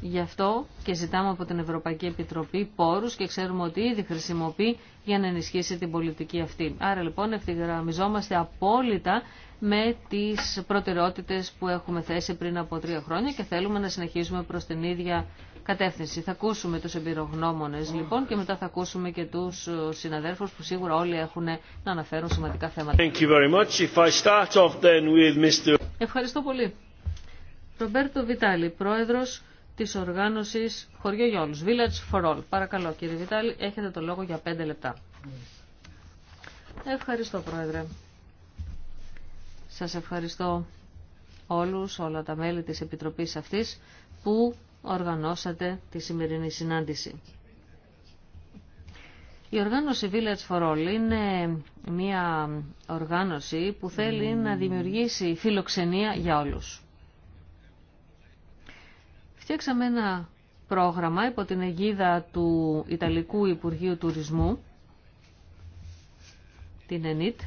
Γι' αυτό και ζητάμε από την Ευρωπαϊκή Επιτροπή πόρους και ξέρουμε ότι ήδη χρησιμοποιεί για να ενισχύσει την πολιτική αυτή. Άρα λοιπόν ευθυγραμμιζόμαστε απόλυτα με τις προτεραιότητες που έχουμε θέσει πριν από τρία χρόνια και θέλουμε να συνεχίσουμε προς την ίδια κατεύθυνση. Θα ακούσουμε τους εμπειρογνώμονες λοιπόν και μετά θα ακούσουμε και τους ε, συναδέρφους που σίγουρα όλοι έχουν να αναφέρουν σημαντικά θέματα. Thank you very much. If I start off then with Mr. Ευχαριστώ πολύ. Ρομπέρτο Βιτάλη, πρόεδρος της οργάνωσης Χωριό για Village for All. Παρακαλώ κύριε Βιτάλη, έχετε το λόγο για πέντε λεπτά. Ευχαριστώ πρόεδρε. Σας ευχαριστώ όλους, όλα τα μέλη της Επιτροπής αυτής που οργανώσατε τη σημερινή συνάντηση. Η οργάνωση Village for All είναι μια οργάνωση που θέλει να δημιουργήσει φιλοξενία για όλους. Φτιάξαμε ένα πρόγραμμα υπό την αιγίδα του Ιταλικού Υπουργείου Τουρισμού, την ΕΝΙΤ,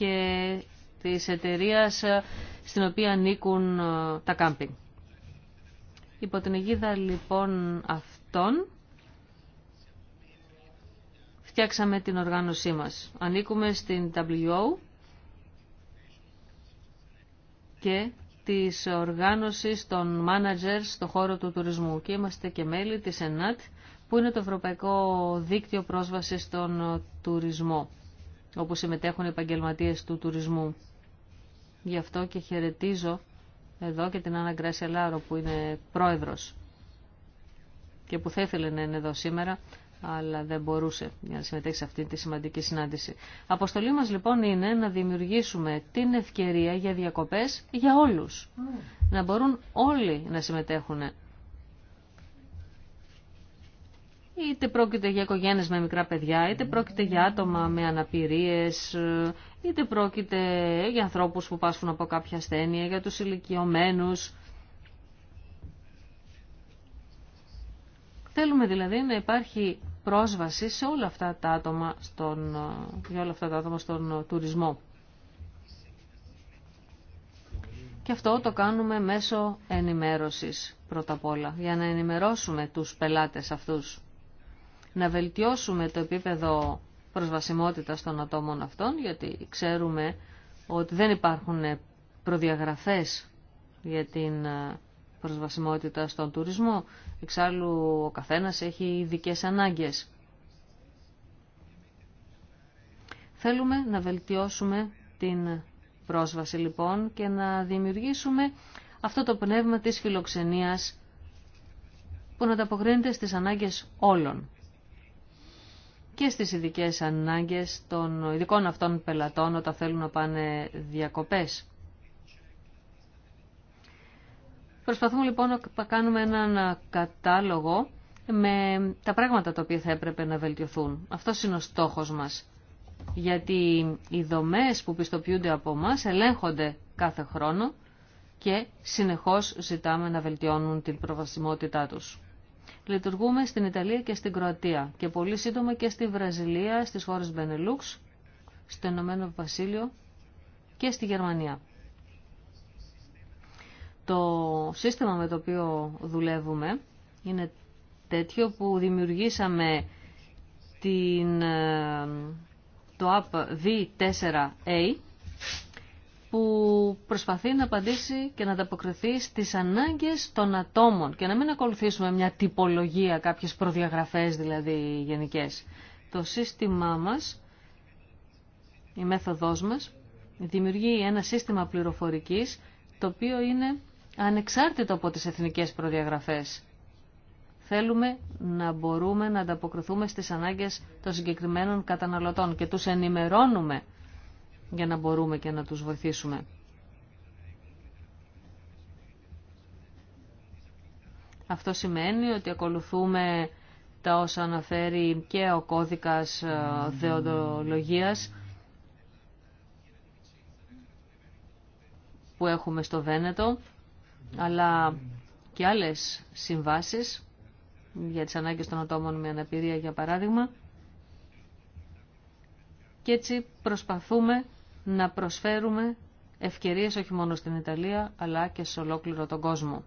και της εταιρείας ε, στην οποία ανήκουν ε, τα κάμπινγκ. Υπό την αιγίδα λοιπόν αυτών φτιάξαμε την οργάνωσή μας. Ανήκουμε στην WO και της οργάνωσης των managers στον χώρο του τουρισμού και είμαστε και μέλη της ΕΝΑΤ που είναι το Ευρωπαϊκό Δίκτυο Πρόσβασης στον Τουρισμό όπου συμμετέχουν οι επαγγελματίες του τουρισμού. Γι' αυτό και χαιρετίζω εδώ και την Άννα Γκράσια Λάρο που είναι πρόεδρος και που θα ήθελε να είναι εδώ σήμερα, αλλά δεν μπορούσε για να συμμετέχει σε αυτή τη σημαντική συνάντηση. Αποστολή μας λοιπόν είναι να δημιουργήσουμε την ευκαιρία για διακοπές για όλους. Να μπορούν όλοι να συμμετέχουν είτε πρόκειται για οικογένειες με μικρά παιδιά, είτε πρόκειται για άτομα με αναπηρίες, είτε πρόκειται για ανθρώπους που πάσχουν από κάποια ασθένεια, για τους ηλικιωμένους. Θέλουμε δηλαδή να υπάρχει πρόσβαση σε όλα αυτά τα άτομα στον, για όλα αυτά τα άτομα στον τουρισμό. Και αυτό το κάνουμε μέσω ενημέρωσης πρώτα απ' όλα, για να ενημερώσουμε τους πελάτες αυτούς να βελτιώσουμε το επίπεδο προσβασιμότητας των ατόμων αυτών, γιατί ξέρουμε ότι δεν υπάρχουν προδιαγραφές για την ε, προσβασιμότητα στον τουρισμό. Εξάλλου ο καθένας έχει ειδικέ ανάγκες. Θέλουμε να βελτιώσουμε την πρόσβαση λοιπόν και να δημιουργήσουμε αυτό το πνεύμα της φιλοξενίας που να τα αποκρίνεται στις ανάγκες όλων και στις ειδικέ ανάγκες των ειδικών αυτών πελατών όταν θέλουν να πάνε διακοπές. Προσπαθούμε λοιπόν να κάνουμε έναν κατάλογο με τα πράγματα τα οποία θα έπρεπε να βελτιωθούν. Αυτό είναι ο στόχος μας. Γιατί οι δομές που πιστοποιούνται από εμά ελέγχονται κάθε χρόνο και συνεχώς ζητάμε να βελτιώνουν την προβασιμότητά τους. Λειτουργούμε στην Ιταλία και στην Κροατία και πολύ σύντομα και στη Βραζιλία, στις χώρες Μπενελούξ, στο Ενωμένο Βασίλειο και στη Γερμανία. Το σύστημα με το οποίο δουλεύουμε είναι τέτοιο που δημιουργήσαμε την, ε, το app V4A που προσπαθεί να απαντήσει και να ανταποκριθεί στις ανάγκες των ατόμων και να μην ακολουθήσουμε μια τυπολογία, κάποιες προδιαγραφές δηλαδή γενικές. Το σύστημά μας, η μέθοδός μας, δημιουργεί ένα σύστημα πληροφορικής το οποίο είναι ανεξάρτητο από τις εθνικές προδιαγραφές. Θέλουμε να μπορούμε να ανταποκριθούμε στις ανάγκες των συγκεκριμένων καταναλωτών και τους ενημερώνουμε για να μπορούμε και να τους βοηθήσουμε. Αυτό σημαίνει ότι ακολουθούμε τα όσα αναφέρει και ο κώδικας ε, δεοντολογίας που έχουμε στο Βένετο, αλλά και άλλες συμβάσεις για τις ανάγκες των ατόμων με αναπηρία για παράδειγμα. Και έτσι προσπαθούμε να προσφέρουμε ευκαιρίες όχι μόνο στην Ιταλία αλλά και σε ολόκληρο τον κόσμο.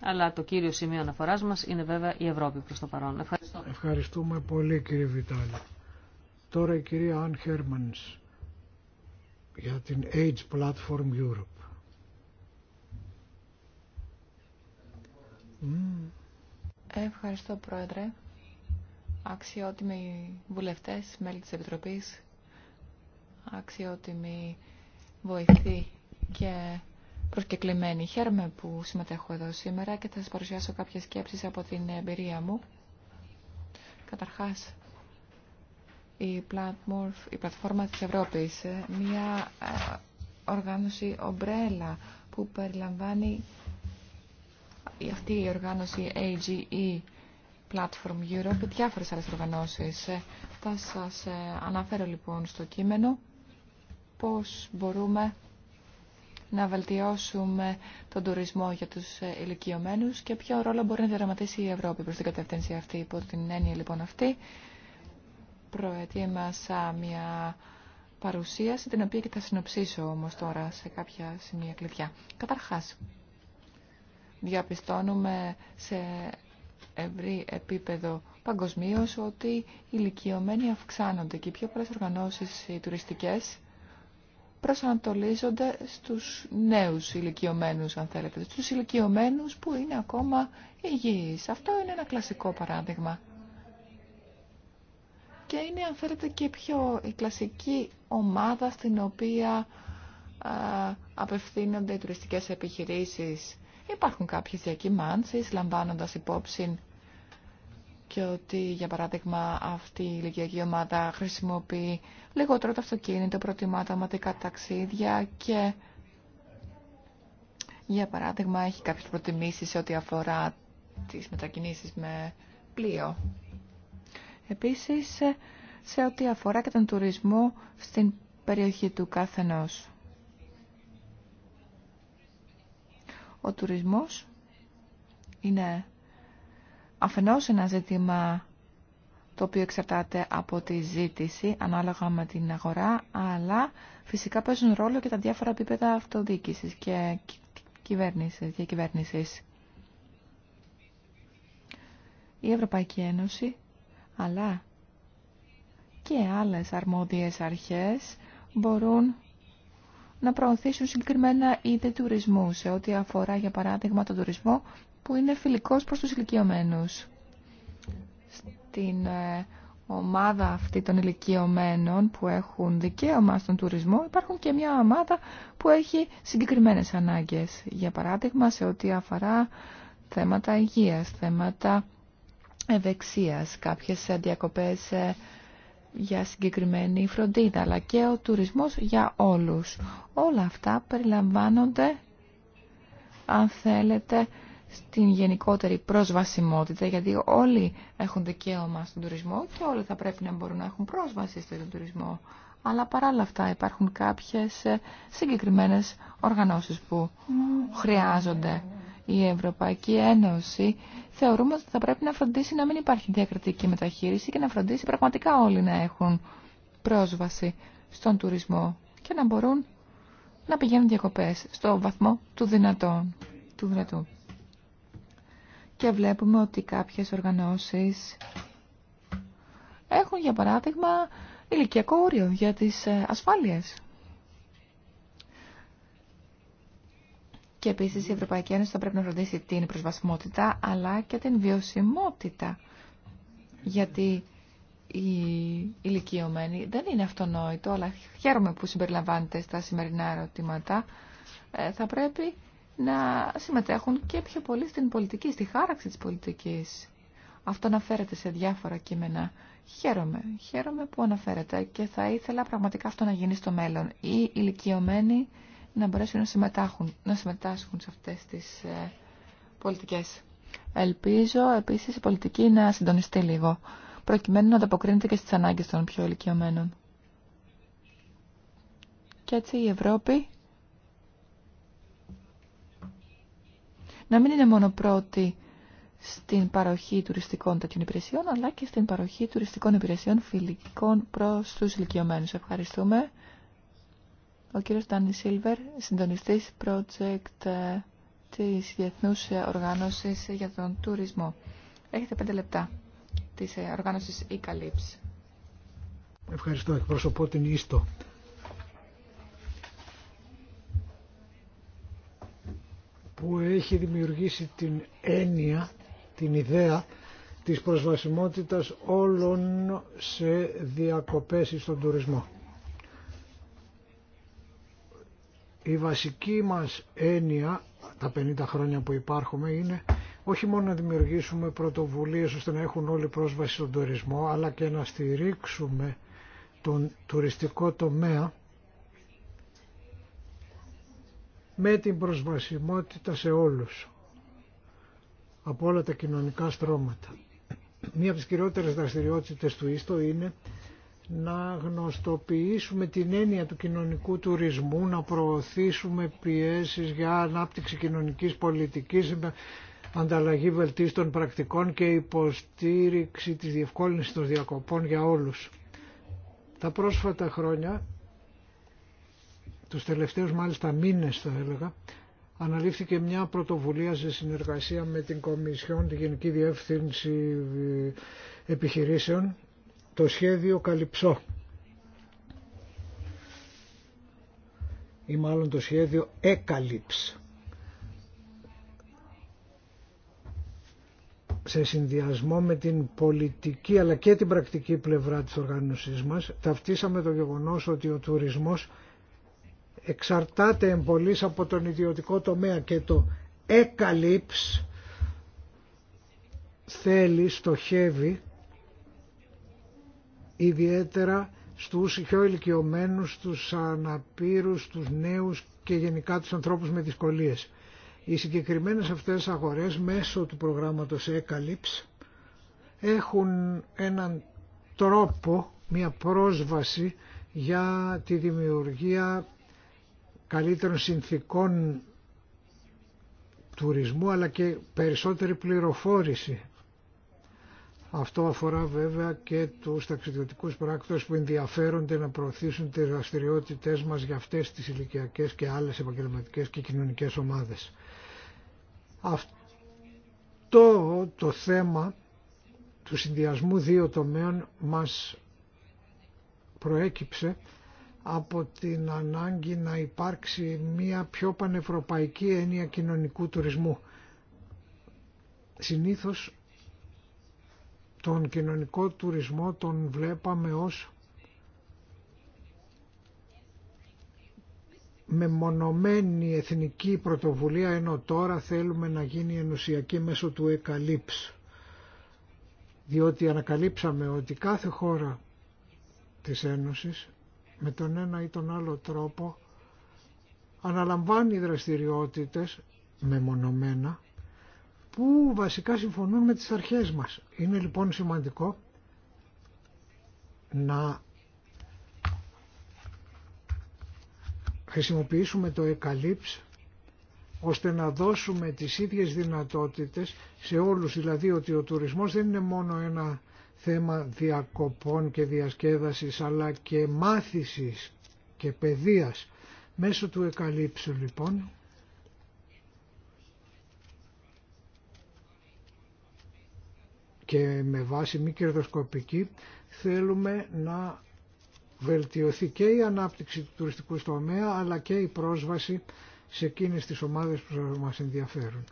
Αλλά το κύριο σημείο αναφοράς μας είναι βέβαια η Ευρώπη προς το παρόν. Ευχαριστώ. Ευχαριστούμε πολύ κύριε Βιτάλη. Τώρα η κυρία Αν Χέρμανς για την Age Platform Europe. Ε, ευχαριστώ Πρόεδρε. Αξιότιμοι βουλευτές, μέλη της Επιτροπής, αξιότιμη βοηθή και προσκεκλημένη. Χαίρομαι που συμμετέχω εδώ σήμερα και θα σας παρουσιάσω κάποιες σκέψεις από την εμπειρία μου. Καταρχάς, η, η πλατφόρμα της Ευρώπης, ε, μια ε, οργάνωση ομπρέλα που περιλαμβάνει αυτή η οργάνωση AGE Platform Europe, διάφορες άλλες οργανώσεις. Ε, θα σας αναφέρω λοιπόν στο κείμενο πώς μπορούμε να βελτιώσουμε τον τουρισμό για τους ε, ηλικιωμένους... και ποιο ρόλο μπορεί να διαδραματίσει η Ευρώπη προς την κατεύθυνση αυτή. Υπό την έννοια λοιπόν αυτή, προετοίμασα μια παρουσίαση, την οποία και θα συνοψίσω όμως τώρα σε κάποια σημεία κλειδιά. Καταρχάς, διαπιστώνουμε σε ευρύ επίπεδο παγκοσμίω ότι οι ηλικιωμένοι αυξάνονται και οι πιο πολλές οργανώσεις οι τουριστικές προσανατολίζονται στους νέους ηλικιωμένους, αν θέλετε, στους ηλικιωμένους που είναι ακόμα υγιείς. Αυτό είναι ένα κλασικό παράδειγμα. Και είναι, αν θέλετε, και πιο η κλασική ομάδα στην οποία α, απευθύνονται οι τουριστικές επιχειρήσεις. Υπάρχουν κάποιες διακυμάνσεις, λαμβάνοντας υπόψη και ότι, για παράδειγμα, αυτή η ηλικιακή ομάδα χρησιμοποιεί λιγότερο το αυτοκίνητο, προτιμά τα ταξίδια και, για παράδειγμα, έχει κάποιες προτιμήσεις σε ό,τι αφορά τις μετακινήσεις με πλοίο. Επίσης, σε ό,τι αφορά και τον τουρισμό στην περιοχή του καθενός. Ο τουρισμός είναι Αφενός ένα ζήτημα το οποίο εξαρτάται από τη ζήτηση ανάλογα με την αγορά, αλλά φυσικά παίζουν ρόλο και τα διάφορα επίπεδα αυτοδιοίκησης και κυβέρνησης, διακυβέρνησης. Η Ευρωπαϊκή Ένωση, αλλά και άλλες αρμόδιες αρχές μπορούν να προωθήσουν συγκεκριμένα είδη τουρισμού σε ό,τι αφορά για παράδειγμα τον τουρισμό που είναι φιλικός προς τους ηλικιωμένους. Στην ε, ομάδα αυτή των ηλικιωμένων που έχουν δικαίωμα στον τουρισμό υπάρχουν και μια ομάδα που έχει συγκεκριμένες ανάγκες. Για παράδειγμα σε ό,τι αφορά θέματα υγείας, θέματα ευεξίας, κάποιες διακοπές ε, για συγκεκριμένη φροντίδα, αλλά και ο τουρισμός για όλους. Όλα αυτά περιλαμβάνονται, αν θέλετε, στην γενικότερη προσβασιμότητα, γιατί όλοι έχουν δικαίωμα στον τουρισμό και όλοι θα πρέπει να μπορούν να έχουν πρόσβαση στον τουρισμό. Αλλά παράλληλα αυτά υπάρχουν κάποιες ε, συγκεκριμένες οργανώσεις που χρειάζονται. Η Ευρωπαϊκή Ένωση θεωρούμε ότι θα πρέπει να φροντίσει να μην υπάρχει διακριτική μεταχείριση και να φροντίσει πραγματικά όλοι να έχουν πρόσβαση στον τουρισμό και να μπορούν να πηγαίνουν διακοπές στο βαθμό του δυνατών του δυνατού και βλέπουμε ότι κάποιες οργανώσεις έχουν για παράδειγμα ηλικιακό όριο για τις ε, ασφάλειες. Και επίσης η Ευρωπαϊκή Ένωση θα πρέπει να φροντίσει την προσβασιμότητα αλλά και την βιωσιμότητα. Γιατί οι ηλικιωμένοι δεν είναι αυτονόητο, αλλά χαίρομαι που συμπεριλαμβάνεται στα σημερινά ερωτήματα. Ε, θα πρέπει να συμμετέχουν και πιο πολύ στην πολιτική, στη χάραξη της πολιτικής. Αυτό αναφέρεται σε διάφορα κείμενα. Χαίρομαι, χαίρομαι που αναφέρεται και θα ήθελα πραγματικά αυτό να γίνει στο μέλλον. Οι ηλικιωμένοι να μπορέσουν να συμμετάσχουν, να σε αυτές τις ε, πολιτικές. Ελπίζω επίσης η πολιτική να συντονιστεί λίγο, προκειμένου να ανταποκρίνεται και στις ανάγκες των πιο ηλικιωμένων. Και έτσι η Ευρώπη να μην είναι μόνο πρώτη στην παροχή τουριστικών τέτοιων υπηρεσιών, αλλά και στην παροχή τουριστικών υπηρεσιών φιλικών προς τους ηλικιωμένους. Ευχαριστούμε. Ο κύριος Ντάνι Σίλβερ, συντονιστής project ε, της Διεθνούς Οργάνωσης για τον Τουρισμό. Έχετε πέντε λεπτά της ε, οργάνωσης e Ευχαριστώ. Εκπροσωπώ την που έχει δημιουργήσει την έννοια, την ιδέα της προσβασιμότητας όλων σε διακοπές στον τουρισμό. Η βασική μας έννοια τα 50 χρόνια που υπάρχουμε είναι όχι μόνο να δημιουργήσουμε πρωτοβουλίες ώστε να έχουν όλοι πρόσβαση στον τουρισμό αλλά και να στηρίξουμε τον τουριστικό τομέα με την προσβασιμότητα σε όλους από όλα τα κοινωνικά στρώματα. Μία από τις κυριότερες δραστηριότητες του Ίστο είναι να γνωστοποιήσουμε την έννοια του κοινωνικού τουρισμού, να προωθήσουμε πιέσεις για ανάπτυξη κοινωνικής πολιτικής, ανταλλαγή βελτίστων πρακτικών και υποστήριξη της διευκόλυνσης των διακοπών για όλους. Τα πρόσφατα χρόνια τους τελευταίους μάλιστα μήνες θα έλεγα, αναλήφθηκε μια πρωτοβουλία σε συνεργασία με την Κομισιόν, τη Γενική Διεύθυνση Επιχειρήσεων, το σχέδιο Καλυψό. Ή μάλλον το σχέδιο Εκαλύψ. σε συνδυασμό με την πολιτική αλλά και την πρακτική πλευρά της οργάνωσής μας, ταυτίσαμε το γεγονός ότι ο τουρισμός εξαρτάται εμπολής από τον ιδιωτικό τομέα και το έκαλυψ θέλει, στοχεύει ιδιαίτερα στους πιο ηλικιωμένου, στους αναπήρους, τους νέους και γενικά τους ανθρώπους με δυσκολίες. Οι συγκεκριμένες αυτές αγορές μέσω του προγράμματος Εκαλύψ έχουν έναν τρόπο, μια πρόσβαση για τη δημιουργία καλύτερων συνθήκων τουρισμού αλλά και περισσότερη πληροφόρηση. Αυτό αφορά βέβαια και τους ταξιδιωτικούς πράκτορες που ενδιαφέρονται να προωθήσουν τις δραστηριότητε μας για αυτές τις ηλικιακέ και άλλες επαγγελματικές και κοινωνικές ομάδες. Αυτό το θέμα του συνδυασμού δύο τομέων μας προέκυψε από την ανάγκη να υπάρξει μία πιο πανευρωπαϊκή έννοια κοινωνικού τουρισμού. Συνήθως τον κοινωνικό τουρισμό τον βλέπαμε ως μεμονωμένη εθνική πρωτοβουλία ενώ τώρα θέλουμε να γίνει ενωσιακή μέσω του ΕΚΑΛΥΠΣ διότι ανακαλύψαμε ότι κάθε χώρα της Ένωσης με τον ένα ή τον άλλο τρόπο αναλαμβάνει δραστηριότητες μεμονωμένα που βασικά συμφωνούν με τις αρχές μας. Είναι λοιπόν σημαντικό να χρησιμοποιήσουμε το εκαλύψ ώστε να δώσουμε τις ίδιες δυνατότητες σε όλους, δηλαδή ότι ο τουρισμός δεν είναι μόνο ένα θέμα διακοπών και διασκέδασης αλλά και μάθησης και παιδείας. Μέσω του εκαλύψου λοιπόν και με βάση μη κερδοσκοπική θέλουμε να βελτιωθεί και η ανάπτυξη του τουριστικού τομέα αλλά και η πρόσβαση σε εκείνες τις ομάδες που μας ενδιαφέρουν.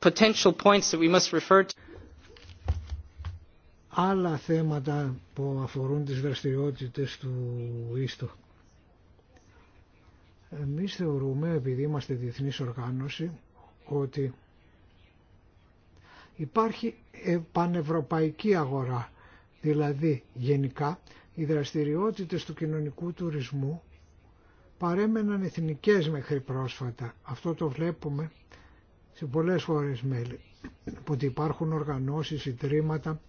Potential points that we must άλλα θέματα που αφορούν τις δραστηριότητες του Ίστο. Εμείς θεωρούμε, επειδή είμαστε διεθνής οργάνωση, ότι υπάρχει ε, πανευρωπαϊκή αγορά. Δηλαδή, γενικά, οι δραστηριότητες του κοινωνικού τουρισμού παρέμεναν εθνικές μέχρι πρόσφατα. Αυτό το βλέπουμε σε πολλές χώρες μέλη, ότι υπάρχουν οργανώσεις, ιδρύματα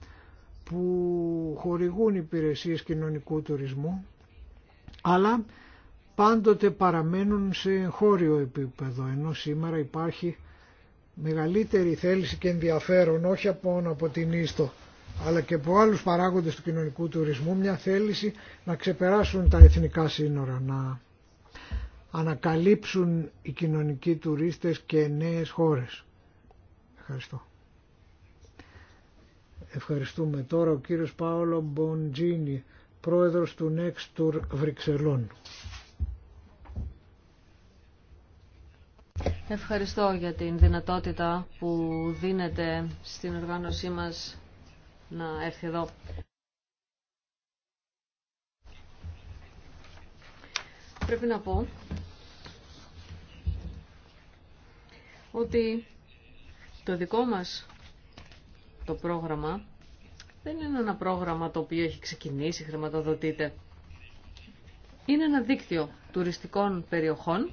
που χορηγούν υπηρεσίες κοινωνικού τουρισμού αλλά πάντοτε παραμένουν σε χώριο επίπεδο ενώ σήμερα υπάρχει μεγαλύτερη θέληση και ενδιαφέρον όχι από, από την Ίστο αλλά και από άλλους παράγοντες του κοινωνικού τουρισμού μια θέληση να ξεπεράσουν τα εθνικά σύνορα, να ανακαλύψουν οι κοινωνικοί τουρίστες και νέες χώρες. Ευχαριστώ. Ευχαριστούμε τώρα ο κύριος Πάολο Μποντζίνη, πρόεδρος του Next Tour Βρυξελών. Ευχαριστώ για την δυνατότητα που δίνεται στην οργάνωσή μας να έρθει εδώ. Πρέπει να πω ότι το δικό μας το πρόγραμμα δεν είναι ένα πρόγραμμα το οποίο έχει ξεκινήσει, χρηματοδοτείται. Είναι ένα δίκτυο τουριστικών περιοχών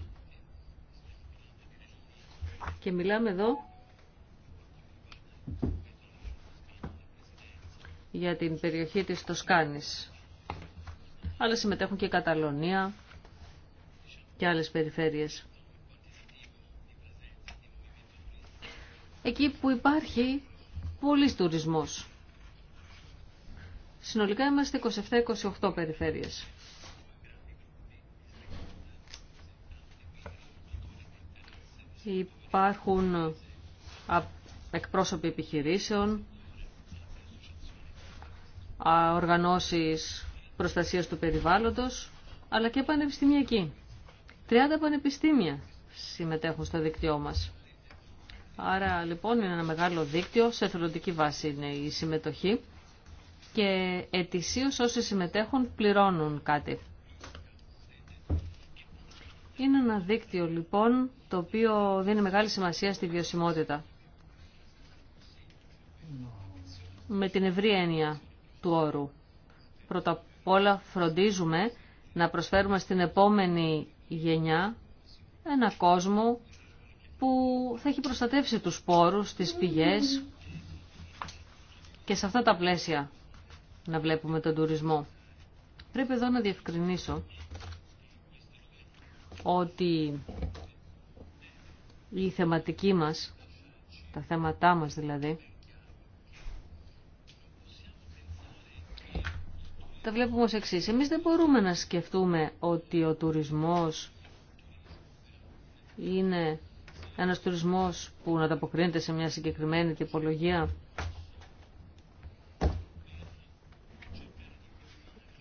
και μιλάμε εδώ για την περιοχή της Τοσκάνης. Αλλά συμμετέχουν και η Καταλωνία και άλλες περιφέρειες. Εκεί που υπάρχει πολλής τουρισμός. Συνολικά είμαστε 27-28 περιφέρειες. Υπάρχουν εκπρόσωποι επιχειρήσεων, οργανώσεις προστασίας του περιβάλλοντος, αλλά και πανεπιστημιακοί. 30 πανεπιστήμια συμμετέχουν στο δίκτυό μας. Άρα λοιπόν είναι ένα μεγάλο δίκτυο, σε θελοντική βάση είναι η συμμετοχή και ετησίως όσοι συμμετέχουν πληρώνουν κάτι. Είναι ένα δίκτυο λοιπόν το οποίο δίνει μεγάλη σημασία στη βιωσιμότητα. Με την ευρή έννοια του όρου. Πρώτα απ' όλα φροντίζουμε να προσφέρουμε στην επόμενη γενιά ένα κόσμο που θα έχει προστατεύσει τους σπόρους, τις πηγές και σε αυτά τα πλαίσια να βλέπουμε τον τουρισμό. Πρέπει εδώ να διευκρινίσω ότι η θεματική μας, τα θέματά μας δηλαδή, τα βλέπουμε ως εξής. Εμείς δεν μπορούμε να σκεφτούμε ότι ο τουρισμός είναι ένας τουρισμός που να ανταποκρίνεται σε μια συγκεκριμένη τυπολογία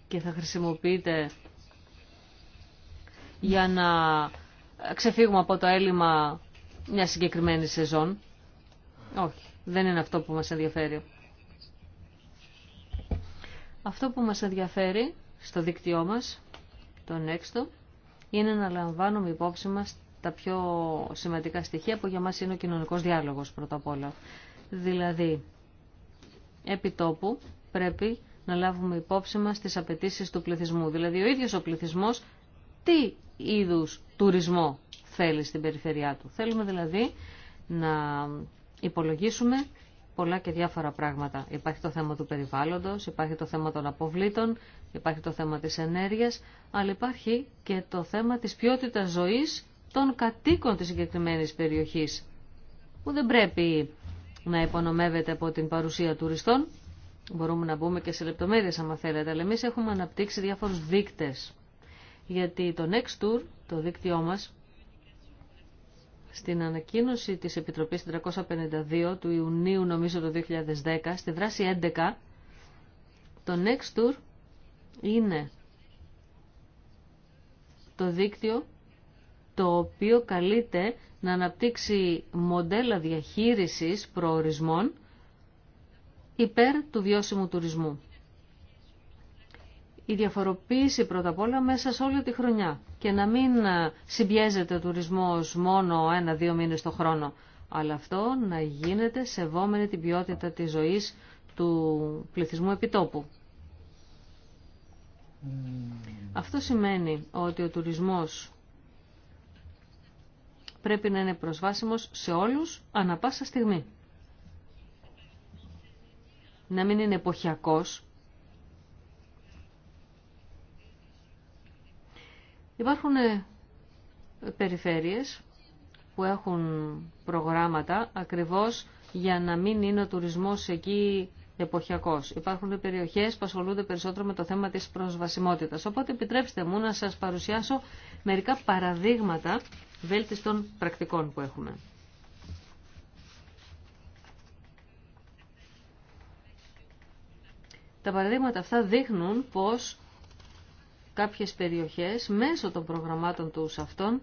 και θα χρησιμοποιείται για να ξεφύγουμε από το έλλειμμα μια συγκεκριμένη σεζόν. Όχι, δεν είναι αυτό που μας ενδιαφέρει. Αυτό που μας ενδιαφέρει στο δίκτυό μας, το Nexto, είναι να λαμβάνουμε υπόψη μας τα πιο σημαντικά στοιχεία που για μας είναι ο κοινωνικός διάλογος πρώτα απ' όλα. Δηλαδή, επί τόπου πρέπει να λάβουμε υπόψη μας τις απαιτήσεις του πληθυσμού. Δηλαδή, ο ίδιος ο πληθυσμός τι είδους τουρισμό θέλει στην περιφερειά του. Θέλουμε δηλαδή να υπολογίσουμε πολλά και διάφορα πράγματα. Υπάρχει το θέμα του περιβάλλοντος, υπάρχει το θέμα των αποβλήτων, υπάρχει το θέμα της ενέργειας, αλλά υπάρχει και το θέμα της ποιότητας ζωής των κατοίκων της συγκεκριμένης περιοχής που δεν πρέπει να υπονομεύεται από την παρουσία τουριστών. Μπορούμε να μπούμε και σε λεπτομέρειες αν θέλετε, αλλά εμείς έχουμε αναπτύξει διάφορους δείκτες. Γιατί το Next Tour, το δίκτυό μας, στην ανακοίνωση της Επιτροπής 352 του Ιουνίου νομίζω το 2010, στη δράση 11, το Next Tour είναι το δίκτυο το οποίο καλείται να αναπτύξει μοντέλα διαχείρισης προορισμών υπέρ του βιώσιμου τουρισμού. Η διαφοροποίηση πρώτα απ' όλα μέσα σε όλη τη χρονιά και να μην ε, συμπιέζεται ο τουρισμός μόνο ένα-δύο μήνες το χρόνο, αλλά αυτό να γίνεται σεβόμενη την ποιότητα της ζωής του πληθυσμού επιτόπου. Mm. Αυτό σημαίνει ότι ο τουρισμός πρέπει να είναι προσβάσιμος σε όλους ανα πάσα στιγμή. Να μην είναι εποχιακός. Υπάρχουν ε, περιφέρειες που έχουν προγράμματα ακριβώς για να μην είναι ο τουρισμός εκεί εποχιακός. Υπάρχουν περιοχές που ασχολούνται περισσότερο με το θέμα της προσβασιμότητας. Οπότε επιτρέψτε μου να σας παρουσιάσω μερικά παραδείγματα βέλτιστων πρακτικών που έχουμε. Τα παραδείγματα αυτά δείχνουν πως κάποιες περιοχές μέσω των προγραμμάτων τους αυτών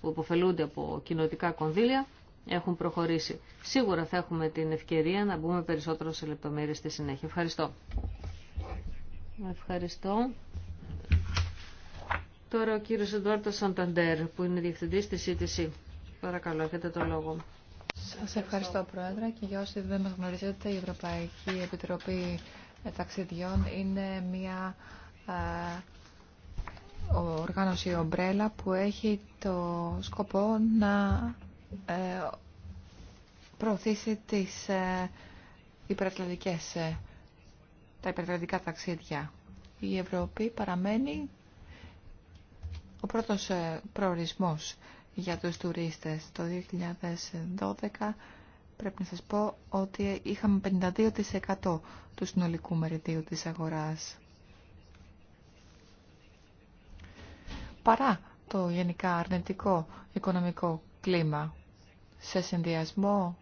που υποφελούνται από κοινοτικά κονδύλια έχουν προχωρήσει. Σίγουρα θα έχουμε την ευκαιρία να μπούμε περισσότερο σε λεπτομέρειες στη συνέχεια. Ευχαριστώ. Ευχαριστώ. Τώρα ο κύριος Εντουάρτο Σανταντέρ που είναι διευθυντής της CTC. Παρακαλώ, έχετε το λόγο. Σας ευχαριστώ Πρόεδρε και για όσοι δεν μας γνωρίζετε η Ευρωπαϊκή Επιτροπή ε, Ταξιδιών είναι μια ε, οργάνωση ομπρέλα που έχει το σκοπό να ε, προωθήσει τις υπερατλαντικές, τα υπερατλαντικά ταξίδια. Η Ευρώπη παραμένει ο πρώτος ε, προορισμός για τους τουρίστες το 2012 πρέπει να σας πω ότι είχαμε 52% του συνολικού μεριδίου της αγοράς. Παρά το γενικά αρνητικό οικονομικό κλίμα σε συνδυασμό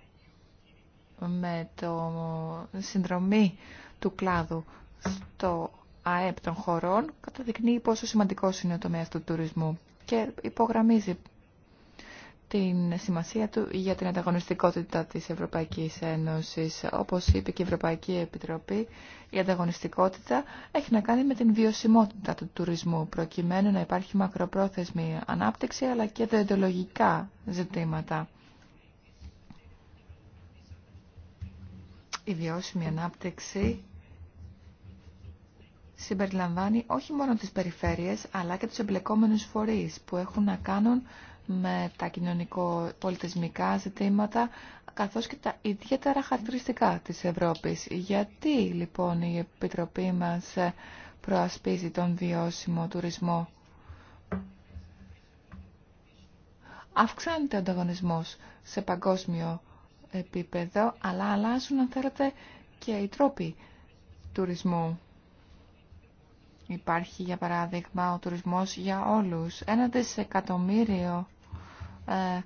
με το συνδρομή του κλάδου στο ΑΕΠ των χωρών καταδεικνύει πόσο σημαντικό είναι ο τομέας του τουρισμού και υπογραμμίζει την σημασία του για την ανταγωνιστικότητα της Ευρωπαϊκής Ένωσης. Όπως είπε και η Ευρωπαϊκή Επιτροπή, η ανταγωνιστικότητα έχει να κάνει με την βιωσιμότητα του τουρισμού, προκειμένου να υπάρχει μακροπρόθεσμη ανάπτυξη, αλλά και δεοντολογικά ζητήματα. Η βιώσιμη ανάπτυξη συμπεριλαμβάνει όχι μόνο τις περιφέρειες αλλά και τους εμπλεκόμενους φορείς που έχουν να κάνουν με τα κοινωνικο-πολιτισμικά ζητήματα καθώς και τα ιδιαίτερα χαρακτηριστικά της Ευρώπης. Γιατί λοιπόν η Επιτροπή μας προασπίζει τον βιώσιμο τουρισμό. Αυξάνεται ο ανταγωνισμός σε παγκόσμιο επίπεδο αλλά αλλάζουν αν θέλετε και οι τρόποι τουρισμού. Υπάρχει για παράδειγμα ο τουρισμός για όλους. Ένα δισεκατομμύριο ε,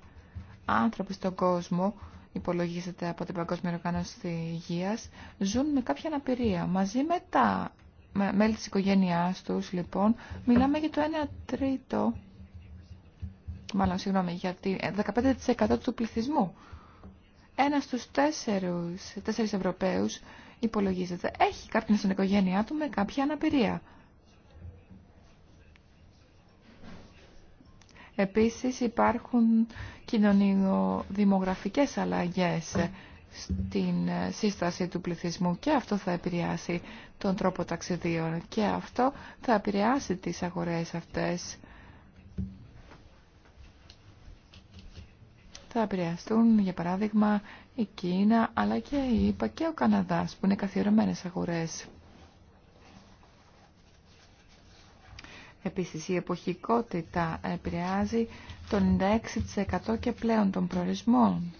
άνθρωποι στον κόσμο υπολογίζεται από την Παγκόσμια Οργάνωση Υγείας, ζουν με κάποια αναπηρία. Μαζί με τα με, μέλη της οικογένειάς τους, λοιπόν, μιλάμε για το 1 τρίτο, μάλλον συγγνώμη, για 15% ε, του πληθυσμού. Ένα στους τέσσερους, τέσσερις Ευρωπαίους υπολογίζεται. Έχει κάποιον στην οικογένειά του με κάποια αναπηρία. Επίσης υπάρχουν κοινωνιοδημογραφικές αλλαγές στην σύσταση του πληθυσμού και αυτό θα επηρεάσει τον τρόπο ταξιδίων και αυτό θα επηρεάσει τις αγορές αυτές. Θα επηρεαστούν, για παράδειγμα, η Κίνα αλλά και η ΙΠΑ και ο Καναδάς που είναι καθιερωμένες αγορές. Επίσης, η εποχικότητα επηρεάζει το 96% και πλέον των προορισμών.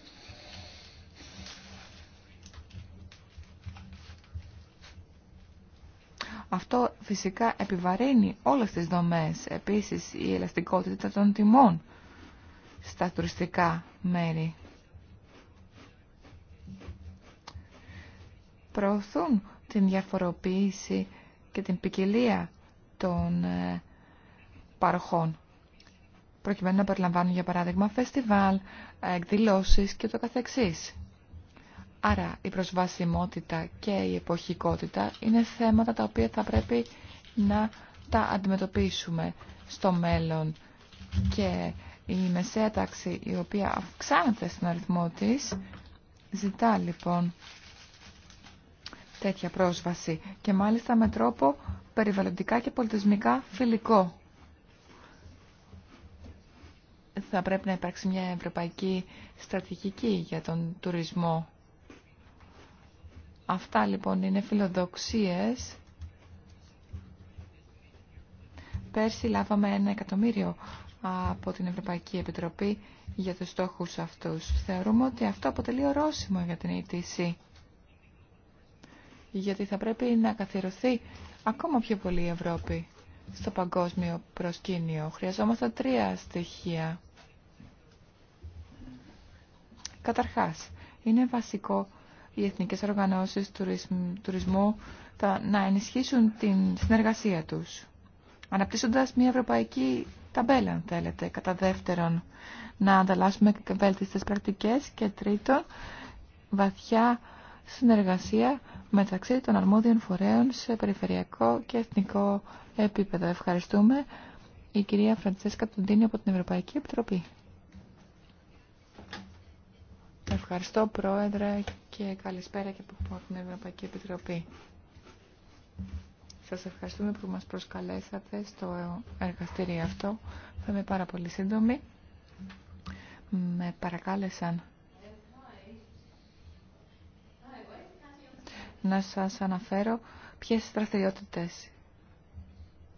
Αυτό φυσικά επιβαρύνει όλες τις δομές, επίσης η ελαστικότητα των τιμών στα τουριστικά μέρη. Προωθούν την διαφοροποίηση και την ποικιλία των ε, παροχών προκειμένου να περιλαμβάνουν για παράδειγμα φεστιβάλ, εκδηλώσεις και το καθεξής. Άρα η προσβασιμότητα και η εποχικότητα είναι θέματα τα οποία θα πρέπει να τα αντιμετωπίσουμε στο μέλλον και η μεσαία η οποία αυξάνεται στον αριθμό της ζητά λοιπόν τέτοια πρόσβαση και μάλιστα με τρόπο περιβαλλοντικά και πολιτισμικά φιλικό θα πρέπει να υπάρξει μια ευρωπαϊκή στρατηγική για τον τουρισμό. Αυτά λοιπόν είναι φιλοδοξίες. Πέρσι λάβαμε ένα εκατομμύριο από την Ευρωπαϊκή Επιτροπή για τους στόχους αυτούς. Θεωρούμε ότι αυτό αποτελεί ορόσημο για την ETC. Γιατί θα πρέπει να καθιερωθεί ακόμα πιο πολύ η Ευρώπη στο παγκόσμιο προσκήνιο. Χρειαζόμαστε τρία στοιχεία. Καταρχάς, είναι βασικό οι εθνικές οργανώσεις τουρισμού να ενισχύσουν την συνεργασία τους, αναπτύσσοντας μια ευρωπαϊκή ταμπέλα, αν θέλετε, κατά δεύτερον, να ανταλλάσσουμε βέλτιστες πρακτικές και τρίτον, βαθιά συνεργασία μεταξύ των αρμόδιων φορέων σε περιφερειακό και εθνικό επίπεδο. Ευχαριστούμε η κυρία Φραντσέσκα Τουντίνη από την Ευρωπαϊκή Επιτροπή. Ευχαριστώ Πρόεδρε και καλησπέρα και από την Ευρωπαϊκή Επιτροπή. Σας ευχαριστούμε που μας προσκαλέσατε στο εργαστήριο αυτό. Θα είμαι πάρα πολύ σύντομη. Με παρακάλεσαν να σας αναφέρω ποιες δραστηριότητες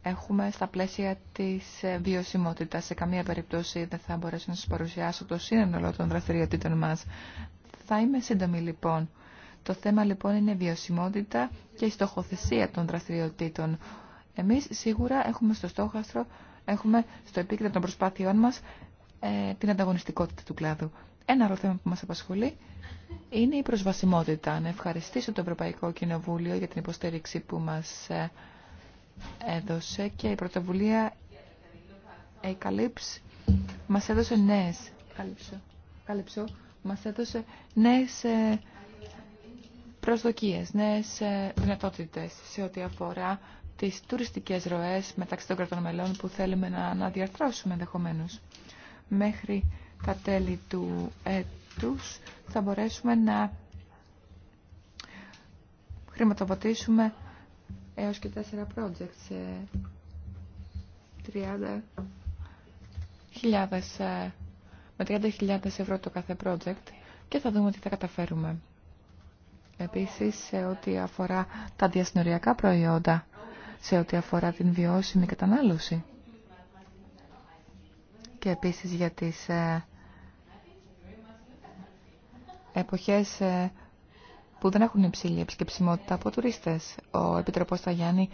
έχουμε στα πλαίσια της ε, βιωσιμότητας. Σε καμία περίπτωση δεν θα μπορέσω να σας παρουσιάσω το σύνολο των δραστηριοτήτων μας. Θα είμαι σύντομη λοιπόν. Το θέμα λοιπόν είναι βιωσιμότητα και η στοχοθεσία των δραστηριοτήτων. Εμείς σίγουρα έχουμε στο στόχαστρο, έχουμε στο επίκεντρο των προσπάθειών μας ε, την ανταγωνιστικότητα του κλάδου. Ένα άλλο θέμα που μας απασχολεί είναι η προσβασιμότητα. Να ευχαριστήσω το Ευρωπαϊκό Κοινοβούλιο για την υποστήριξη που μας ε, έδωσε και η πρωτοβουλία Εκαλύψ μας έδωσε νέες Καλύψω. μας έδωσε νέες ε, προσδοκίες, νέες ε, δυνατότητες σε ό,τι αφορά τις τουριστικές ροές μεταξύ των κρατών μελών που θέλουμε να αναδιαρθρώσουμε ενδεχομένω. Μέχρι τα τέλη του έτους θα μπορέσουμε να χρηματοδοτήσουμε έως και τέσσερα projects σε 30.000 ε, με 30.000 ευρώ το κάθε project και θα δούμε τι θα καταφέρουμε. Επίσης, σε ό,τι αφορά τα διασυνοριακά προϊόντα, σε ό,τι αφορά την βιώσιμη κατανάλωση και επίσης για τις ε, εποχές ε, που δεν έχουν υψηλή επισκεψιμότητα από τουρίστες. Ο Επιτροπός Ταγιάννη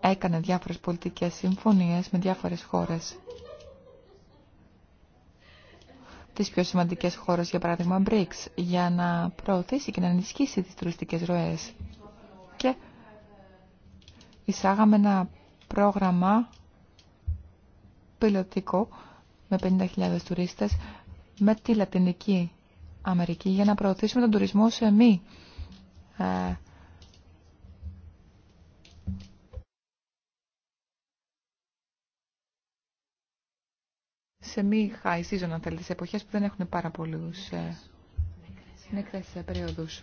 έκανε διάφορες πολιτικές συμφωνίες με διάφορες χώρες. Τις πιο σημαντικές χώρες, για παράδειγμα, BRICS, για να προωθήσει και να ενισχύσει τις τουριστικές ροές. Και εισάγαμε ένα πρόγραμμα πιλωτικό με 50.000 τουρίστες με τη Λατινική Αμερική για να προωθήσουμε τον τουρισμό σε μη ε, σε μη high season, αν θέλετε, σε εποχές που δεν έχουν πάρα πολλούς ε, νεκρές ε, περίοδους.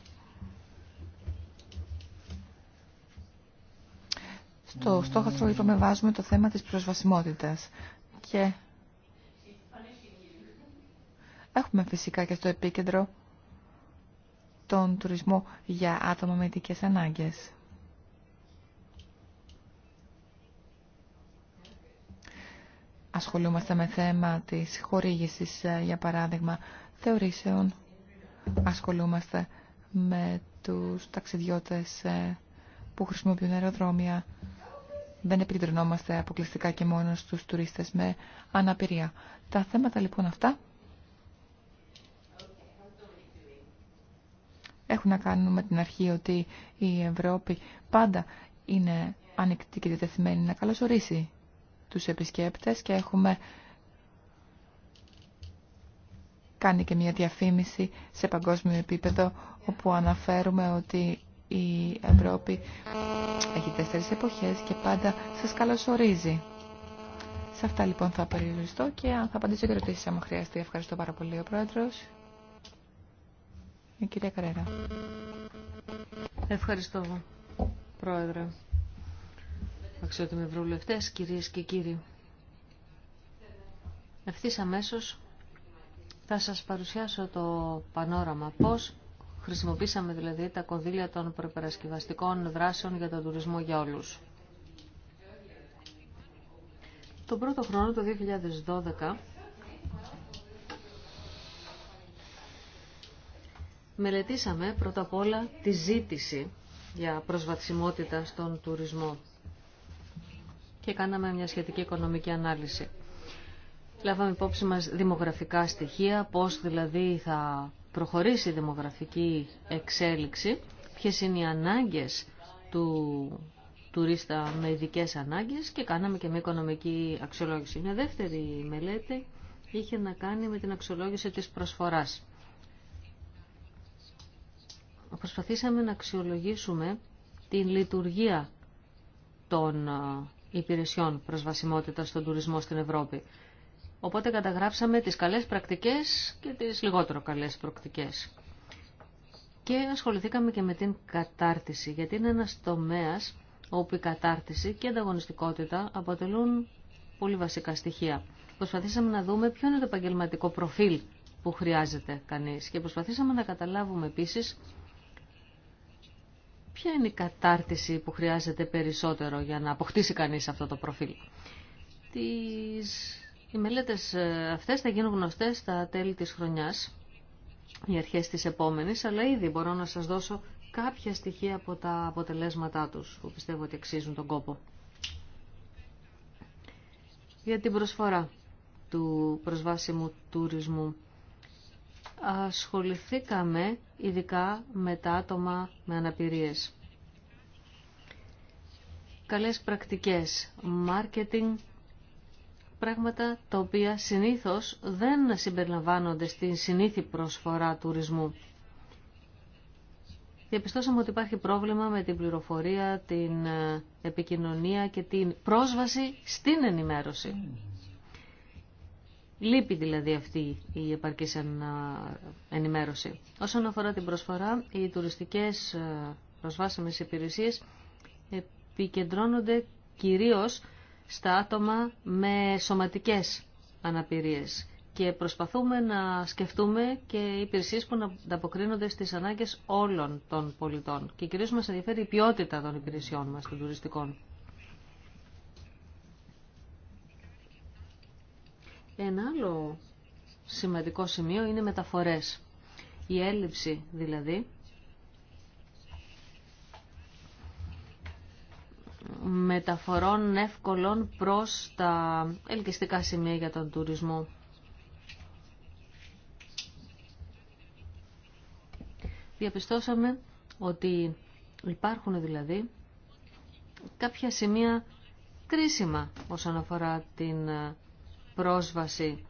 Στο στόχο λοιπόν, βάζουμε το θέμα της προσβασιμότητας και Έχουμε φυσικά και στο επίκεντρο τον τουρισμό για άτομα με ειδικές ανάγκες. Ασχολούμαστε με θέμα της χορήγησης, ε, για παράδειγμα, θεωρήσεων. Ασχολούμαστε με τους ταξιδιώτες ε, που χρησιμοποιούν αεροδρόμια. Δεν επικεντρωνόμαστε αποκλειστικά και μόνο στους τουρίστες με αναπηρία. Τα θέματα λοιπόν αυτά έχουν να κάνουν με την αρχή ότι η Ευρώπη πάντα είναι ανοιχτή και διτεθειμένη να καλωσορίσει τους επισκέπτες και έχουμε κάνει και μια διαφήμιση σε παγκόσμιο επίπεδο όπου αναφέρουμε ότι η Ευρώπη έχει τέσσερις εποχές και πάντα σας καλωσορίζει. Σε αυτά λοιπόν θα περιοριστώ και αν θα απαντήσω και ερωτήσεις άμα χρειαστεί. Ευχαριστώ πάρα πολύ ο Πρόεδρος. Η Καρέρα. Ευχαριστώ, Πρόεδρε. Αξιότιμοι ευρωβουλευτές, κυρίες και κύριοι. Ευθύς αμέσως θα σας παρουσιάσω το πανόραμα. Πώς χρησιμοποίησαμε δηλαδή τα κονδύλια των προπερασκευαστικών δράσεων για τον τουρισμό για όλους. Τον πρώτο χρόνο, το 2012, μελετήσαμε πρώτα απ' όλα τη ζήτηση για προσβασιμότητα στον τουρισμό και κάναμε μια σχετική οικονομική ανάλυση. Λάβαμε υπόψη μας δημογραφικά στοιχεία, πώς δηλαδή θα προχωρήσει η δημογραφική εξέλιξη, ποιες είναι οι ανάγκες του τουρίστα με ειδικέ ανάγκες και κάναμε και μια οικονομική αξιολόγηση. Μια δεύτερη μελέτη είχε να κάνει με την αξιολόγηση της προσφοράς προσπαθήσαμε να αξιολογήσουμε την λειτουργία των ε, υπηρεσιών προσβασιμότητας στον τουρισμό στην Ευρώπη. Οπότε καταγράψαμε τις καλές πρακτικές και τις λιγότερο καλές πρακτικές. Και ασχοληθήκαμε και με την κατάρτιση, γιατί είναι ένας τομέας όπου η κατάρτιση και η ανταγωνιστικότητα αποτελούν πολύ βασικά στοιχεία. Προσπαθήσαμε να δούμε ποιο είναι το επαγγελματικό προφίλ που χρειάζεται κανείς και προσπαθήσαμε να καταλάβουμε επίσης Ποια είναι η κατάρτιση που χρειάζεται περισσότερο για να αποκτήσει κανείς αυτό το προφίλ. Τις... Οι μελέτες ε, αυτές θα γίνουν γνωστές στα τέλη της χρονιάς, οι αρχές της επόμενης, αλλά ήδη μπορώ να σας δώσω κάποια στοιχεία από τα αποτελέσματά τους, που πιστεύω ότι αξίζουν τον κόπο. Για την προσφορά του προσβάσιμου τουρισμού ασχοληθήκαμε ειδικά με τα άτομα με αναπηρίες. Καλές πρακτικές, marketing, πράγματα τα οποία συνήθως δεν συμπεριλαμβάνονται στην συνήθη προσφορά τουρισμού. Διαπιστώσαμε ότι υπάρχει πρόβλημα με την πληροφορία, την ε, επικοινωνία και την πρόσβαση στην ενημέρωση. Mm. Λείπει δηλαδή αυτή η επαρκή ενημέρωση. Όσον αφορά την προσφορά, οι τουριστικές ε, προσβάσιμες υπηρεσίες επικεντρώνονται κυρίως στα άτομα με σωματικές αναπηρίες και προσπαθούμε να σκεφτούμε και υπηρεσίες που να ανταποκρίνονται στις ανάγκες όλων των πολιτών και κυρίως μας ενδιαφέρει η ποιότητα των υπηρεσιών μας των τουριστικών. Ένα άλλο σημαντικό σημείο είναι μεταφορές. Η έλλειψη δηλαδή μεταφορών εύκολων προς τα ελκυστικά σημεία για τον τουρισμό. Διαπιστώσαμε ότι υπάρχουν δηλαδή κάποια σημεία κρίσιμα όσον αφορά την πρόσβαση.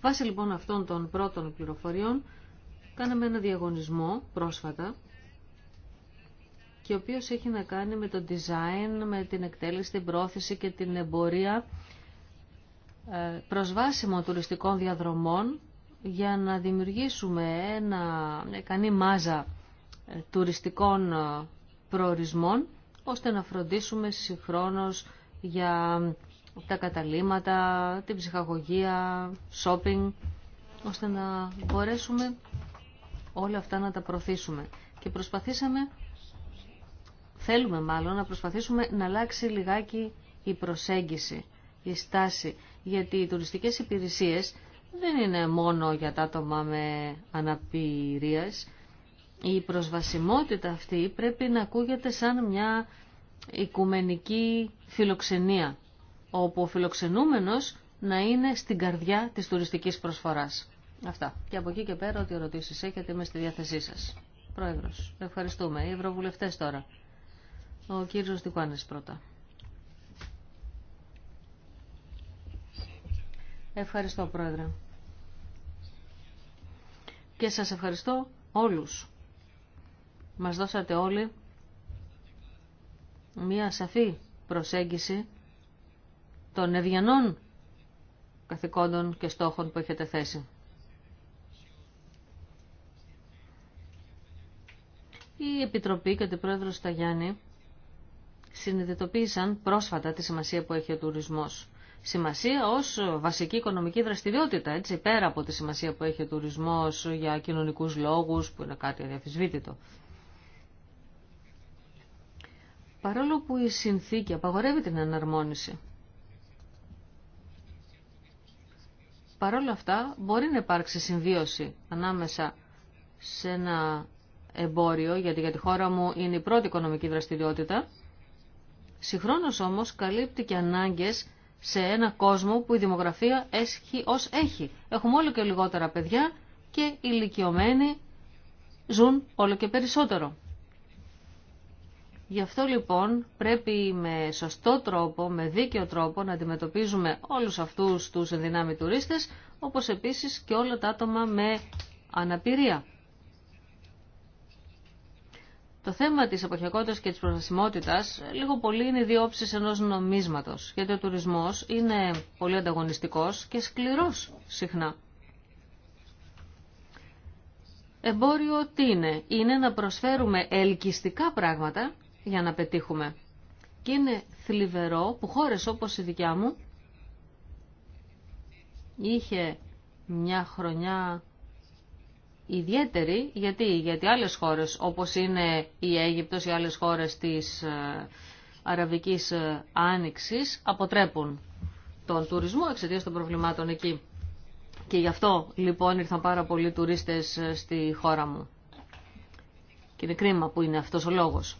Βάσει λοιπόν αυτών των πρώτων πληροφοριών, κάναμε ένα διαγωνισμό πρόσφατα και ο οποίος έχει να κάνει με το design, με την εκτέλεση, την πρόθεση και την εμπορία ε, προσβάσιμων τουριστικών διαδρομών για να δημιουργήσουμε ένα ικανή μάζα ε, τουριστικών ε, προορισμών ώστε να φροντίσουμε συγχρόνως για τα καταλήματα, την ψυχαγωγία, shopping, ώστε να μπορέσουμε όλα αυτά να τα προωθήσουμε. Και προσπαθήσαμε, θέλουμε μάλλον, να προσπαθήσουμε να αλλάξει λιγάκι η προσέγγιση, η στάση, γιατί οι τουριστικές υπηρεσίες δεν είναι μόνο για τα άτομα με αναπηρίας. Η προσβασιμότητα αυτή πρέπει να ακούγεται σαν μια οικουμενική φιλοξενία όπου ο φιλοξενούμενος να είναι στην καρδιά της τουριστικής προσφοράς. Αυτά. Και από εκεί και πέρα, ό,τι ερωτήσει έχετε, είμαι στη διάθεσή σας. Πρόεδρος, ευχαριστούμε. Οι ευρωβουλευτές τώρα. Ο κύριος Δικουάνης πρώτα. Ευχαριστώ, Πρόεδρε. Και σας ευχαριστώ όλους. Μας δώσατε όλοι μία σαφή προσέγγιση των ευγενών καθηκόντων και στόχων που έχετε θέσει. Η Επιτροπή και ο Πρόεδρο Σταγιάννη συνειδητοποίησαν πρόσφατα τη σημασία που έχει ο τουρισμός. Σημασία ως βασική οικονομική δραστηριότητα, έτσι, πέρα από τη σημασία που έχει ο τουρισμός για κοινωνικούς λόγους, που είναι κάτι αδιαφυσβήτητο. Παρόλο που η συνθήκη απαγορεύει την εναρμόνιση, Παρ' όλα αυτά μπορεί να υπάρξει συμβίωση ανάμεσα σε ένα εμπόριο, γιατί για τη χώρα μου είναι η πρώτη οικονομική δραστηριότητα. Συγχρόνως όμως καλύπτει και ανάγκες σε ένα κόσμο που η δημογραφία έχει ως έχει. Έχουμε όλο και λιγότερα παιδιά και οι ηλικιωμένοι ζουν όλο και περισσότερο. Γι' αυτό λοιπόν πρέπει με σωστό τρόπο, με δίκαιο τρόπο να αντιμετωπίζουμε όλους αυτούς τους ενδυνάμει τουρίστες, όπως επίσης και όλα τα άτομα με αναπηρία. Το θέμα της εποχιακότητας και της προστασιμότητας λίγο πολύ είναι δύο όψεις ενός νομίσματος, γιατί ο τουρισμός είναι πολύ ανταγωνιστικός και σκληρός συχνά. Εμπόριο τι είναι, είναι να προσφέρουμε ελκυστικά πράγματα για να πετύχουμε. Και είναι θλιβερό που χώρες όπως η δικιά μου είχε μια χρονιά ιδιαίτερη γιατί, γιατί άλλες χώρες όπως είναι η Αίγυπτος ή άλλες χώρες της ε, Αραβικής ε, Άνοιξης αποτρέπουν τον τουρισμό εξαιτία των προβλημάτων εκεί. Και γι' αυτό λοιπόν ήρθαν πάρα πολλοί τουρίστες ε, στη χώρα μου. Και είναι κρίμα που είναι αυτός ο λόγος.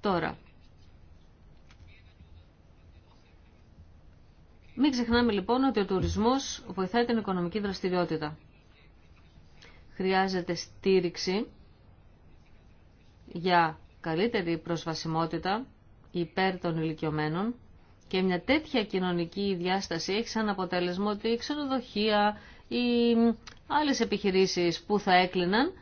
Τώρα, μην ξεχνάμε λοιπόν ότι ο τουρισμός βοηθάει την οικονομική δραστηριότητα. Χρειάζεται στήριξη για καλύτερη προσβασιμότητα υπέρ των ηλικιωμένων και μια τέτοια κοινωνική διάσταση έχει σαν αποτέλεσμα ότι η ξενοδοχεία ή άλλες επιχειρήσεις που θα έκλειναν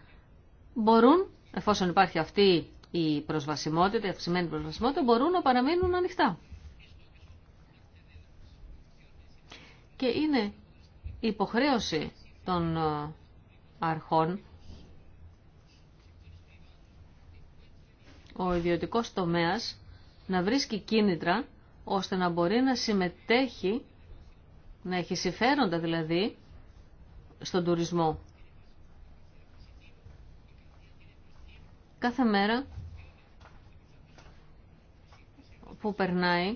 μπορούν, εφόσον υπάρχει αυτή η προσβασιμότητα, η αυξημένη προσβασιμότητα μπορούν να παραμείνουν ανοιχτά. Και είναι υποχρέωση των ε, αρχών ο ιδιωτικός τομέας να βρίσκει κίνητρα ώστε να μπορεί να συμμετέχει, να έχει συμφέροντα δηλαδή, στον τουρισμό. Κάθε μέρα που περνάει,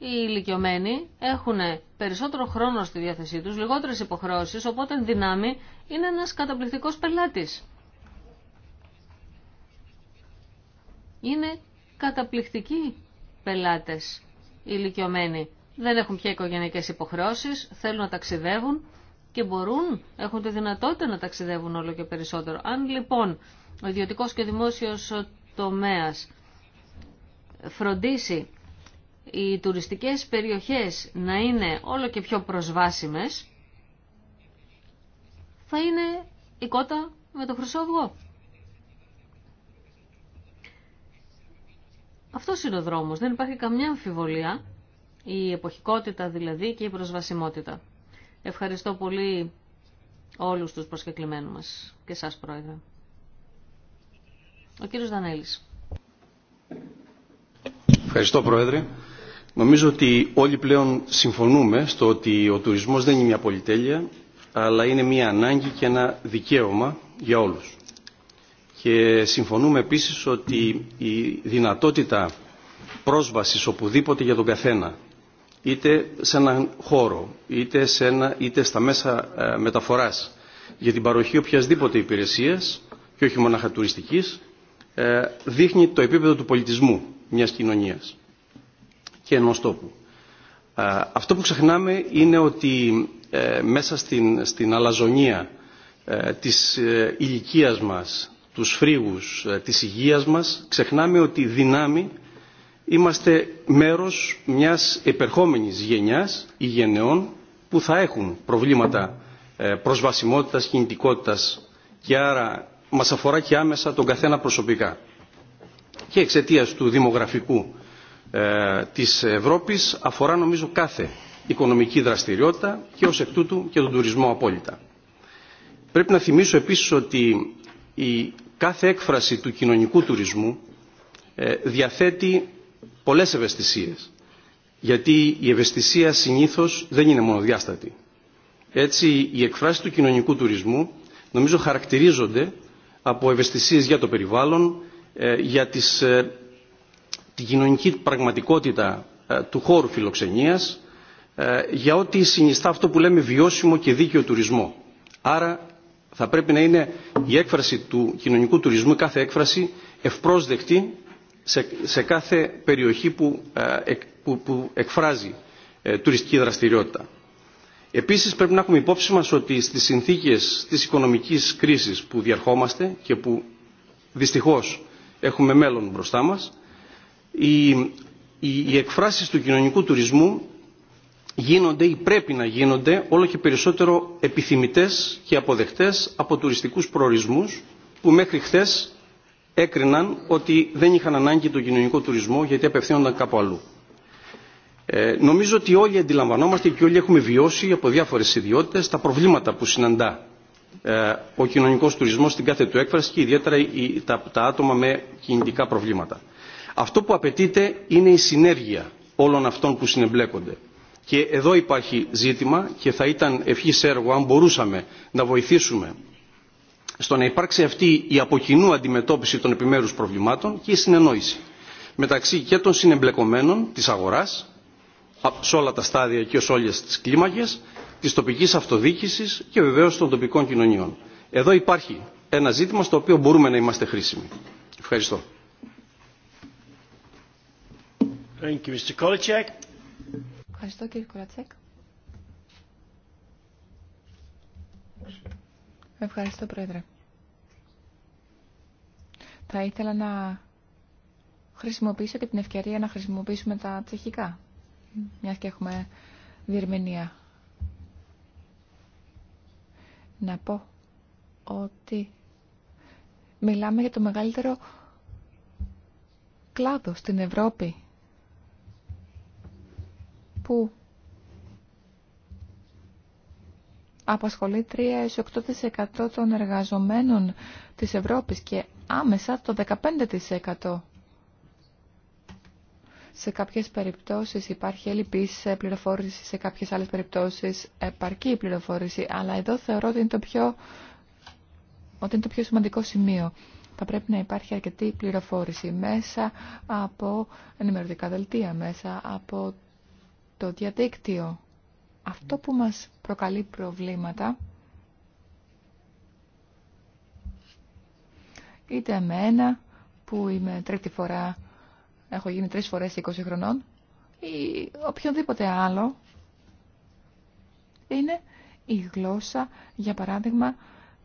οι ηλικιωμένοι έχουν περισσότερο χρόνο στη διάθεσή τους, λιγότερες υποχρεώσεις, οπότε εν δυνάμει είναι ένας καταπληκτικός πελάτης. Είναι καταπληκτικοί πελάτες οι ηλικιωμένοι. Δεν έχουν πια οικογενειακές υποχρεώσεις, θέλουν να ταξιδεύουν και μπορούν, έχουν τη δυνατότητα να ταξιδεύουν όλο και περισσότερο. Αν λοιπόν ο ιδιωτικός και δημόσιος τομέας φροντίσει οι τουριστικές περιοχές να είναι όλο και πιο προσβάσιμες, θα είναι η κότα με το χρυσό αυγό. Αυτό είναι ο δρόμος, δεν υπάρχει καμιά αμφιβολία, η εποχικότητα δηλαδή και η προσβασιμότητα. Ευχαριστώ πολύ όλους τους προσκεκλημένους μας και σας πρόεδρε. Ο κύριος Δανέλης. Ευχαριστώ Πρόεδρε. Νομίζω ότι όλοι πλέον συμφωνούμε στο ότι ο τουρισμός δεν είναι μια πολυτέλεια, αλλά είναι μια ανάγκη και ένα δικαίωμα για όλους. Και συμφωνούμε επίσης ότι η δυνατότητα πρόσβασης οπουδήποτε για τον καθένα, είτε σε έναν χώρο, είτε, σε ένα, είτε στα μέσα ε, μεταφοράς, για την παροχή οποιασδήποτε υπηρεσίας, και όχι μόνο τουριστικής, ε, δείχνει το επίπεδο του πολιτισμού μιας κοινωνίας και ενός τόπου. Αυτό που ξεχνάμε είναι ότι ε, μέσα στην, στην αλαζονία ε, της ε, ηλικίας μας, τους φρίγους, της υγείας μας, ξεχνάμε ότι δυνάμει είμαστε μέρος μιας επερχόμενης γενιάς ή γενεών που θα έχουν προβλήματα προσβασιμότητας, κινητικότητας και άρα μας αφορά και άμεσα τον καθένα προσωπικά και εξαιτία του δημογραφικού ε, της Ευρώπης αφορά νομίζω κάθε οικονομική δραστηριότητα και ως εκ τούτου και τον τουρισμό απόλυτα. Πρέπει να θυμίσω επίσης ότι η κάθε έκφραση του κοινωνικού τουρισμού ε, διαθέτει πολλές ευαισθησίες γιατί η ευαισθησία συνήθως δεν είναι μονοδιάστατη. Έτσι, οι εκφράσεις του κοινωνικού τουρισμού νομίζω χαρακτηρίζονται από ευαισθησίες για το περιβάλλον, ε, για ε, την κοινωνική πραγματικότητα ε, του χώρου φιλοξενίας, για ό,τι συνιστά αυτό που λέμε βιώσιμο και δίκαιο τουρισμό. Άρα θα πρέπει να είναι η έκφραση του κοινωνικού τουρισμού, κάθε έκφραση, ευπρόσδεκτη σε, σε κάθε περιοχή που, που, που εκφράζει τουριστική δραστηριότητα. Επίσης πρέπει να έχουμε υπόψη μας ότι στις συνθήκες της οικονομικής κρίσης που διαρχόμαστε και που δυστυχώς έχουμε μέλλον μπροστά μας. Οι, οι, εκφράσεις του κοινωνικού τουρισμού γίνονται ή πρέπει να γίνονται όλο και περισσότερο επιθυμητές και αποδεκτές από τουριστικούς προορισμούς που μέχρι χθε έκριναν ότι δεν είχαν ανάγκη τον κοινωνικό τουρισμό γιατί απευθύνονταν κάπου αλλού. Ε, νομίζω ότι όλοι αντιλαμβανόμαστε και όλοι έχουμε βιώσει από διάφορες ιδιότητες τα προβλήματα που συναντά ε, ο κοινωνικός τουρισμός στην κάθε του έκφραση και ιδιαίτερα τα άτομα με κινητικά προβλήματα. Αυτό που απαιτείται είναι η συνέργεια όλων αυτών που συνεμπλέκονται. Και εδώ υπάρχει ζήτημα και θα ήταν ευχή έργο αν μπορούσαμε να βοηθήσουμε στο να υπάρξει αυτή η αποκοινού αντιμετώπιση των επιμέρους προβλημάτων και η συνεννόηση μεταξύ και των συνεμπλεκομένων της αγοράς σε όλα τα στάδια και σε όλες τις κλίμακες της τοπικής αυτοδιοίκησης και βεβαίως των τοπικών κοινωνιών. Εδώ υπάρχει ένα ζήτημα στο οποίο μπορούμε να είμαστε χρήσιμοι. Ευχαριστώ. Ευχαριστώ κύριε Κολατσέκ. Ευχαριστώ πρόεδρε. Θα ήθελα να χρησιμοποιήσω και την ευκαιρία να χρησιμοποιήσουμε τα τσεχικά, μια και έχουμε διερμηνία να πω ότι μιλάμε για το μεγαλύτερο κλάδο στην Ευρώπη που απασχολεί 3-8% των εργαζομένων της Ευρώπης και άμεσα το 15% σε κάποιες περιπτώσεις υπάρχει έλλειπης πληροφόρηση, σε κάποιες άλλες περιπτώσεις επαρκή πληροφόρηση, αλλά εδώ θεωρώ ότι είναι το πιο, ότι είναι το σημαντικό σημείο. Θα πρέπει να υπάρχει αρκετή πληροφόρηση μέσα από ενημερωτικά δελτία, μέσα από το διαδίκτυο. Αυτό που μας προκαλεί προβλήματα είτε εμένα που είμαι τρίτη φορά έχω γίνει τρεις φορές 20 χρονών ή οποιονδήποτε άλλο είναι η οποιοδηποτε αλλο ειναι η γλωσσα για παράδειγμα,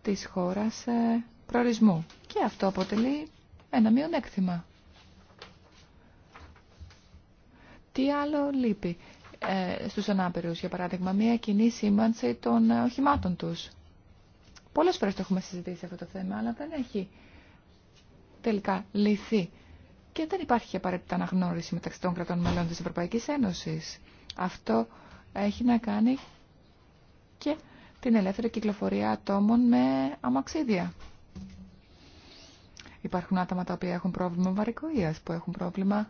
της χώρας ε, προορισμού. Και αυτό αποτελεί ένα μειονέκτημα. Τι άλλο λείπει ε, στους ανάπηρους, για παράδειγμα, μια κοινή σήμανση των ε, οχημάτων τους. Πολλές φορές το έχουμε συζητήσει αυτό το θέμα, αλλά δεν έχει τελικά λυθεί και δεν υπάρχει απαραίτητα αναγνώριση μεταξύ των κρατών μελών της Ευρωπαϊκής Ένωσης. Αυτό έχει να κάνει και την ελεύθερη κυκλοφορία ατόμων με αμαξίδια. Υπάρχουν άτομα τα οποία έχουν πρόβλημα βαρικοίας, που έχουν πρόβλημα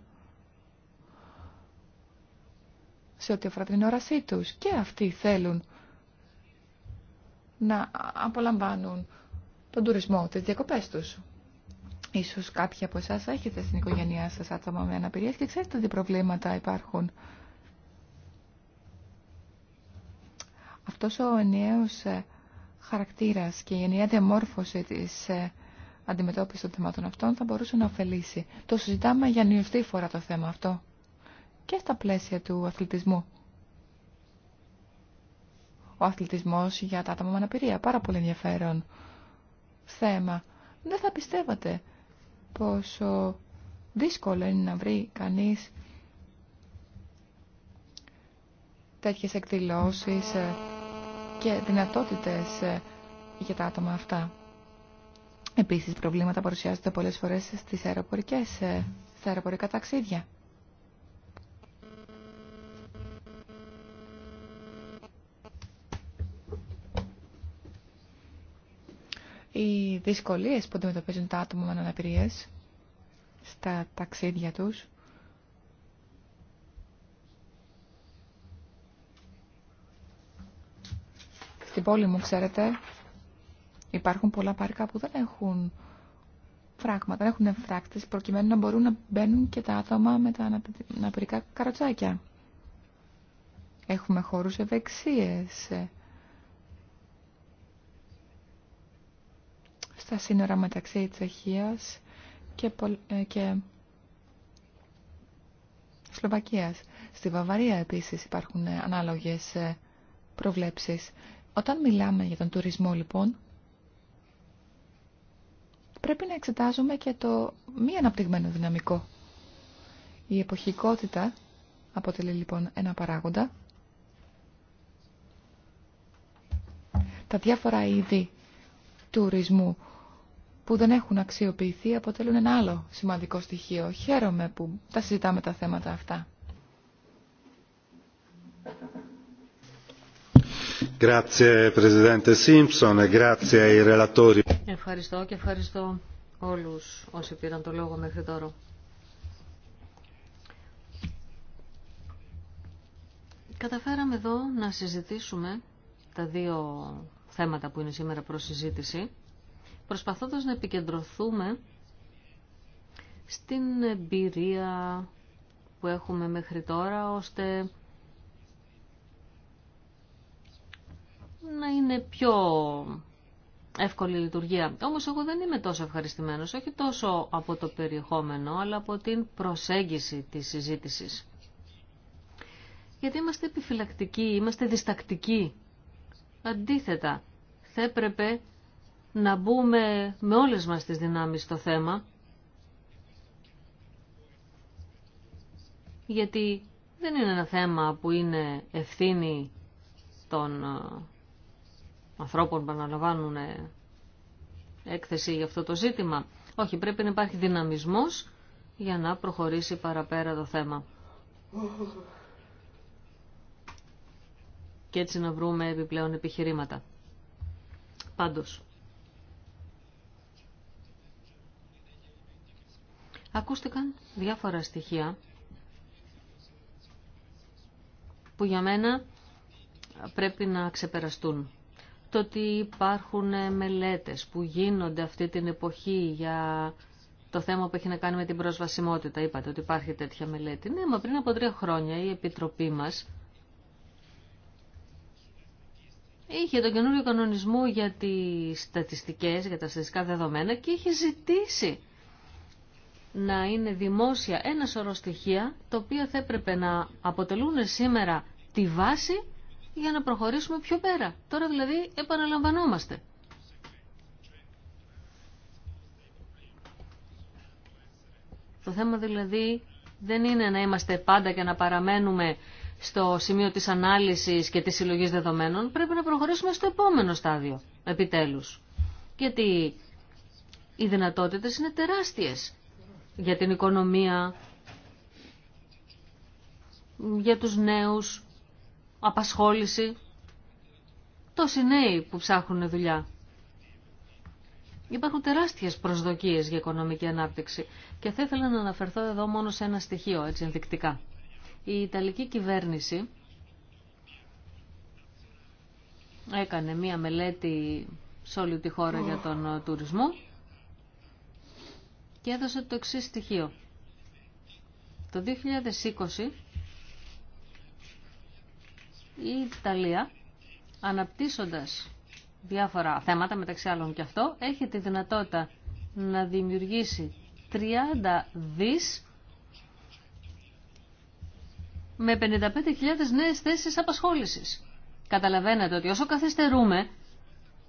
σε ό,τι αφορά την όρασή τους. Και αυτοί θέλουν να απολαμβάνουν τον τουρισμό, τις διακοπές τους. Ίσως κάποιοι από εσά έχετε στην οικογένειά σας άτομα με αναπηρία και ξέρετε τι προβλήματα υπάρχουν. Αυτός ο ενιαίος ε, χαρακτήρας και η ενιαία διαμόρφωση της ε, αντιμετώπισης των θεμάτων αυτών θα μπορούσε να ωφελήσει. Το συζητάμε για νιωστή φορά το θέμα αυτό και στα πλαίσια του αθλητισμού. Ο αθλητισμός για τα άτομα με αναπηρία, πάρα πολύ ενδιαφέρον θέμα. Δεν θα πιστεύατε πόσο δύσκολο είναι να βρει κανείς τέτοιες εκδηλώσεις ε, και δυνατότητες ε, για τα άτομα αυτά. Επίσης προβλήματα παρουσιάζονται πολλές φορές στις αεροπορικές, ε, στα αεροπορικά ταξίδια. οι δυσκολίες που αντιμετωπίζουν τα άτομα με αναπηρίες στα ταξίδια τους. Στην πόλη μου, ξέρετε, υπάρχουν πολλά πάρκα που δεν έχουν φράγματα, δεν έχουν φράκτες, προκειμένου να μπορούν να μπαίνουν και τα άτομα με τα αναπηρικά καροτσάκια. Έχουμε χώρους ευεξίες, ε, στα σύνορα μεταξύ Τσεχίας και, ε, και Σλοβακίας. Στη Βαβαρία επίσης υπάρχουν ε, ανάλογες ε, προβλέψεις. Όταν μιλάμε για τον τουρισμό λοιπόν, πρέπει να εξετάζουμε και το μη αναπτυγμένο δυναμικό. Η εποχικότητα αποτελεί λοιπόν ένα παράγοντα. Τα διάφορα είδη τουρισμού που δεν έχουν αξιοποιηθεί αποτελούν ένα άλλο σημαντικό στοιχείο. Χαίρομαι που τα συζητάμε τα θέματα αυτά. Ευχαριστώ και ευχαριστώ όλους όσοι πήραν το λόγο μέχρι τώρα. Καταφέραμε εδώ να συζητήσουμε τα δύο θέματα που είναι σήμερα προς συζήτηση προσπαθώντας να επικεντρωθούμε στην εμπειρία που έχουμε μέχρι τώρα, ώστε να είναι πιο εύκολη η λειτουργία. Όμως εγώ δεν είμαι τόσο ευχαριστημένος, όχι τόσο από το περιεχόμενο, αλλά από την προσέγγιση της συζήτησης. Γιατί είμαστε επιφυλακτικοί, είμαστε διστακτικοί. Αντίθετα, θα έπρεπε να μπούμε με όλες μας τις δυνάμεις στο θέμα, γιατί δεν είναι ένα θέμα που είναι ευθύνη των ε, ανθρώπων που αναλαμβάνουν ε, έκθεση για αυτό το ζήτημα. Όχι, πρέπει να υπάρχει δυναμισμός για να προχωρήσει παραπέρα το θέμα. Και έτσι να βρούμε επιπλέον επιχειρήματα. Πάντως, Ακούστηκαν διάφορα στοιχεία που για μένα πρέπει να ξεπεραστούν. Το ότι υπάρχουν μελέτες που γίνονται αυτή την εποχή για το θέμα που έχει να κάνει με την προσβασιμότητα. Είπατε ότι υπάρχει τέτοια μελέτη. Ναι, μα πριν από τρία χρόνια η Επιτροπή μας είχε τον καινούριο κανονισμό για τις στατιστικές, για τα στατιστικά δεδομένα και είχε ζητήσει να είναι δημόσια ένα σωρό στοιχεία, τα οποία θα έπρεπε να αποτελούν σήμερα τη βάση για να προχωρήσουμε πιο πέρα. Τώρα δηλαδή επαναλαμβανόμαστε. Το θέμα δηλαδή δεν είναι να είμαστε πάντα και να παραμένουμε στο σημείο της ανάλυσης και της συλλογής δεδομένων, πρέπει να προχωρήσουμε στο επόμενο στάδιο, επιτέλους. Γιατί οι δυνατότητες είναι τεράστιες για την οικονομία, για τους νέους, απασχόληση. Τόσοι νέοι που ψάχνουν δουλειά. Υπάρχουν τεράστιες προσδοκίες για οικονομική ανάπτυξη και θα ήθελα να αναφερθώ εδώ μόνο σε ένα στοιχείο, έτσι ενδεικτικά. Η Ιταλική κυβέρνηση έκανε μία μελέτη σε όλη τη χώρα για τον τουρισμό και έδωσε το εξή στοιχείο. Το 2020 η Ιταλία αναπτύσσοντας διάφορα θέματα μεταξύ άλλων και αυτό έχει τη δυνατότητα να δημιουργήσει 30 δις με 55.000 νέες θέσεις απασχόλησης. Καταλαβαίνετε ότι όσο καθυστερούμε,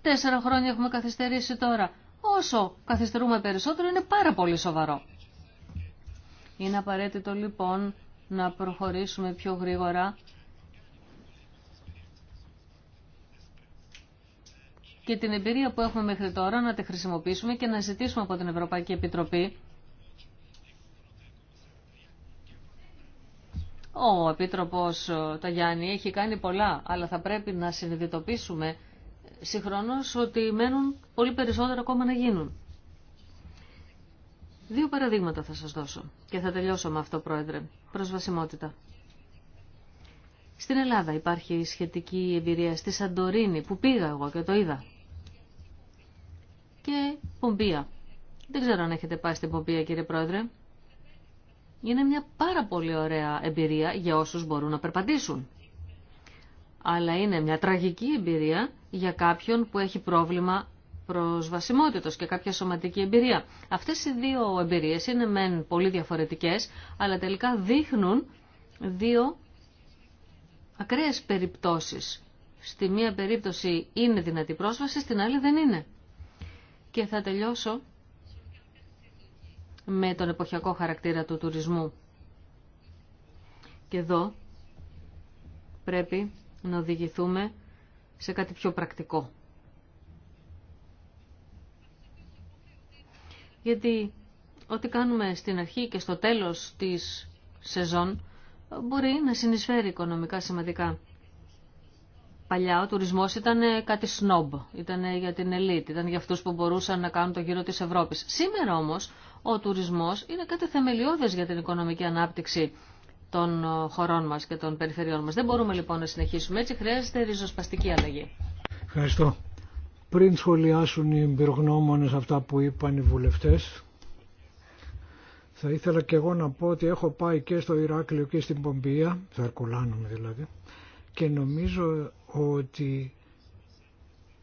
τέσσερα χρόνια έχουμε καθυστερήσει τώρα, όσο καθυστερούμε περισσότερο είναι πάρα πολύ σοβαρό. Είναι απαραίτητο λοιπόν να προχωρήσουμε πιο γρήγορα και την εμπειρία που έχουμε μέχρι τώρα να τη χρησιμοποιήσουμε και να ζητήσουμε από την Ευρωπαϊκή Επιτροπή Ο Επίτροπος ε, Ταγιάννη έχει κάνει πολλά, αλλά θα πρέπει να συνειδητοποιήσουμε συγχρόνως ότι μένουν πολύ περισσότερο ακόμα να γίνουν. Δύο παραδείγματα θα σας δώσω και θα τελειώσω με αυτό, Πρόεδρε. Προσβασιμότητα. Στην Ελλάδα υπάρχει σχετική εμπειρία στη Σαντορίνη που πήγα εγώ και το είδα. Και Πομπία. Δεν ξέρω αν έχετε πάει στην Πομπία κύριε Πρόεδρε. Είναι μια πάρα πολύ ωραία εμπειρία για όσους μπορούν να περπατήσουν. Αλλά είναι μια τραγική εμπειρία για κάποιον που έχει πρόβλημα προσβασιμότητος και κάποια σωματική εμπειρία. Αυτές οι δύο εμπειρίες είναι μεν πολύ διαφορετικές, αλλά τελικά δείχνουν δύο ακραίες περιπτώσεις. Στη μία περίπτωση είναι δυνατή πρόσβαση, στην άλλη δεν είναι. Και θα τελειώσω με τον εποχιακό χαρακτήρα του τουρισμού. Και εδώ πρέπει να οδηγηθούμε σε κάτι πιο πρακτικό. Γιατί ό,τι κάνουμε στην αρχή και στο τέλος της σεζόν μπορεί να συνεισφέρει οικονομικά σημαντικά. Παλιά ο τουρισμός ήταν κάτι σνόμπ, ήταν για την ελίτ, ήταν για αυτούς που μπορούσαν να κάνουν το γύρο της Ευρώπης. Σήμερα όμως ο τουρισμός είναι κάτι θεμελιώδες για την οικονομική ανάπτυξη των ε, χωρών μας και των περιφερειών μας. Δεν μπορούμε λοιπόν να συνεχίσουμε έτσι, χρειάζεται ριζοσπαστική αλλαγή. Ευχαριστώ. Πριν σχολιάσουν οι εμπειρογνώμονες αυτά που είπαν οι βουλευτές, θα ήθελα και εγώ να πω ότι έχω πάει και στο Ηράκλειο και στην Πομπία, στο Ερκουλάνο δηλαδή, και νομίζω ότι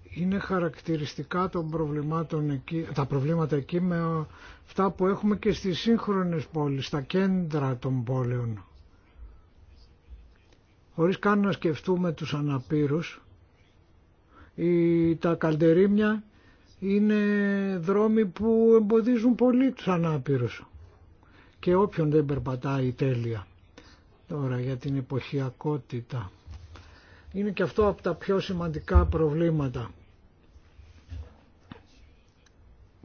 είναι χαρακτηριστικά των προβλημάτων εκεί, τα προβλήματα εκεί με αυτά που έχουμε και στις σύγχρονες πόλεις, στα κέντρα των πόλεων χωρίς καν να σκεφτούμε τους αναπήρους, η, τα καλτερίμια είναι δρόμοι που εμποδίζουν πολύ τους ανάπηρους και όποιον δεν περπατάει τέλεια. Τώρα για την εποχιακότητα. Είναι και αυτό από τα πιο σημαντικά προβλήματα.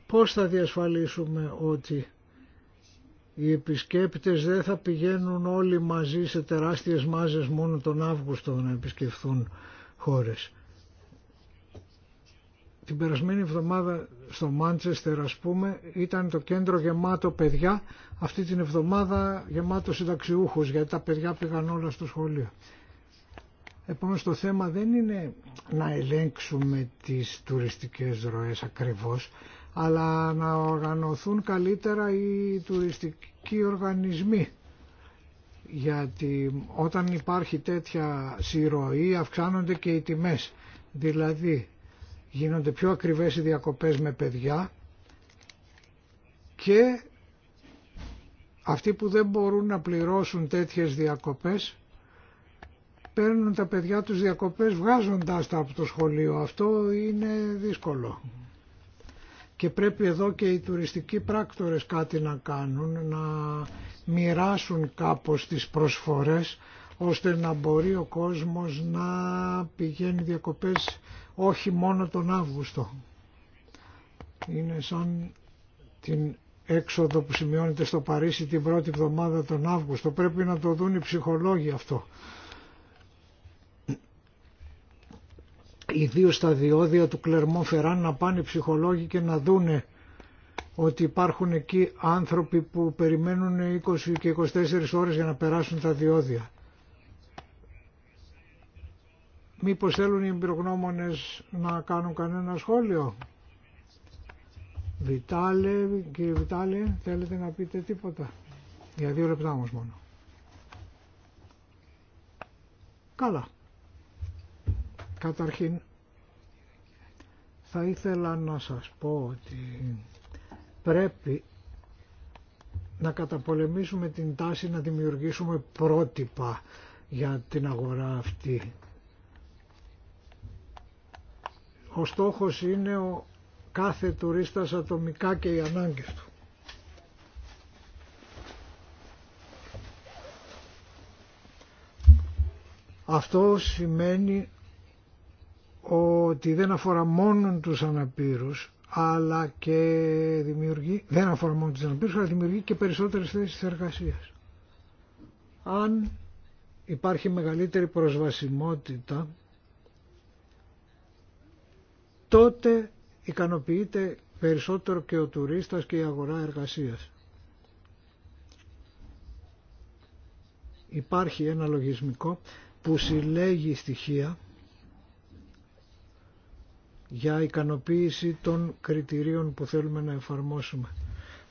Πώς θα διασφαλίσουμε ότι οι επισκέπτες δεν θα πηγαίνουν όλοι μαζί σε τεράστιες μάζες μόνο τον Αύγουστο να επισκεφθούν χώρες. Την περασμένη εβδομάδα στο Μάντσεστερ ας πούμε ήταν το κέντρο γεμάτο παιδιά, αυτή την εβδομάδα γεμάτο συνταξιούχους γιατί τα παιδιά πήγαν όλα στο σχολείο. Επομένως το θέμα δεν είναι να ελέγξουμε τις τουριστικές ροές ακριβώς, αλλά να οργανωθούν καλύτερα οι τουριστικοί οργανισμοί. Γιατί όταν υπάρχει τέτοια συρροή αυξάνονται και οι τιμές. Δηλαδή γίνονται πιο ακριβές οι διακοπές με παιδιά και αυτοί που δεν μπορούν να πληρώσουν τέτοιες διακοπές παίρνουν τα παιδιά τους διακοπές βγάζοντάς τα από το σχολείο. Αυτό είναι δύσκολο και πρέπει εδώ και οι τουριστικοί πράκτορες κάτι να κάνουν, να μοιράσουν κάπως τις προσφορές ώστε να μπορεί ο κόσμος να πηγαίνει διακοπές όχι μόνο τον Αύγουστο. Είναι σαν την έξοδο που σημειώνεται στο Παρίσι την πρώτη εβδομάδα τον Αύγουστο. Πρέπει να το δουν οι ψυχολόγοι αυτό. ιδίω στα διόδια του Κλερμό Φεράν να πάνε ψυχολόγοι και να δούνε ότι υπάρχουν εκεί άνθρωποι που περιμένουν 20 και 24 ώρες για να περάσουν τα διόδια. Μήπως θέλουν οι εμπειρογνώμονες να κάνουν κανένα σχόλιο. Βιτάλε, κύριε Βιτάλε, θέλετε να πείτε τίποτα. Για δύο λεπτά όμως μόνο. Καλά. Καταρχήν, θα ήθελα να σας πω ότι πρέπει να καταπολεμήσουμε την τάση να δημιουργήσουμε πρότυπα για την αγορά αυτή. Ο στόχος είναι ο κάθε τουρίστας ατομικά και οι ανάγκες του. Αυτό σημαίνει ότι δεν αφορά μόνο τους αναπήρους, αλλά και δημιουργεί, δεν αφορά μόνο τους αναπήρους, αλλά δημιουργεί και περισσότερες θέσεις εργασίας. Αν υπάρχει μεγαλύτερη προσβασιμότητα, τότε ικανοποιείται περισσότερο και ο τουρίστας και η αγορά εργασίας. Υπάρχει ένα λογισμικό που συλλέγει στοιχεία για ικανοποίηση των κριτηρίων που θέλουμε να εφαρμόσουμε.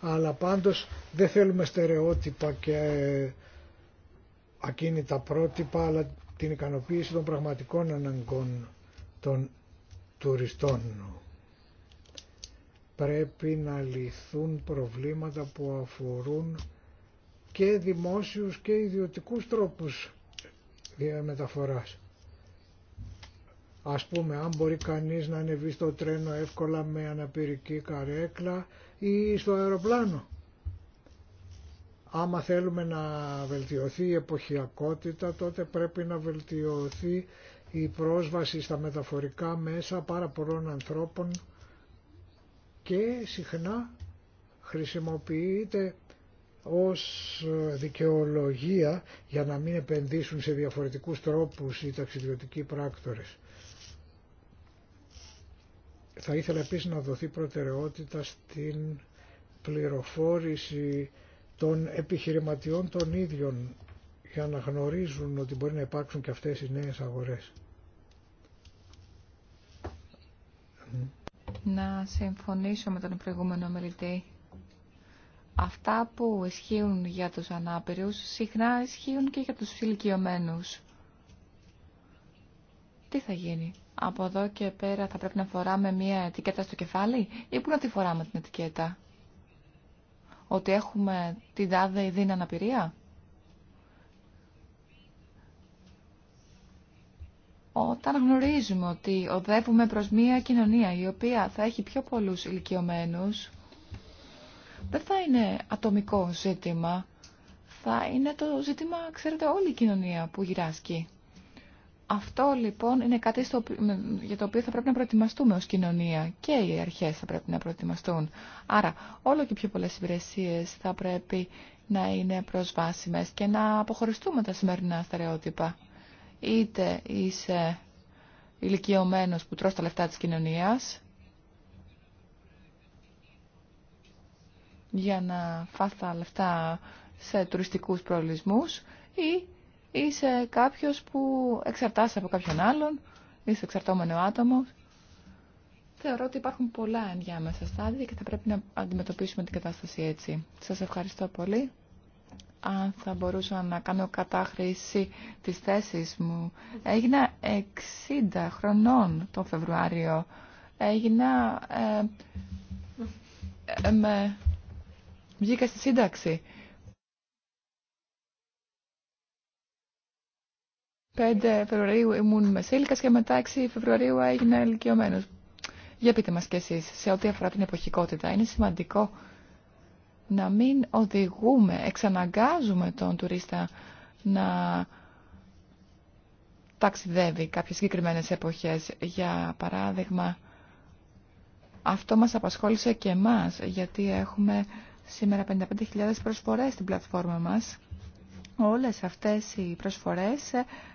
Αλλά πάντως δεν θέλουμε στερεότυπα και ακίνητα πρότυπα, αλλά την ικανοποίηση των πραγματικών αναγκών των τουριστών. Πρέπει να λυθούν προβλήματα που αφορούν και δημόσιους και ιδιωτικούς τρόπους μεταφοράς. Ας πούμε, αν μπορεί κανείς να ανεβεί στο τρένο εύκολα με αναπηρική καρέκλα ή στο αεροπλάνο. Άμα θέλουμε να βελτιωθεί η εποχιακότητα, τότε πρέπει να βελτιωθεί η πρόσβαση στα μεταφορικά μέσα πάρα πολλών ανθρώπων και συχνά χρησιμοποιείται ως δικαιολογία για να μην επενδύσουν σε διαφορετικούς τρόπους οι ταξιδιωτικοί πράκτορες. Θα ήθελα επίσης να δοθεί προτεραιότητα στην πληροφόρηση των επιχειρηματιών των ίδιων για να γνωρίζουν ότι μπορεί να υπάρξουν και αυτές οι νέες αγορές. Να συμφωνήσω με τον προηγούμενο μελητή. Αυτά που ισχύουν για τους ανάπηρους συχνά ισχύουν και για τους ηλικιωμένους. Τι θα γίνει από εδώ και πέρα θα πρέπει να φοράμε μία ετικέτα στο κεφάλι ή πού να τη φοράμε την ετικέτα. Ότι έχουμε την τάδε ή δίνα αναπηρία. Όταν γνωρίζουμε ότι οδεύουμε προς μία κοινωνία η οποία θα έχει πιο πολλούς ηλικιωμένους, δεν θα είναι ατομικό ζήτημα, θα είναι το ζήτημα, ξέρετε, όλη η κοινωνία που γυράσκει. Αυτό λοιπόν είναι κάτι στο, για το οποίο θα πρέπει να προετοιμαστούμε ως κοινωνία και οι αρχές θα πρέπει να προετοιμαστούν. Άρα όλο και πιο πολλές υπηρεσίες θα πρέπει να είναι προσβάσιμες και να αποχωριστούμε τα σημερινά στερεότυπα. Είτε είσαι ηλικιωμένος που τρως τα λεφτά της κοινωνίας για να φας τα λεφτά σε τουριστικούς προορισμούς ή είσαι κάποιος που εξαρτάσαι από κάποιον άλλον, είσαι εξαρτώμενο άτομο. Θεωρώ ότι υπάρχουν πολλά ενδιάμεσα στάδια και θα πρέπει να αντιμετωπίσουμε την κατάσταση έτσι. Σας ευχαριστώ πολύ. Αν θα μπορούσα να κάνω κατάχρηση της θέσης μου. Έγινα 60 χρονών τον Φεβρουάριο. Έγινα... Ε, ε, με... Βγήκα στη σύνταξη. 5 Φεβρουαρίου ήμουν μεσήλικας και μετά 6 Φεβρουαρίου έγινα ηλικιωμένο. Για πείτε μας κι εσείς, σε ό,τι αφορά την εποχικότητα, είναι σημαντικό να μην οδηγούμε, εξαναγκάζουμε τον τουρίστα να ταξιδεύει κάποιες συγκεκριμένες εποχές. Για παράδειγμα, αυτό μας απασχόλησε και εμάς, γιατί έχουμε σήμερα 55.000 προσφορές στην πλατφόρμα μας Όλες αυτές οι προσφορές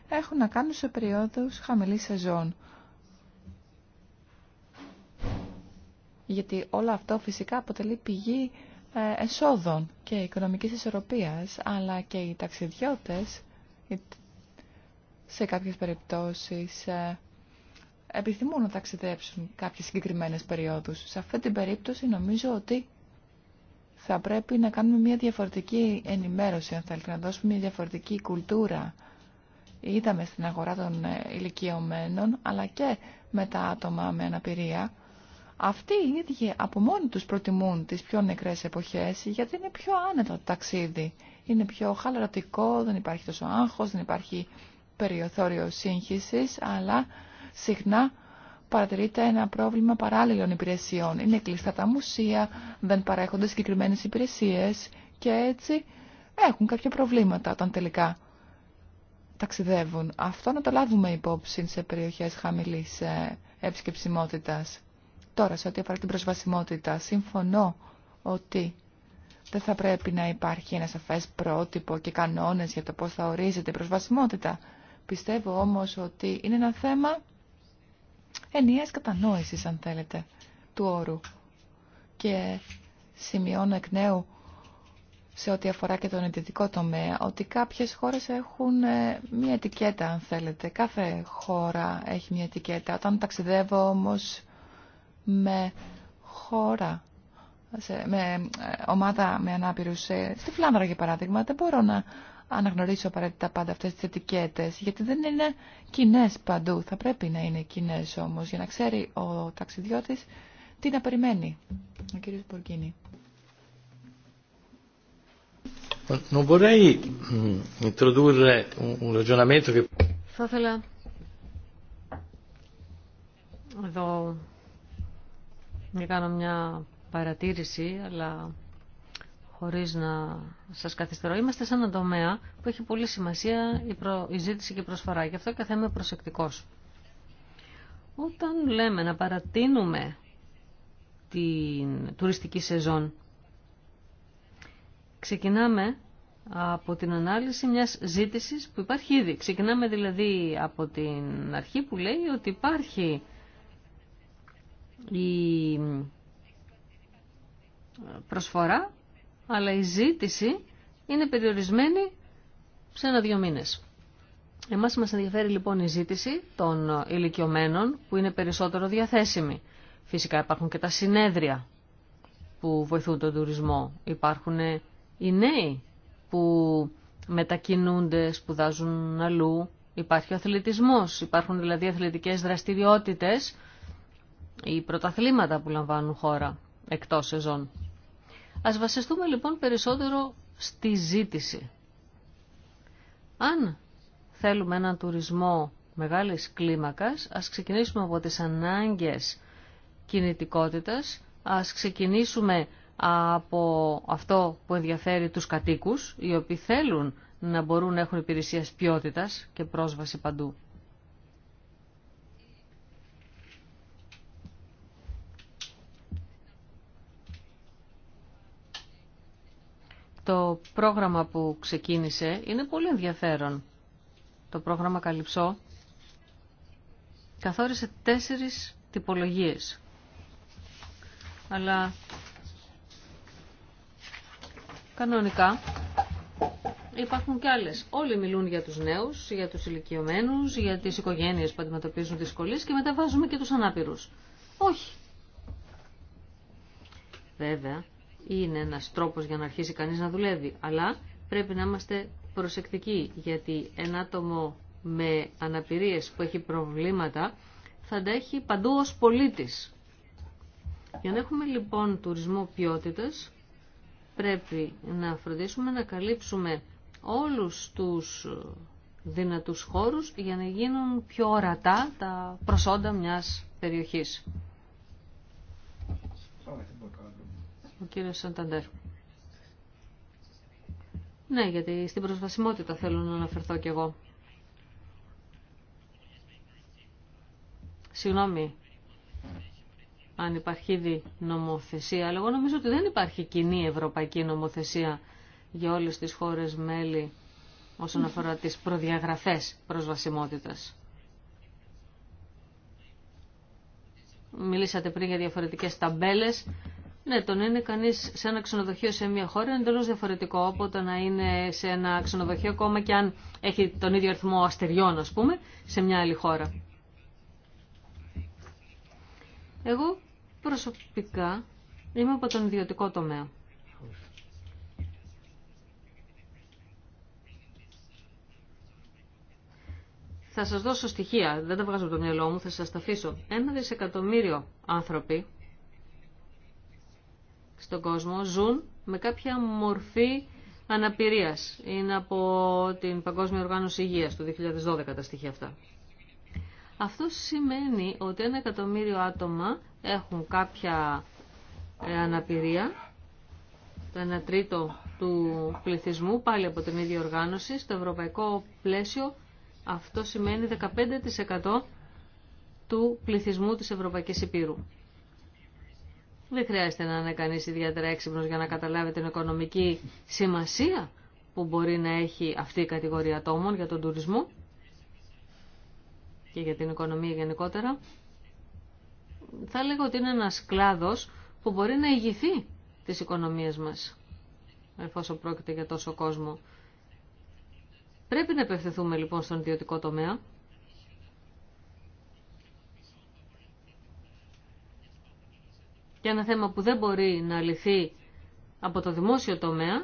έχουν να κάνουν σε περίοδους χαμηλής σεζόν. Γιατί όλο αυτό φυσικά αποτελεί πηγή ε, εσόδων και οικονομικής ισορροπίας, αλλά και οι ταξιδιώτες σε κάποιες περιπτώσεις ε, επιθυμούν να ταξιδέψουν κάποιες συγκεκριμένες περιόδους. Σε αυτή την περίπτωση νομίζω ότι θα πρέπει να κάνουμε μια διαφορετική ενημέρωση, αν θέλετε, να δώσουμε μια διαφορετική κουλτούρα. Είδαμε στην αγορά των ε, ηλικιωμένων, αλλά και με τα άτομα με αναπηρία. Αυτοί οι ίδιοι από μόνοι τους προτιμούν τις πιο νεκρές εποχές, γιατί είναι πιο άνετο το ταξίδι. Είναι πιο χαλαρωτικό, δεν υπάρχει τόσο άγχος, δεν υπάρχει περιοθώριο σύγχυσης, αλλά συχνά παρατηρείται ένα πρόβλημα παράλληλων υπηρεσιών. Είναι κλειστά τα μουσεία, δεν παρέχονται συγκεκριμένε υπηρεσίε και έτσι έχουν κάποια προβλήματα όταν τελικά ταξιδεύουν. Αυτό να το λάβουμε υπόψη σε περιοχές χαμηλής ε, επισκεψιμότητας. Τώρα, σε ό,τι αφορά την προσβασιμότητα, συμφωνώ ότι δεν θα πρέπει να υπάρχει ένα σαφές πρότυπο και κανόνες για το πώς θα ορίζεται η προσβασιμότητα. Πιστεύω όμως ότι είναι ένα θέμα ενιαίας κατανόησης, αν θέλετε, του όρου. Και σημειώνω εκ νέου σε ό,τι αφορά και τον ιδιωτικό τομέα, ότι κάποιες χώρες έχουν ε, μία ετικέτα, αν θέλετε. Κάθε χώρα έχει μία ετικέτα. Όταν ταξιδεύω όμως με χώρα, με ε, ομάδα με ανάπηρους, ε, στη Φλάνδρα για παράδειγμα, δεν μπορώ να αναγνωρίσω απαραίτητα πάντα αυτές τις ετικέτες, γιατί δεν είναι κοινέ παντού. Θα πρέπει να είναι κοινέ όμως, για να ξέρει ο ταξιδιώτης τι να περιμένει. Ο κύριος Μπορκίνη. Mm, Θα ήθελα εδώ να κάνω μια παρατήρηση, αλλά χωρίς να σας καθυστερώ, είμαστε σε έναν τομέα που έχει πολύ σημασία η, προ... η ζήτηση και η προσφορά. Γι' αυτό και θα είμαι προσεκτικός. Όταν λέμε να παρατείνουμε την τουριστική σεζόν, ξεκινάμε από την ανάλυση μιας ζήτησης που υπάρχει ήδη. Ξεκινάμε δηλαδή από την αρχή που λέει ότι υπάρχει η προσφορά αλλά η ζήτηση είναι περιορισμένη σε ένα-δύο μήνες. Εμάς μας ενδιαφέρει λοιπόν η ζήτηση των ηλικιωμένων που είναι περισσότερο διαθέσιμη. Φυσικά υπάρχουν και τα συνέδρια που βοηθούν τον τουρισμό. Υπάρχουν οι νέοι που μετακινούνται, σπουδάζουν αλλού. Υπάρχει ο αθλητισμός, υπάρχουν δηλαδή αθλητικές δραστηριότητες ή πρωταθλήματα που λαμβάνουν χώρα εκτός σεζόν. Ας βασιστούμε λοιπόν περισσότερο στη ζήτηση. Αν θέλουμε έναν τουρισμό μεγάλης κλίμακας, ας ξεκινήσουμε από τις ανάγκες κινητικότητας, ας ξεκινήσουμε από αυτό που ενδιαφέρει τους κατοίκους, οι οποίοι θέλουν να μπορούν να έχουν υπηρεσίες ποιότητας και πρόσβαση παντού. το πρόγραμμα που ξεκίνησε είναι πολύ ενδιαφέρον. Το πρόγραμμα Καλυψό καθόρισε τέσσερις τυπολογίες. Αλλά κανονικά υπάρχουν και άλλες. Όλοι μιλούν για τους νέους, για τους ηλικιωμένους, για τις οικογένειες που αντιμετωπίζουν δυσκολίες και μετά βάζουμε και τους ανάπηρους. Όχι. Βέβαια, είναι ένας τρόπος για να αρχίσει κανείς να δουλεύει, αλλά πρέπει να είμαστε προσεκτικοί, γιατί ένα άτομο με αναπηρίες που έχει προβλήματα θα τα παντού ως πολίτης. Για να έχουμε λοιπόν τουρισμό ποιότητας, πρέπει να φροντίσουμε να καλύψουμε όλους τους δυνατούς χώρους για να γίνουν πιο ορατά τα προσόντα μιας περιοχής. Ο κύριος Σανταντέρ. Ναι, γιατί στην προσβασιμότητα θέλω να αναφερθώ κι εγώ. Συγγνώμη αν υπάρχει ήδη νομοθεσία, αλλά εγώ νομίζω ότι δεν υπάρχει κοινή ευρωπαϊκή νομοθεσία για όλες τις χώρες μέλη όσον αφορά τις προδιαγραφές προσβασιμότητας. Μιλήσατε πριν για διαφορετικές ταμπέλες. Ναι, το να είναι κανεί σε ένα ξενοδοχείο σε μια χώρα είναι εντελώ διαφορετικό από το να είναι σε ένα ξενοδοχείο ακόμα και αν έχει τον ίδιο αριθμό αστεριών, α πούμε, σε μια άλλη χώρα. Εγώ προσωπικά είμαι από τον ιδιωτικό τομέα. Θα σας δώσω στοιχεία, δεν τα βγάζω από το μυαλό μου, θα σας τα αφήσω. Ένα δισεκατομμύριο άνθρωποι στον κόσμο ζουν με κάποια μορφή αναπηρίας. Είναι από την Παγκόσμια Οργάνωση Υγείας του 2012 τα στοιχεία αυτά. Αυτό σημαίνει ότι ένα εκατομμύριο άτομα έχουν κάποια ε, αναπηρία, το 1 τρίτο του πληθυσμού, πάλι από την ίδια οργάνωση, στο ευρωπαϊκό πλαίσιο αυτό σημαίνει 15% του πληθυσμού της Ευρωπαϊκής Υπήρου. Δεν χρειάζεται να είναι κανείς ιδιαίτερα έξυπνος για να καταλάβει την οικονομική σημασία που μπορεί να έχει αυτή η κατηγορία ατόμων για τον τουρισμό και για την οικονομία γενικότερα. Θα λέγω ότι είναι ένας κλάδος που μπορεί να ηγηθεί της οικονομίας μας, εφόσον πρόκειται για τόσο κόσμο. Πρέπει να επευθεθούμε λοιπόν στον ιδιωτικό τομέα για ένα θέμα που δεν μπορεί να λυθεί από το δημόσιο τομέα,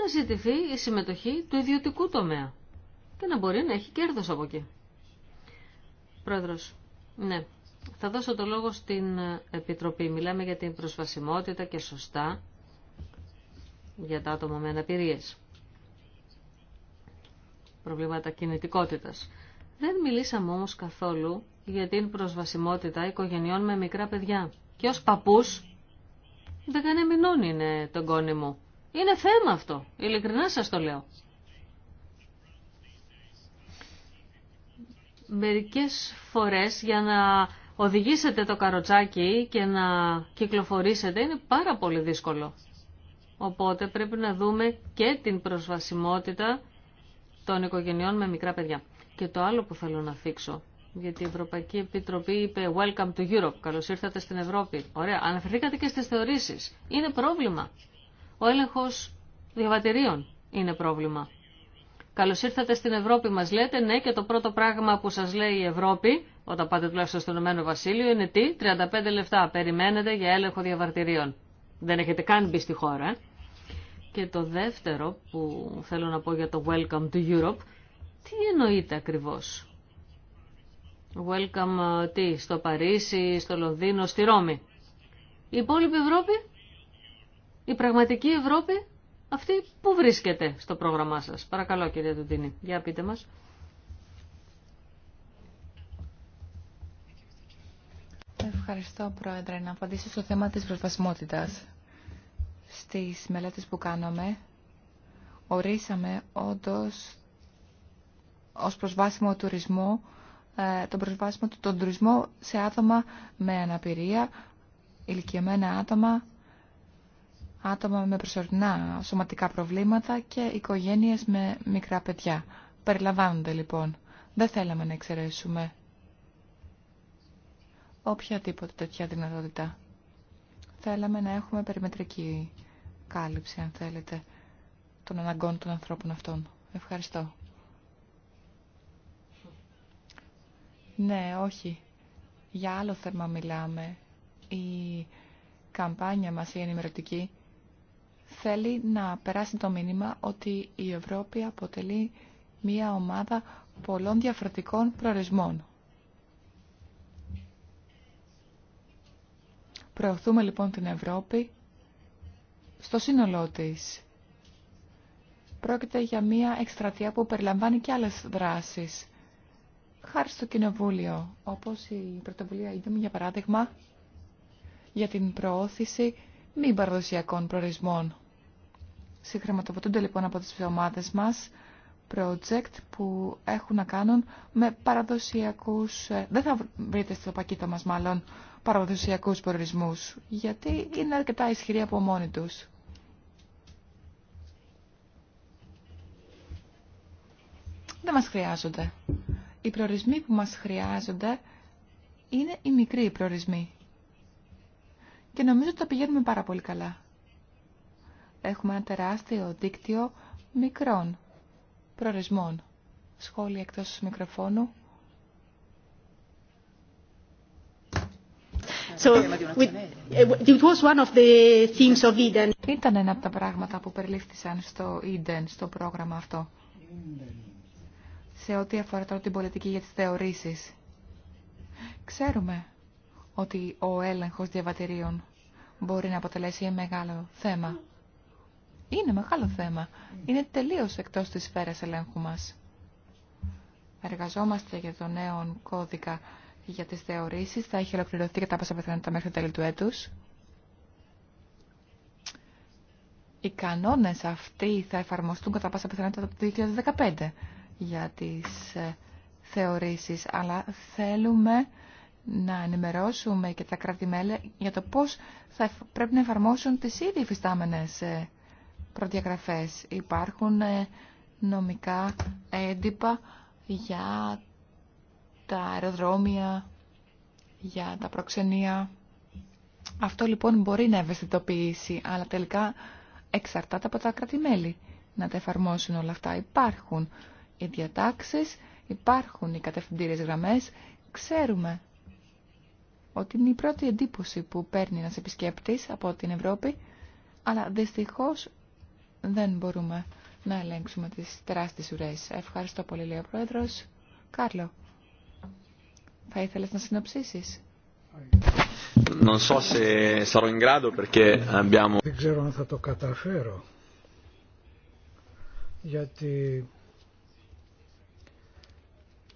να ζητηθεί η συμμετοχή του ιδιωτικού τομέα και να μπορεί να έχει κέρδος από εκεί. Πρόεδρος, ναι, θα δώσω το λόγο στην Επιτροπή. Μιλάμε για την προσβασιμότητα και σωστά για τα άτομα με αναπηρίες. Προβλήματα κινητικότητας. Δεν μιλήσαμε όμως καθόλου για την προσβασιμότητα οικογενειών με μικρά παιδιά και ως παππούς δεν κάνει μηνών είναι τον κόνη μου. Είναι θέμα αυτό, ειλικρινά σας το λέω. Μερικές φορές για να οδηγήσετε το καροτσάκι και να κυκλοφορήσετε είναι πάρα πολύ δύσκολο. Οπότε πρέπει να δούμε και την προσβασιμότητα των οικογενειών με μικρά παιδιά. Και το άλλο που θέλω να θίξω γιατί η Ευρωπαϊκή Επιτροπή είπε Welcome to Europe, καλώς ήρθατε στην Ευρώπη. Ωραία, αναφερθήκατε και στις θεωρήσεις. Είναι πρόβλημα. Ο έλεγχος διαβατηρίων είναι πρόβλημα. Καλώς ήρθατε στην Ευρώπη μας λέτε, ναι και το πρώτο πράγμα που σας λέει η Ευρώπη, όταν πάτε τουλάχιστον στον Ηνωμένο Βασίλειο, είναι τι, 35 λεφτά περιμένετε για έλεγχο διαβατηρίων. Δεν έχετε καν μπει στη χώρα. Ε. Και το δεύτερο που θέλω να πω για το Welcome to Europe, τι εννοείται ακριβώς Welcome ε, τι, στο Παρίσι, στο Λονδίνο, στη Ρώμη. Η υπόλοιπη Ευρώπη, η πραγματική Ευρώπη, αυτή που βρίσκεται στο πρόγραμμά σας. Παρακαλώ κύριε Τουντίνη, για πείτε μας. Ευχαριστώ Πρόεδρε. Να απαντήσω στο θέμα της προσβασιμότητας. Στις μελέτες που κάναμε, ορίσαμε όντως ως προσβάσιμο τουρισμό ε, το προσβάσιμο του τον τουρισμό σε άτομα με αναπηρία, ηλικιωμένα άτομα, άτομα με προσωρινά σωματικά προβλήματα και οικογένειες με μικρά παιδιά. Περιλαμβάνονται λοιπόν. Δεν θέλαμε να εξαιρέσουμε οποιαδήποτε τέτοια δυνατότητα. Θέλαμε να έχουμε περιμετρική κάλυψη, αν θέλετε, των αναγκών των ανθρώπων αυτών. Ευχαριστώ. Ναι, όχι. Για άλλο θέμα μιλάμε. Η καμπάνια μας, η ενημερωτική, θέλει να περάσει το μήνυμα ότι η Ευρώπη αποτελεί μία ομάδα πολλών διαφορετικών προορισμών. Προωθούμε λοιπόν την Ευρώπη στο σύνολό της. Πρόκειται για μία εκστρατεία που περιλαμβάνει και άλλες δράσεις χάρη στο Κοινοβούλιο, όπως η πρωτοβουλία είδαμε για παράδειγμα για την προώθηση μη παραδοσιακών προορισμών. Συγχρηματοποιούνται λοιπόν από τις ομάδες μας project που έχουν να κάνουν με παραδοσιακούς, ε, δεν θα βρείτε στο πακίτο μας μάλλον, παραδοσιακούς προορισμούς, γιατί είναι αρκετά ισχυροί από μόνοι τους. Δεν μας χρειάζονται οι προορισμοί που μας χρειάζονται είναι οι μικροί προορισμοί. Και νομίζω ότι τα πηγαίνουμε πάρα πολύ καλά. Έχουμε ένα τεράστιο δίκτυο μικρών προορισμών. Σχόλια εκτός μικροφώνου. Ήταν ένα από τα πράγματα που περιλήφθησαν στο Eden, στο πρόγραμμα αυτό σε ό,τι αφορά τώρα την πολιτική για τις θεωρήσεις. Ξέρουμε ότι ο έλεγχος διαβατηρίων μπορεί να αποτελέσει ένα μεγάλο θέμα. Είναι μεγάλο θέμα. Είναι τελείως εκτός της σφαίρας ελέγχου μας. Εργαζόμαστε για τον νέο κώδικα για τις θεωρήσεις. Θα έχει ολοκληρωθεί κατά πάσα πιθανότητα μέχρι το τέλη του έτους. Οι κανόνες αυτοί θα εφαρμοστούν κατά πάσα πιθανότητα το 2015 για τις ε, θεωρήσεις, αλλά θέλουμε να ενημερώσουμε και τα κρατη για το πώς θα πρέπει να εφαρμόσουν τις ήδη υφιστάμενες ε, προδιαγραφές. Υπάρχουν ε, νομικά έντυπα για τα αεροδρόμια, για τα προξενία. Αυτό λοιπόν μπορεί να ευαισθητοποιήσει, αλλά τελικά εξαρτάται από τα κρατη να τα εφαρμόσουν όλα αυτά. Υπάρχουν οι διατάξεις, υπάρχουν οι κατευθυντήριες γραμμές, ξέρουμε ότι είναι η πρώτη εντύπωση που παίρνει ένας επισκέπτης από την Ευρώπη, αλλά δυστυχώς δεν μπορούμε να ελέγξουμε τις τεράστιες ουρές. Ευχαριστώ πολύ, λέει ο Πρόεδρος. Κάρλο, θα ήθελες να συνοψίσεις. Δεν ξέρω αν θα το καταφέρω, γιατί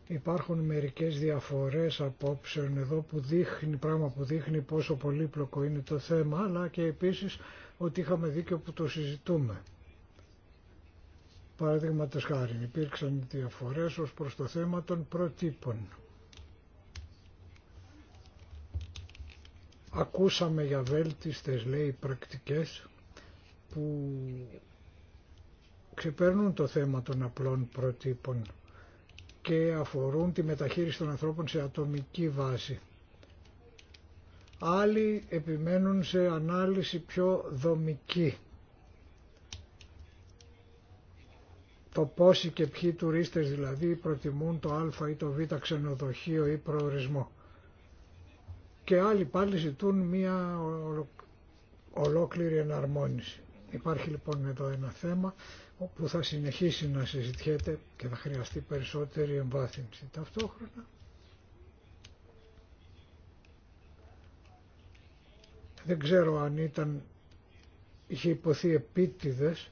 Υπάρχουν μερικές διαφορές απόψεων εδώ που δείχνει, πράγμα που δείχνει πόσο πολύπλοκο είναι το θέμα, αλλά και επίσης ότι είχαμε δίκιο που το συζητούμε. Παραδείγματο χάρη, υπήρξαν διαφορές ως προς το θέμα των προτύπων. Ακούσαμε για βέλτιστες, λέει, πρακτικές που ξεπέρνουν το θέμα των απλών προτύπων και αφορούν τη μεταχείριση των ανθρώπων σε ατομική βάση. Άλλοι επιμένουν σε ανάλυση πιο δομική. Το πόσοι και ποιοι τουρίστες δηλαδή προτιμούν το α ή το β ξενοδοχείο ή προορισμό. Και άλλοι πάλι ζητούν μία ολόκληρη εναρμόνιση. Υπάρχει λοιπόν εδώ ένα θέμα που θα συνεχίσει να συζητιέται και θα χρειαστεί περισσότερη εμβάθυνση. Ταυτόχρονα δεν ξέρω αν ήταν, είχε υποθεί επίτηδες,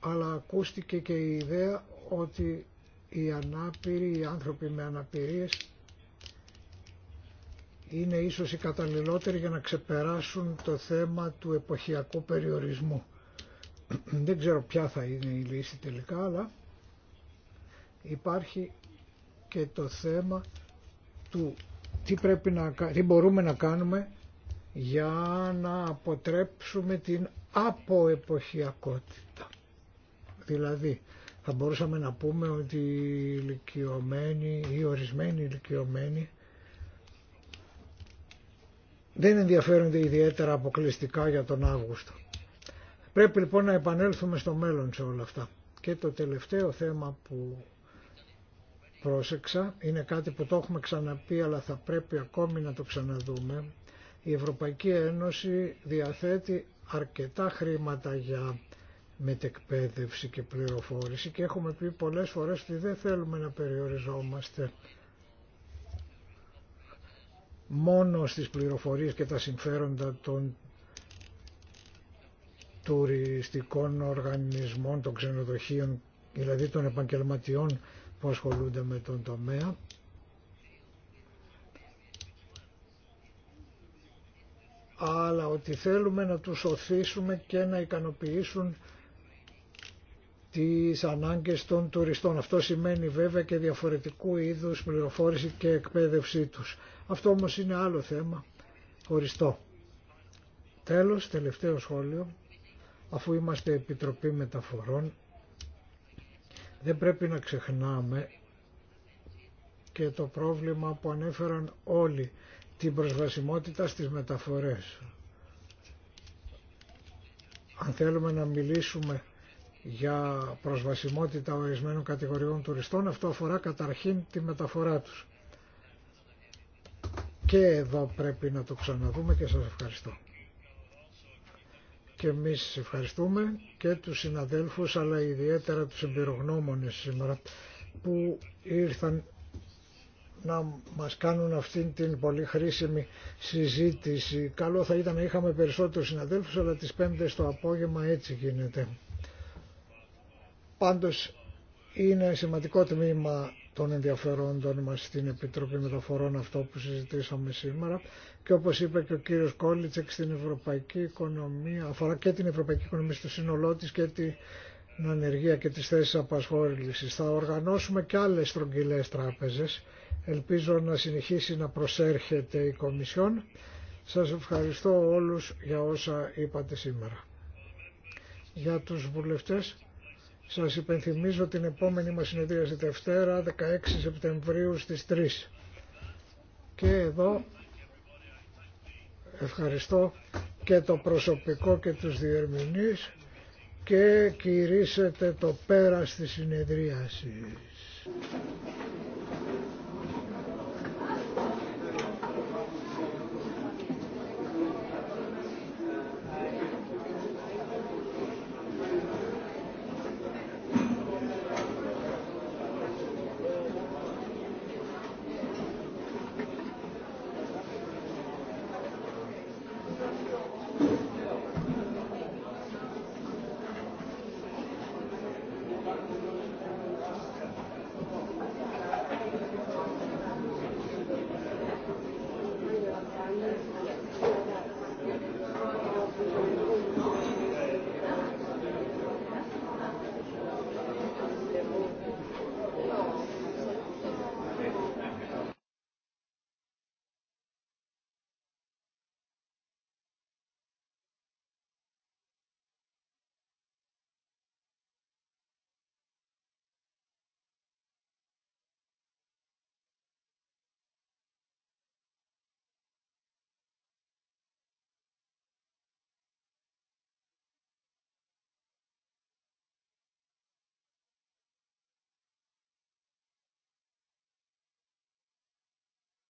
αλλά ακούστηκε και η ιδέα ότι οι ανάπηροι, οι άνθρωποι με αναπηρίες είναι ίσως οι καταλληλότεροι για να ξεπεράσουν το θέμα του εποχιακού περιορισμού. Δεν ξέρω ποια θα είναι η λύση τελικά, αλλά υπάρχει και το θέμα του τι, μπορούμε να κάνουμε για να αποτρέψουμε την αποεποχιακότητα. Δηλαδή, θα μπορούσαμε να πούμε ότι οι ηλικιωμένοι ή ορισμένοι ηλικιωμένοι δεν ενδιαφέρονται ιδιαίτερα αποκλειστικά για τον Αύγουστο. Πρέπει λοιπόν να επανέλθουμε στο μέλλον σε όλα αυτά. Και το τελευταίο θέμα που πρόσεξα, είναι κάτι που το έχουμε ξαναπεί αλλά θα πρέπει ακόμη να το ξαναδούμε, η Ευρωπαϊκή Ένωση διαθέτει αρκετά χρήματα για μετεκπαίδευση και πληροφόρηση και έχουμε πει πολλές φορές ότι δεν θέλουμε να περιοριζόμαστε μόνο στις πληροφορίες και τα συμφέροντα των τουριστικών οργανισμών, των ξενοδοχείων, δηλαδή των επαγγελματιών που ασχολούνται με τον τομέα. αλλά ότι θέλουμε να τους οθήσουμε και να ικανοποιήσουν τις ανάγκες των τουριστών. Αυτό σημαίνει βέβαια και διαφορετικού είδους πληροφόρηση και εκπαίδευσή τους. Αυτό όμως είναι άλλο θέμα, χωριστό. Τέλος, τελευταίο σχόλιο αφού είμαστε Επιτροπή Μεταφορών δεν πρέπει να ξεχνάμε και το πρόβλημα που ανέφεραν όλοι την προσβασιμότητα στις μεταφορές. Αν θέλουμε να μιλήσουμε για προσβασιμότητα ορισμένων κατηγοριών τουριστών, αυτό αφορά καταρχήν τη μεταφορά τους. Και εδώ πρέπει να το ξαναδούμε και σας ευχαριστώ και εμείς ευχαριστούμε και τους συναδέλφους αλλά ιδιαίτερα τους εμπειρογνώμονες σήμερα που ήρθαν να μας κάνουν αυτήν την πολύ χρήσιμη συζήτηση. Καλό θα ήταν να είχαμε περισσότερους συναδέλφους αλλά τις πέμπτες το απόγευμα έτσι γίνεται. Πάντως είναι σημαντικό τμήμα των ενδιαφερόντων μας στην Επιτροπή Μεταφορών αυτό που συζητήσαμε σήμερα και όπως είπε και ο κύριος Κόλιτσεκ στην Ευρωπαϊκή Οικονομία αφορά και την Ευρωπαϊκή Οικονομία στο σύνολό της και την ανεργία και τις θέσεις απασχόλησης. Θα οργανώσουμε και άλλες στρογγυλές τράπεζες. Ελπίζω να συνεχίσει να προσέρχεται η Κομισιόν. Σας ευχαριστώ όλους για όσα είπατε σήμερα. Για τους βουλευτές σας υπενθυμίζω την επόμενη μας συνεδρίαση Δευτέρα 16 Σεπτεμβρίου στις 3. Και εδώ ευχαριστώ και το προσωπικό και τους διερμηνείς και κηρύσσετε το πέρα της συνεδρίασης.